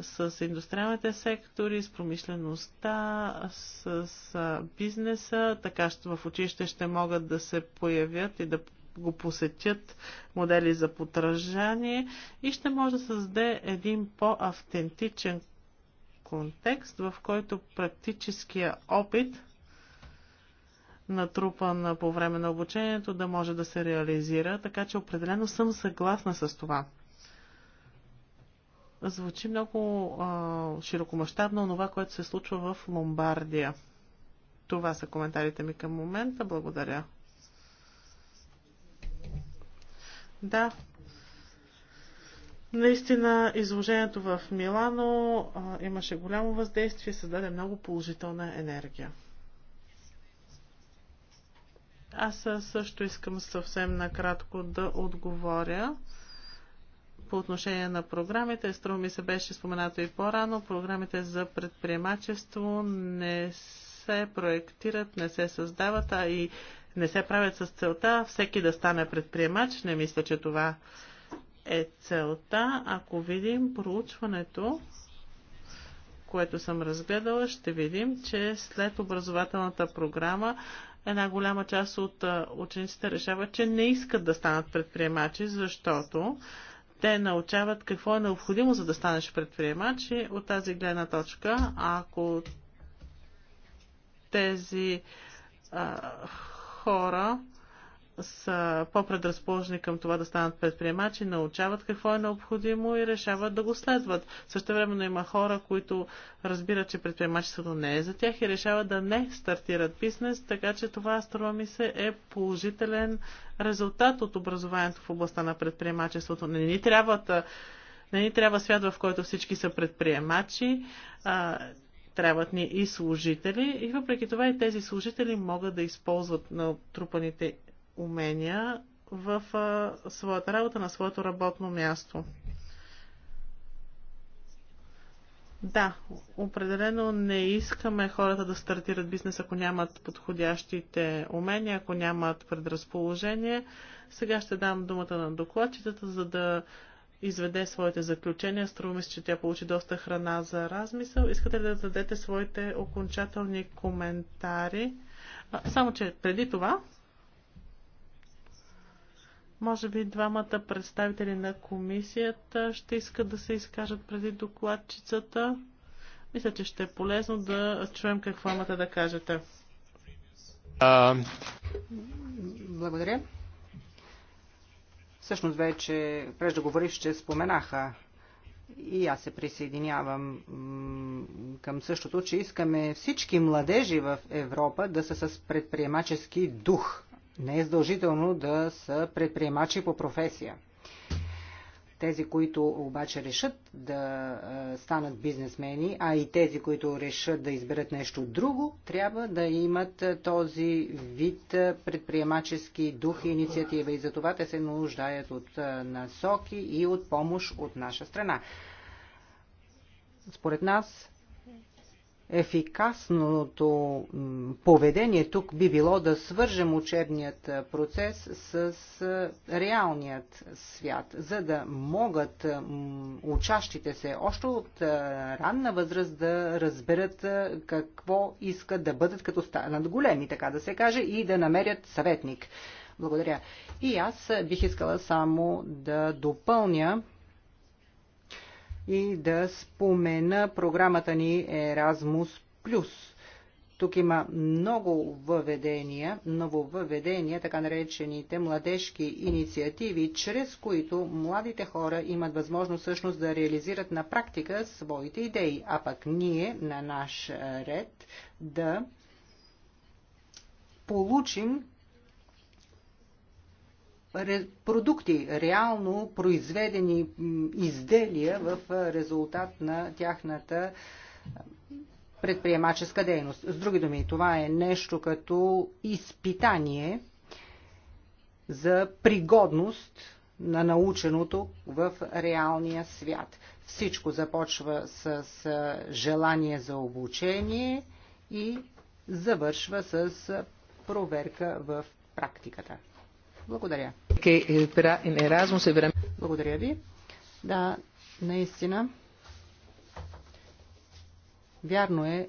с индустриалните сектори, с промишлеността, с бизнеса. Така в училище ще могат да се появят и да го посетят модели за подражание и ще може да създаде един по-автентичен контекст, в който практическия опит натрупан по време на обучението да може да се реализира, така че определено съм съгласна с това. Звучи много а, широкомащабно това, което се случва в Ломбардия. Това са коментарите ми към момента. Благодаря. Да. Наистина изложението в Милано а, имаше голямо въздействие, създаде много положителна енергия. Аз също искам съвсем накратко да отговоря по отношение на програмите. Струва ми се беше споменато и по-рано. Програмите за предприемачество не се проектират, не се създават, а и не се правят с целта всеки да стане предприемач. Не мисля, че това е целта. Ако видим проучването, което съм разгледала, ще видим, че след образователната програма една голяма част от учениците решават, че не искат да станат предприемачи, защото те научават какво е необходимо за да станеш предприемач и от тази гледна точка, ако тези а, хора са по-предразположени към това да станат предприемачи, научават какво е необходимо и решават да го следват. Също времено има хора, които разбират, че предприемачеството не е за тях и решават да не стартират бизнес, така че това, струва ми се, е положителен резултат от образованието в областта на предприемачеството. Не ни трябва, не ни трябва свят, в който всички са предприемачи. А, трябват ни и служители и въпреки това и тези служители могат да използват натрупаните умения в своята работа на своето работно място. Да, определено не искаме хората да стартират бизнес, ако нямат подходящите умения, ако нямат предразположение. Сега ще дам думата на докладчетата, за да изведе своите заключения. Струва ми се, че тя получи доста храна за размисъл. Искате ли да дадете своите окончателни коментари? А, само, че преди това, може би двамата представители на комисията ще искат да се изкажат преди докладчицата. Мисля, че ще е полезно да чуем какво имате да кажете. А... Благодаря. Всъщност вече че споменаха и аз се присъединявам към същото, че искаме всички младежи в Европа да са с предприемачески дух. Не е задължително да са предприемачи по професия. Тези, които обаче решат да станат бизнесмени, а и тези, които решат да изберат нещо друго, трябва да имат този вид предприемачески дух и инициатива. И за това те се нуждаят от насоки и от помощ от наша страна. Според нас ефикасното поведение тук би било да свържем учебният процес с реалният свят, за да могат учащите се още от ранна възраст да разберат какво искат да бъдат като станат големи, така да се каже, и да намерят съветник. Благодаря. И аз бих искала само да допълня и да спомена програмата ни Erasmus+. Тук има много въведения, въведения, така наречените младежки инициативи, чрез които младите хора имат възможност всъщност да реализират на практика своите идеи, а пък ние на наш ред да получим продукти, реално произведени изделия в резултат на тяхната предприемаческа дейност. С други думи, това е нещо като изпитание за пригодност на наученото в реалния свят. Всичко започва с желание за обучение и завършва с проверка в практиката. Благодаря. Eh, Благодаря ви. Да, наистина. Вярно е,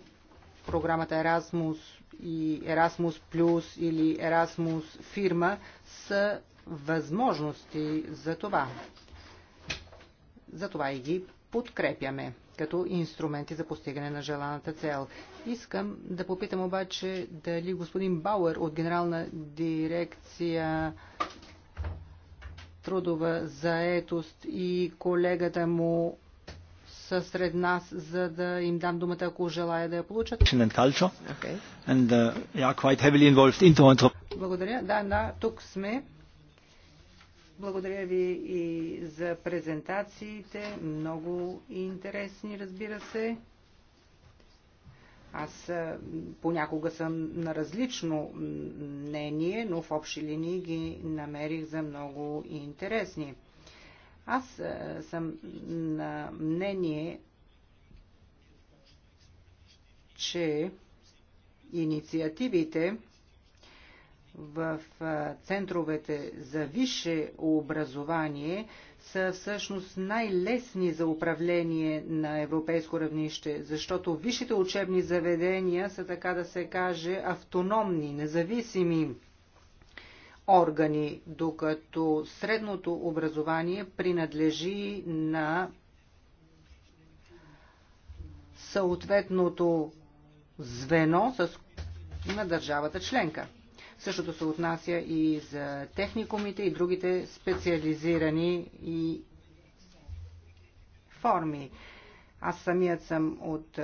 програмата Erasmus и Erasmus Plus или Erasmus фирма са възможности за това. За това и ги подкрепяме като инструменти за постигане на желаната цел. Искам да попитам обаче дали господин Бауер от Генерална дирекция трудова заетост и колегата му са сред нас, за да им дам думата, ако желая да я получат. Okay. And, uh, yeah, Благодаря. Да, да, тук сме. Благодаря ви и за презентациите. Много интересни, разбира се. Аз е, понякога съм на различно мнение, но в общи линии ги намерих за много интересни. Аз е, съм на мнение, че инициативите в е, центровете за висше образование са всъщност най-лесни за управление на европейско равнище, защото висшите учебни заведения са, така да се каже, автономни, независими органи, докато средното образование принадлежи на съответното звено с, на държавата членка. Същото се отнася и за техникумите и другите специализирани и форми. Аз самият съм от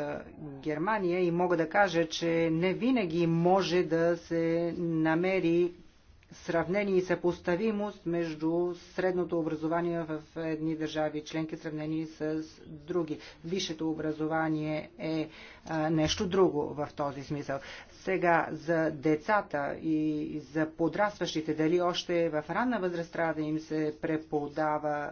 Германия и мога да кажа, че не винаги може да се намери сравнение и съпоставимост между средното образование в едни държави членки, сравнени с други. Висшето образование е нещо друго в този смисъл. Сега за децата и за подрастващите, дали още в ранна възраст трябва да им се преподава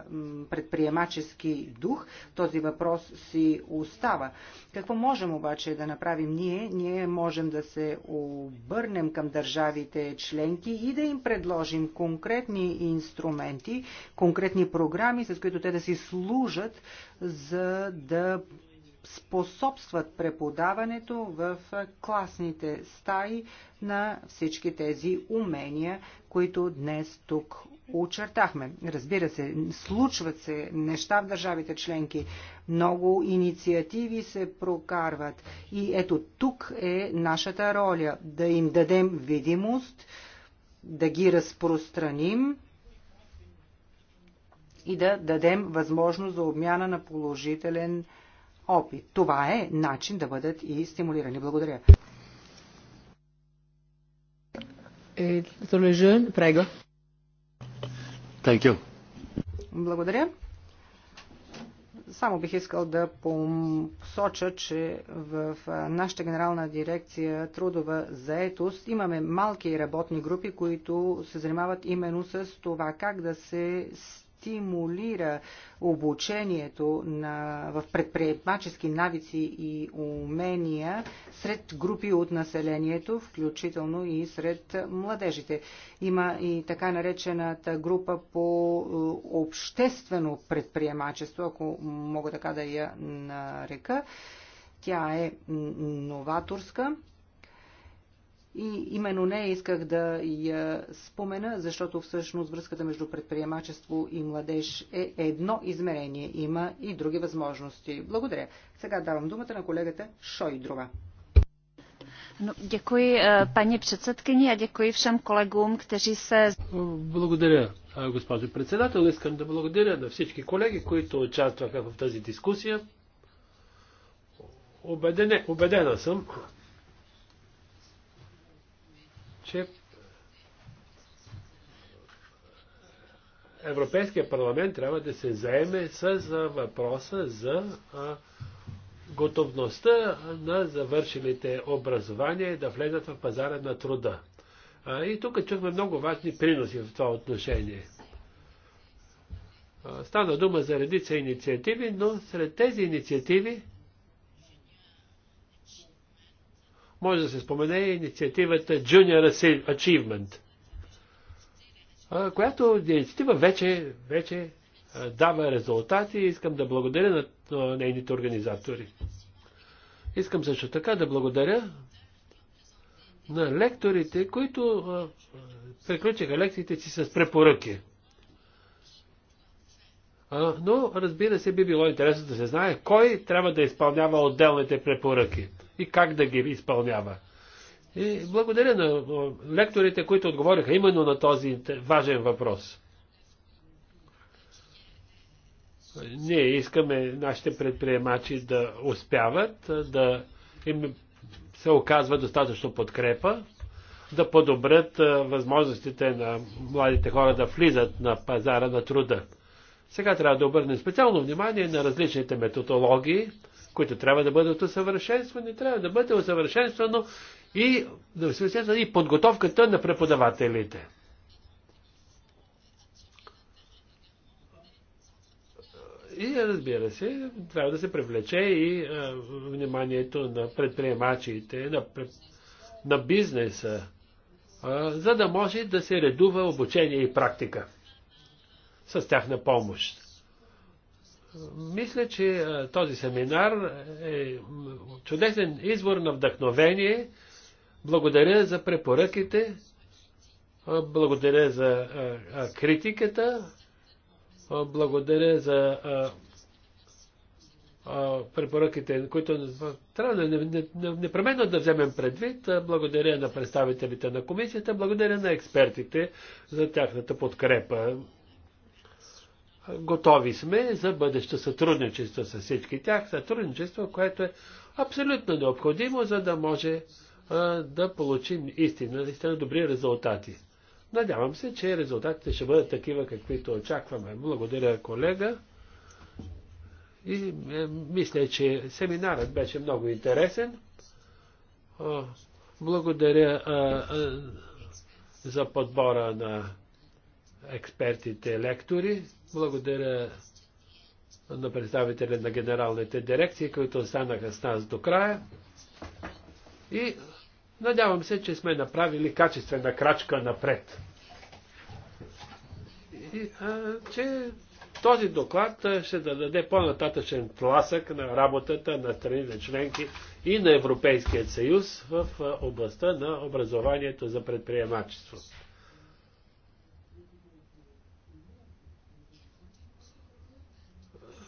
предприемачески дух, този въпрос си остава. Какво можем обаче да направим ние? Ние можем да се обърнем към държавите членки и да им предложим конкретни инструменти, конкретни програми, с които те да си служат, за да способстват преподаването в класните стаи на всички тези умения, които днес тук очертахме. Разбира се, случват се неща в държавите членки, много инициативи се прокарват и ето тук е нашата роля да им дадем видимост, да ги разпространим и да дадем възможност за обмяна на положителен опит. Това е начин да бъдат и стимулирани. Благодаря. Е, Благодаря. Само бих искал да посоча, че в нашата генерална дирекция трудова заетост имаме малки работни групи, които се занимават именно с това как да се стимулира обучението на, в предприемачески навици и умения сред групи от населението, включително и сред младежите. Има и така наречената група по е, обществено предприемачество, ако мога така да я нарека. Тя е новаторска и именно нея исках да я спомена, защото всъщност връзката между предприемачество и младеж е едно измерение. Има и други възможности. Благодаря. Сега давам думата на колегата Шойдрова. No, děkuji paní předsedkyni a děkuji všem kolegům, kteří se... Благодаря, е, госпожо председател. Искам да благодаря на всички колеги, които участваха в тази дискусия. Обедене, убедена съм, че Европейския парламент трябва да се заеме с въпроса за готовността на завършилите образование да влезат в пазара на труда. И тук чухме много важни приноси в това отношение. Стана дума за редица инициативи, но сред тези инициативи може да се спомене инициативата Junior Achievement, която инициатива вече, вече дава резултати и искам да благодаря на нейните организатори. Искам също така да благодаря на лекторите, които приключиха лекциите си с препоръки. Но, разбира се, би било интересно да се знае кой трябва да изпълнява отделните препоръки и как да ги изпълнява. И благодаря на лекторите, които отговориха именно на този важен въпрос. Ние искаме нашите предприемачи да успяват, да им се оказва достатъчно подкрепа, да подобрят възможностите на младите хора да влизат на пазара на труда. Сега трябва да обърнем специално внимание на различните методологии, които трябва да бъдат усъвършенствани, трябва да бъде усъвършенствано и, да и подготовката на преподавателите. И разбира се, трябва да се привлече и а, вниманието на предприемачите, на, на бизнеса, а, за да може да се редува обучение и практика с тяхна помощ. Мисля, че този семинар е чудесен извор на вдъхновение. Благодаря за препоръките, благодаря за критиката, благодаря за препоръките, които трябва да непременно да вземем предвид. Благодаря на представителите на комисията, благодаря на експертите за тяхната подкрепа. Готови сме за бъдещо сътрудничество с всички тях, сътрудничество, което е абсолютно необходимо, за да може а, да получим истина, наистина добри резултати. Надявам се, че резултатите ще бъдат такива, каквито очакваме. Благодаря, колега. И е, мисля, че семинарът беше много интересен. благодаря а, а, за подбора на експертите лектори. Благодаря на представители на генералните дирекции, които останаха с нас до края. И надявам се, че сме направили качествена крачка напред. И, а, че този доклад ще даде по-нататъчен тласък на работата на страните членки и на Европейския съюз в областта на образованието за предприемачество.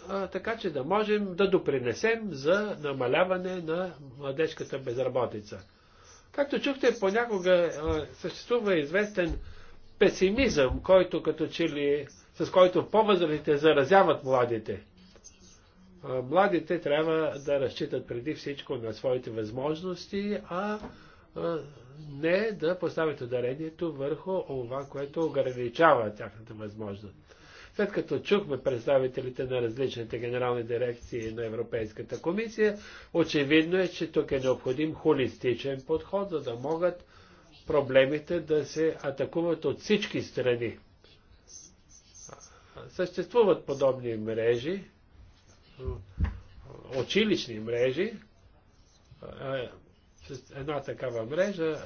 така че да можем да допринесем за намаляване на младежката безработица. Както чухте, понякога съществува известен песимизъм, който като че ли, с който по-възрастните заразяват младите. Младите трябва да разчитат преди всичко на своите възможности, а не да поставят ударението върху това, което ограничава тяхната възможност. След като чухме представителите на различните генерални дирекции на Европейската комисия, очевидно е, че тук е необходим холистичен подход, за да могат проблемите да се атакуват от всички страни. Съществуват подобни мрежи, училищни мрежи, една такава мрежа,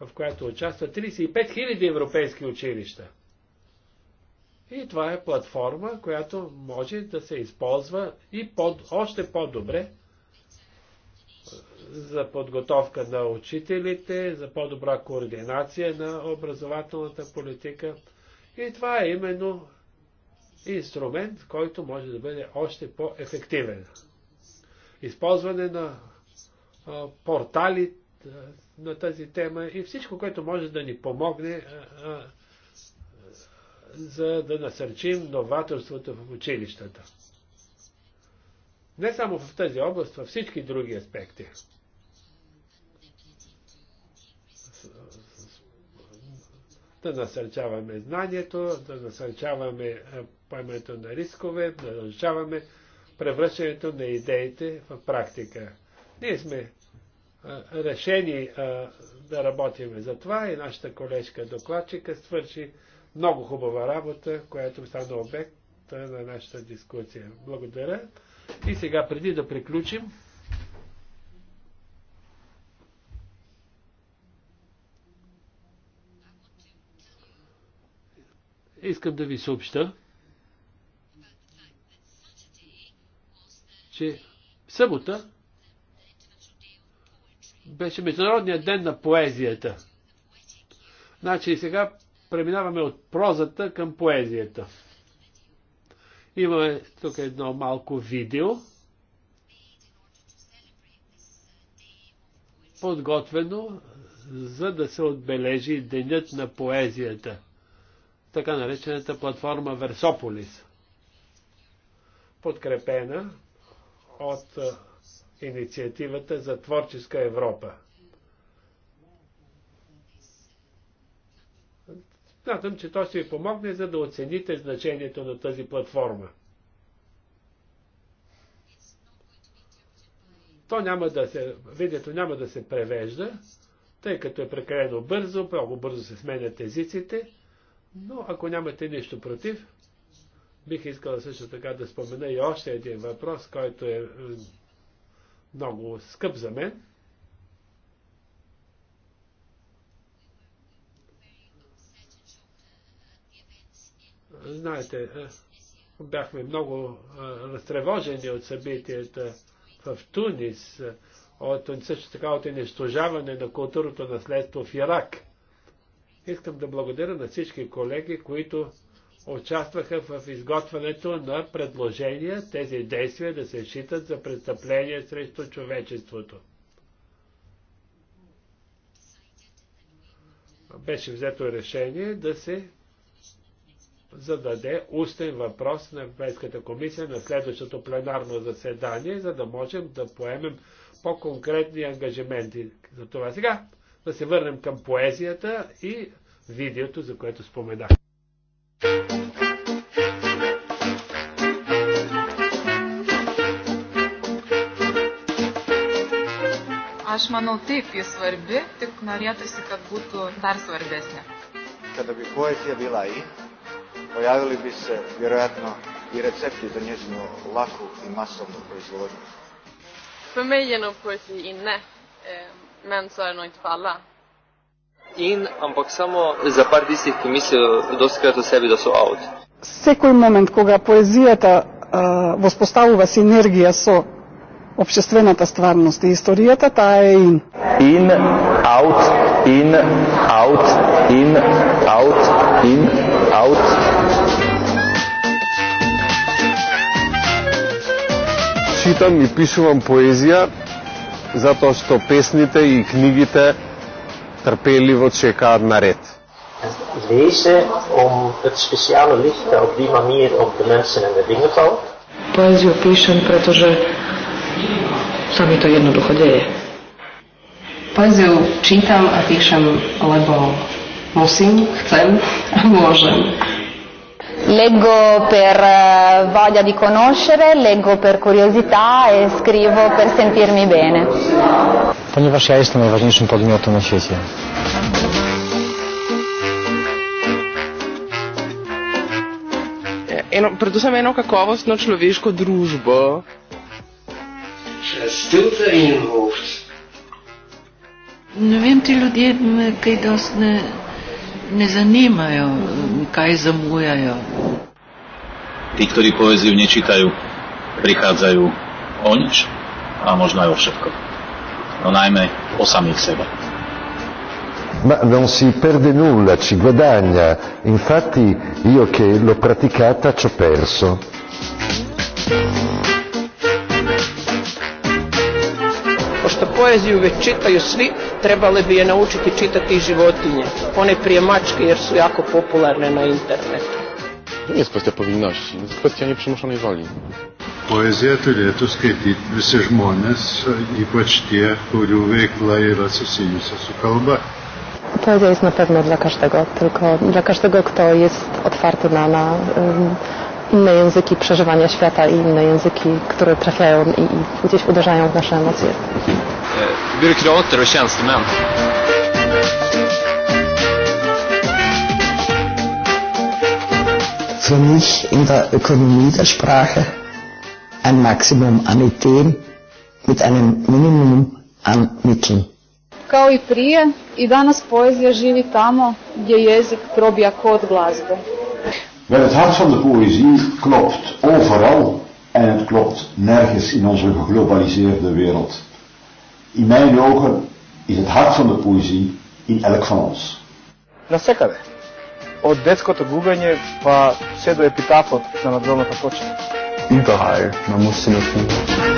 в която участват 35 000 европейски училища. И това е платформа, която може да се използва и под, още по-добре за подготовка на учителите, за по-добра координация на образователната политика. И това е именно инструмент, който може да бъде още по-ефективен. Използване на портали на тази тема и всичко, което може да ни помогне за да насърчим новаторството в училищата. Не само в тази област, във всички други аспекти. Да насърчаваме знанието, да насърчаваме е, поемането на рискове, да насърчаваме превръщането на идеите в практика. Ние сме е, решени а, е, да работиме за това и нашата колежка докладчика свърши много хубава работа, която стана обект на нашата дискусия. Благодаря. И сега, преди да приключим, искам да ви съобща, че събота беше Международният ден на поезията. Значи сега преминаваме от прозата към поезията. Имаме тук едно малко видео, подготвено, за да се отбележи денят на поезията, така наречената платформа Версополис, подкрепена от инициативата за творческа Европа. Смятам, че то ще ви помогне, за да оцените значението на тази платформа. То няма да се, видеото няма да се превежда, тъй като е прекалено бързо, много бързо се сменят езиците, но ако нямате нищо против, бих искала също така да спомена и още един въпрос, който е много скъп за мен – Знаете, бяхме много разтревожени от събитията в Тунис, от, също така от унищожаване на културното наследство в Ирак. Искам да благодаря на всички колеги, които участваха в изготвянето на предложения тези действия да се считат за престъпление срещу човечеството. Беше взето решение да се зададе устен въпрос на Европейската комисия на следващото пленарно заседание, за да можем да поемем по-конкретни ангажименти за това. Сега да се върнем към поезията и видеото, за което споменах. Aš manau, taip, jis svarbi, tik norėtųsi, kad būtų dar svarbesnė. Kad bi poezija bila i pojavili bi se vjerojatno i recepti za njezinu laku i masovnu proizvodnju. Po mig je nog poesi inne, men så je det nog inte för In, ampak samo za par tistih, ki mislijo dostakrat o sebi, da so out. Sekoj moment, ko ga poezijata uh, vzpostavlja sinergija so обществената стварност и историјата, таа е in. In, out, in, out, in, out, in, out, čitam i pišu vam poezija zato što pesnite i knjigite trpeljivo čeka na red. Lezen om het speciale licht dat op die manier op de mensen en de dingen valt. Poeziju pišem pretože sa mi to jednoducho deje. Poeziu čítam a píšem, lebo musím, chcem a môžem. Leggo per voglia di conoscere, leggo per curiosità e scrivo per sentirmi bene. Ponieważ ja jestem najważniejszym podmiotem na świecie. Eno, predvsem eno kakovostno človeško družbo. Ne vem, ti ljudje kaj dosti ne ne zanimajo, kaj zamujajo. Tí, ktorí poéziu nečítajú, prichádzajú o nič a možno aj o všetko. No najmä o samých seba. Ma non si perde nulla, ci guadagna. Infatti io che l'ho praticata ci ho perso. poesia che već io svi, trebale bi je naučiti čitati životinje, one prije mačke jer su jako popularne na internetu. To nije jest kwestia powinności, to jest kwestia nieprzymuszonej woli. Poezija turėtų skaityti visi žmonės, ypač tie, kurių veikla yra susijusi su kalba. Poezija jest na pewno dla každego, tylko dla každego, kto jest otwarty na, na um, inne języki przeżywania świata i inne języki, które trafiają i, i gdzieś uderzają w nasze emocje. Biurokrater och tjänstemän. Für mich in der Ökonomie der Sprache ein Maximum an Ideen mit einem Minimum an Mitteln. Kao i prije, i danas poezija živi tamo gdje jezik probija kod glazbe. Wel, het hart van de poëzie klopt overal en het klopt nergens in onze geglobaliseerde wereld. In mijn ogen is het hart van de poëzie in elk van ons. Насекаде. Од детското губење па се до епитафот на надзорната почва. Интохај на мусинот.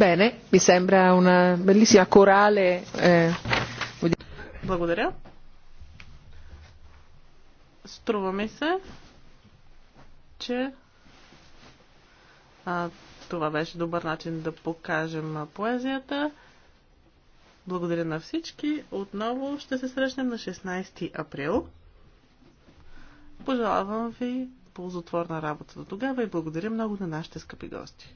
Bene, mi sembra una bellissima corale. Eh... Благодаря. Струва ми се, че а, това беше добър начин да покажем поезията. Благодаря на всички. Отново ще се срещнем на 16 април. Пожелавам ви ползотворна работа до тогава и благодаря много на нашите скъпи гости.